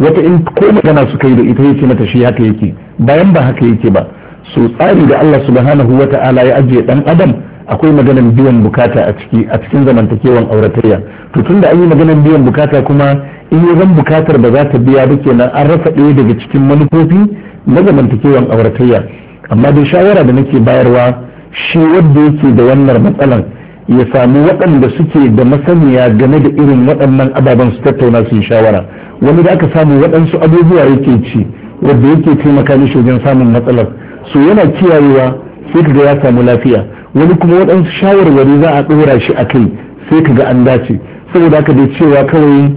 S2: wata in ko magana suka yi da ita yace mata shi haka yake bayan ba haka yake ba so tsari da Allah subhanahu wata'ala ya ajiye dan adam akwai maganar biyan bukata a ciki a cikin zamantakewan auratayya to tunda an yi maganar biyan bukata kuma in yi zan bukatar ba za ta biya ba kenan an rasa ɗaya daga cikin manufofi na zamantakewan auratayya amma dai shawara da nake bayarwa shi wanda yake da wannan matsalar ya sami waɗanda suke da masaniya game da irin waɗannan ababen su tattauna su yi shawara wani da aka samu waɗansu abubuwa yake ci wanda yake taimaka mishi wajen samun matsalar su yana kiyayewa sai kaga ya samu lafiya wani kuma waɗansu shawarwari za a ɗora shi a kai sai kaga an dace saboda haka dai cewa kawai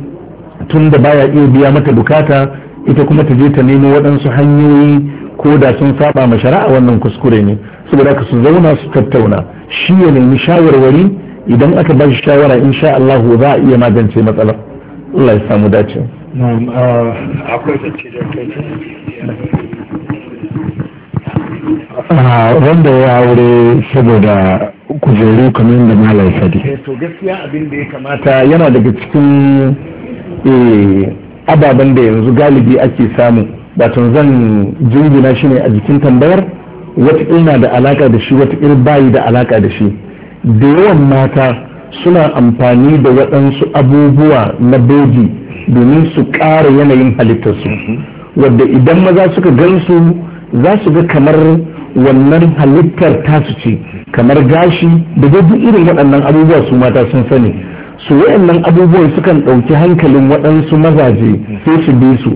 S2: tun da baya iya biya mata bukata ita kuma ta je ta nemo waɗansu hanyoyi ko da sun saba ma shari'a wannan kuskure ne saboda haka su zauna su tattauna shi ya nemi shawarwari idan aka ba shi shawara insha Allah za a iya magance matsalar Allah ya samu dace uh, uh, wanda ya aure saboda kujeru kamar da malar fadi eh, to gaskiya abin da ya kamata yana daga cikin eh, ababen da yanzu galibi ake samu batun zan jingina shi ne a jikin tambayar wataƙil na da alaka da shi wataƙil bayi da alaka da shi da yawan mata suna amfani da waɗansu abubuwa na bogi domin su ƙara yanayin halittarsu wadda idan maza suka gansu za su ga kamar wannan halittar tasu ce kamar gashi da duk irin waɗannan abubuwa su mata sun sani su waɗannan abubuwan sukan ɗauki hankalin waɗansu mazaje sai su bi su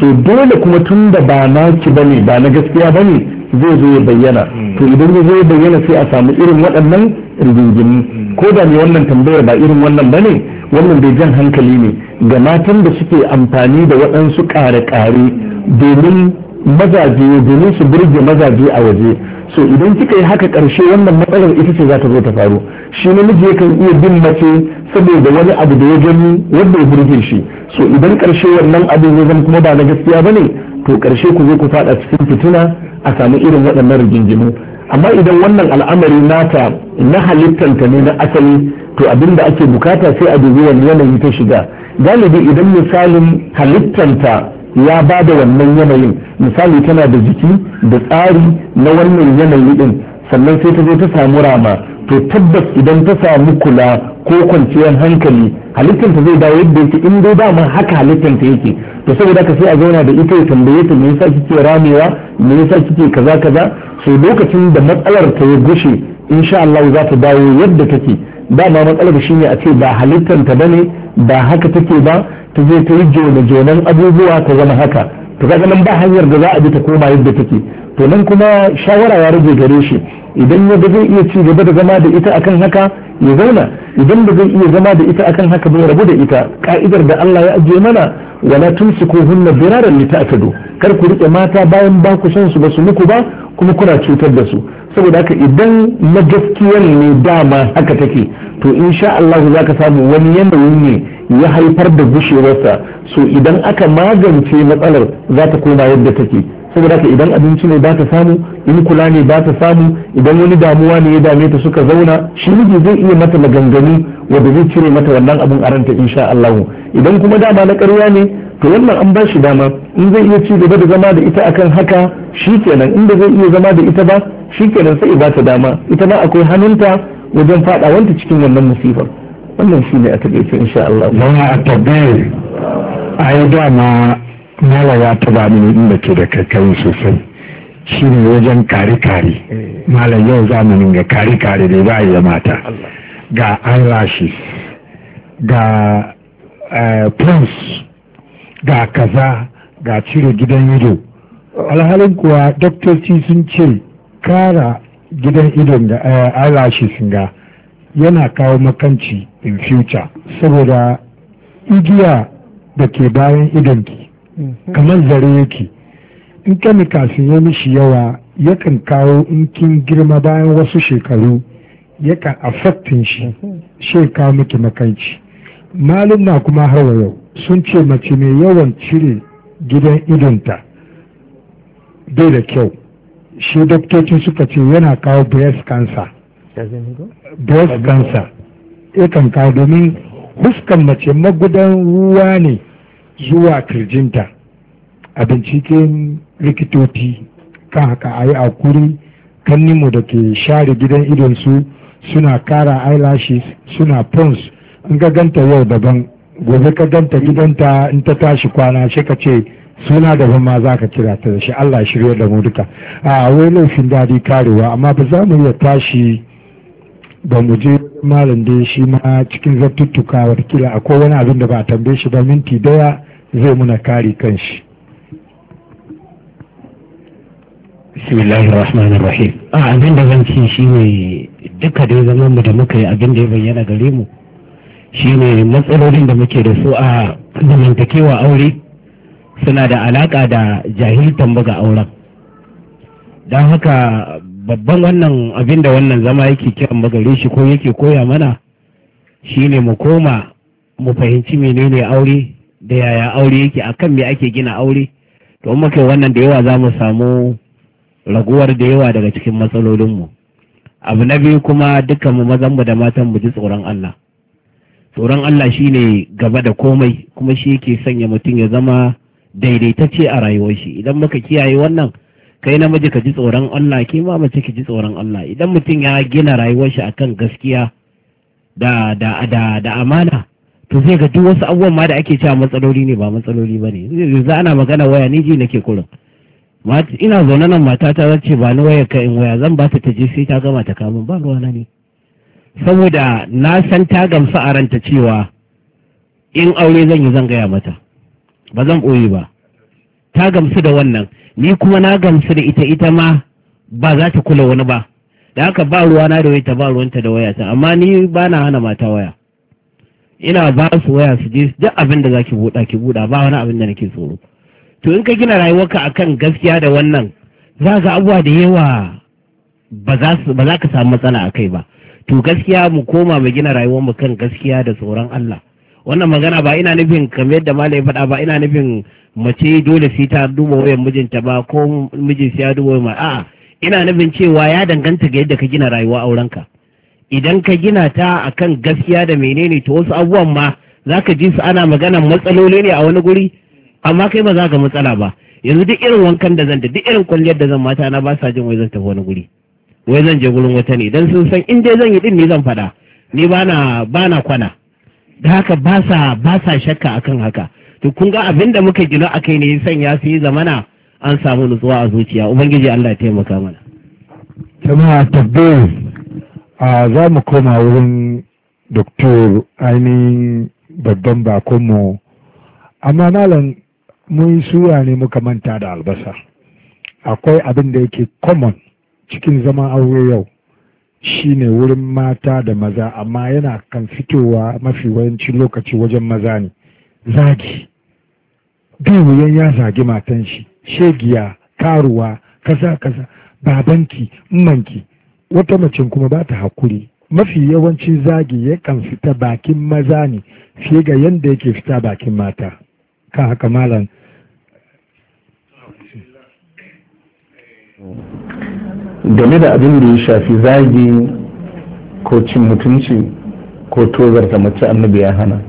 S2: so dole kuma tun da ba naki ba ne ba na gaskiya ba ne zai zo ya bayyana mm. to idan zai zo ya bayyana sai a samu irin waɗannan rigingimi mm. ko da ne wannan tambayar ba irin wannan ba ne wannan bai jan hankali ne ga matan da suke amfani da waɗansu ƙare-ƙare domin mazaje domin su burge mazaje a waje so idan kika yi haka ƙarshe wannan matsalar ita ce za ta zo ta faru shi namiji yakan iya bin mace saboda wani abu da ya gani wanda ya burge shi so idan karshe wannan abin ya zama kuma ba na gaskiya ba ne to karshe ku zai ku fada cikin fituna a samu irin waɗannan rigingimu amma idan wannan al'amari nata na halittanta ne na asali to abin da ake bukata sai a dubi wani yanayi ta shiga galibi idan misalin halittanta ya ba da wannan yanayin misali tana da jiki da tsari na wannan yanayi din sannan sai ta zo ta samu rama to tabbas idan ta samu kula ko kwanciyar hankali halittanta zai dawo yadda yake in dai daman haka halittanta yake to saboda ka sai a zauna da ita ya tambaye ta me yasa kike ramewa me yasa kike kaza kaza so lokacin da matsalar ta ya gushe insha Allah za ta dawo yadda take dama matsalar shine a ce ba halittarta bane ba haka take ba ta zai ta yi jona jonan abubuwa ta zama haka to kaga nan ba hanyar da za a bi ta koma yadda take to nan kuma shawara ya rage gare shi idan ya zai iya ci gaba da zama da ita akan haka ya zauna idan ba zai iya zama da ita akan haka bai rabu da ita ka'idar da Allah ya ajiye mana wala tumsiku hunna biraran li ta'tadu kar ku rike mata bayan ba ku son su ba su muku ba kuma kuna cutar da su saboda haka idan na gaskiyar ne dama haka take to insha Allah za ka samu wani yanayi ne ya haifar da gushewarsa so idan aka magance matsalar za ta koma yadda take saboda ka idan abinci ne ba ta samu in kula ne ba ta samu idan wani damuwa ne ya dame ta suka zauna shi miji zai iya mata maganganu wanda zai cire mata wannan abin a ranta insha Allah idan kuma dama na ƙarya ne to wannan an ba shi dama in zai iya ci gaba da zama da ita akan haka shikenan in ba zai iya zama da ita ba shikenan sai ba ta dama ita ma akwai hannunta wajen wanta cikin wannan musifar wannan shine a taƙaice insha Allah. Mana a tabbir ai dama mala ya taba mini inda ke da kakkari sosai shi ne wajen kare-kare malam yau zamanin ga kare-kare da za a yi mata ga an ga eh, prince ga kaza ga cire gidan ido alhalin kuwa doktoci sun ce kara gidan idon da eyelash eh, sun ga yana kawo makanci in future saboda igiya da ke bayan idonki Mhm. kamar zare yake in kemikasin ya mishi yawa yakan kawo in kin girma bayan wasu shekaru yakan affectin shi mhm. shi kawo miki makanci malin na kuma hawa yau sun ce mace mai yawan cire gidan idonta bai da kyau shi doktocin suka ce yana kawo breast cancer
S3: breast cancer
S2: yakan kawo domin huskan mace magudan ruwa ne zuwa kirjinta a binciken likitoci kan haka a yi akuri kanninmu da ke share gidan idonsu suna kara eyelashes suna pons in ka ganta yau daban gobe ka ganta gidanta in ta tashi kwana shi ka ce suna daban ma za ka kira ta da shi Allah shirya da mu duka a wai laifin daɗi karewa amma ba za mu iya tashi ba mu je malam da shi ma cikin zartuttuka kila akwai wani abin da ba a tambaye shi ba minti daya zai muna kare kanshi
S1: shi shi.
S2: a zan ci
S1: ne duka dai zaman mu da muka yi abin da ya bayyana gare mu shine matsalolin da muke da su a zamantakewa aure suna da alaka da jahiltan buga auren don haka babban wannan abin da wannan zama yake kiran gare shi ko yake koya mana shi ne mu koma mu fahimci menene aure da yaya aure yake akan me ake gina aure to muka yi wannan da yawa za mu samu raguwar da yawa daga cikin matsalolinmu abu na biyu kuma dukkan mu mazan mu da matan mu ji tsoron Allah tsoron Allah shine gaba da komai kuma shi yake sanya mutum ya zama daidaitacce a rayuwar shi idan muka kiyaye wannan kai namiji ka ji tsoron Allah ke ma mace ki ji tsoron Allah idan mutum ya gina rayuwar shi akan gaskiya da da amana to zai ga duk wasu abubuwan ma da ake cewa matsaloli ne ba matsaloli ba ne yanzu ana magana waya ni ji nake kurin ina zaune nan matata ta ce ba ni waya ka in waya zan ba ta ta je sai ta gama ta kama ba ruwa na ne saboda na san ta gamsu a ranta cewa in aure zan yi zan gaya mata ba zan ɓoye ba ta gamsu da wannan ni kuma na gamsu da ita ita ma ba za ta kula wani ba da haka ba ruwa na da ta ba ruwanta da wayata amma ni ba na hana mata waya ina ba su waya su je duk abin da zaki buɗa ki buɗa ba wani abin da nake tsoro to in ka gina rayuwarka akan gaskiya da wannan za ga abuwa da yawa ba za ka samu matsala a kai ba to gaskiya mu koma mu gina rayuwar mu kan gaskiya da tsoron Allah wannan magana ba ina nufin kamar yadda malai faɗa ba ina nufin mace dole sai ta duba wayan mijinta ba ko mijin sai ya duba wayar a'a ina nufin cewa ya danganta ga yadda ka gina rayuwa aurenka idan ka gina ta akan gaskiya da menene ta wasu abubuwan ma za ka ji su ana magana matsaloli ne a wani guri amma kai ba za ka matsala ba yanzu duk irin wankan da zan da duk irin kwalliyar da zan mata na ba sa jin wai zan tafi wani guri wai zan je gurin wata ne Idan sun san in dai zan yi din ne zan faɗa ni bana na kwana da haka ba sa ba sa shakka akan haka to kun ga abin da muka gina akai ne sanya su yi zamana an samu nutsuwa a zuciya ubangiji Allah ya taimaka mana jama'a tabbiyar
S2: a za mu koma wurin doktor ainihin babban bakonmu amma malam mun suya ne muka manta da albasa akwai abin da yake common cikin zaman aure yau shine wurin mata da maza amma yana kan fitowa mafi wayanci lokaci wajen maza ne zagi wuyan ya zagi matan shi shegiya karuwa kaza kaza babanki manki wata macin kuma ba ta hakuri mafi yawanci zagi yakan fita bakin maza ne fiye ga yadda yake fita bakin mata ka haka malam game da abin da ya shafi zagi ko cin mutunci ko tozarta mace annabi ya hana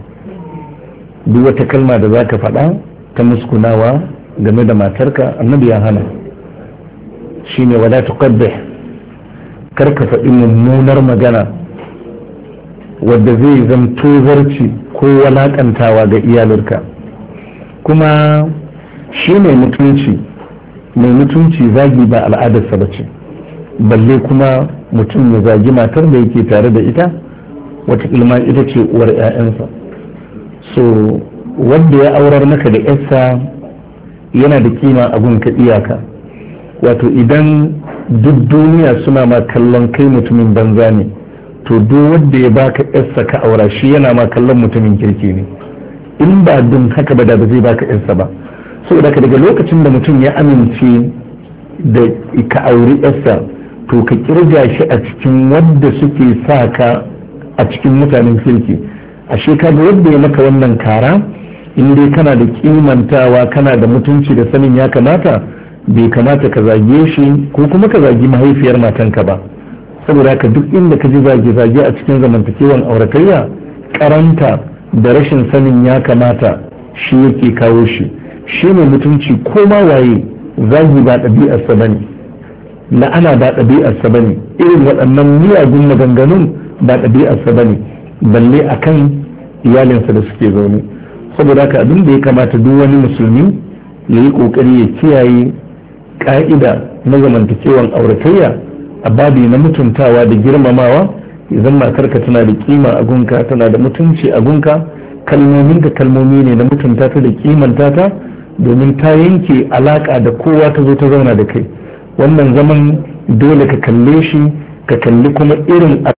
S2: duk wata kalma da za ka faɗa ta muskunawa game da matarka annabi ya hana shine wadatu tuqabbih kar ka faɗi mummunar magana wadda zai zamto zarci ko walaƙantawa ga iyalanka kuma shi mai mutunci mai mutunci zagi ba al'adarsa ba ce balle kuma mutum ya zagi matar da yake tare da ita wata ilma ita ce uwar 'ya'yansa so wanda ya aurar maka da yarsa yana da kima a gunka iyaka wato idan duk duniya suna ma kallon kai mutumin banza ne to duk wanda ya baka yarsa ka aura shi yana ma kallon mutumin kirki ne in ba dun haka ba da ba zai baka yarsa ba saboda ka daga lokacin da mutum ya amince da ka auri yarsa to ka kirga shi a cikin wanda suke sa ka a cikin mutanen kirki ashe ka da wanda ya maka wannan kara in dai kana da kimantawa kana da mutunci da sanin ya kamata bai kamata ka zage shi ko kuma ka zagi mahaifiyar matanka ba saboda haka duk inda ka ji zage-zage a cikin zamantakewan auratayya karanta da rashin sanin ya kamata shi yake kawo shi shi ne mutunci ko ma waye zagi ba ɗabi'arsa ba ne la'ana ba ɗabi'arsa ba ne irin waɗannan miyagun maganganun ba ɗabi'arsa ba ne balle a kan iyalinsa da suke zaune saboda haka abin da ya kamata duk wani musulmi ya yi ƙoƙari ya kiyaye ka'ida na zamantakewan auratayya a babi na mutuntawa da girmamawa idan matarka tana da kima a gunka tana da mutunci a gunka kalmomin da kalmomi ne na mutunta ta da kimanta ta domin ta yanke alaka
S3: da kowa ta zo ta zauna da kai wannan zaman dole ka kalle shi ka kalli kuma irin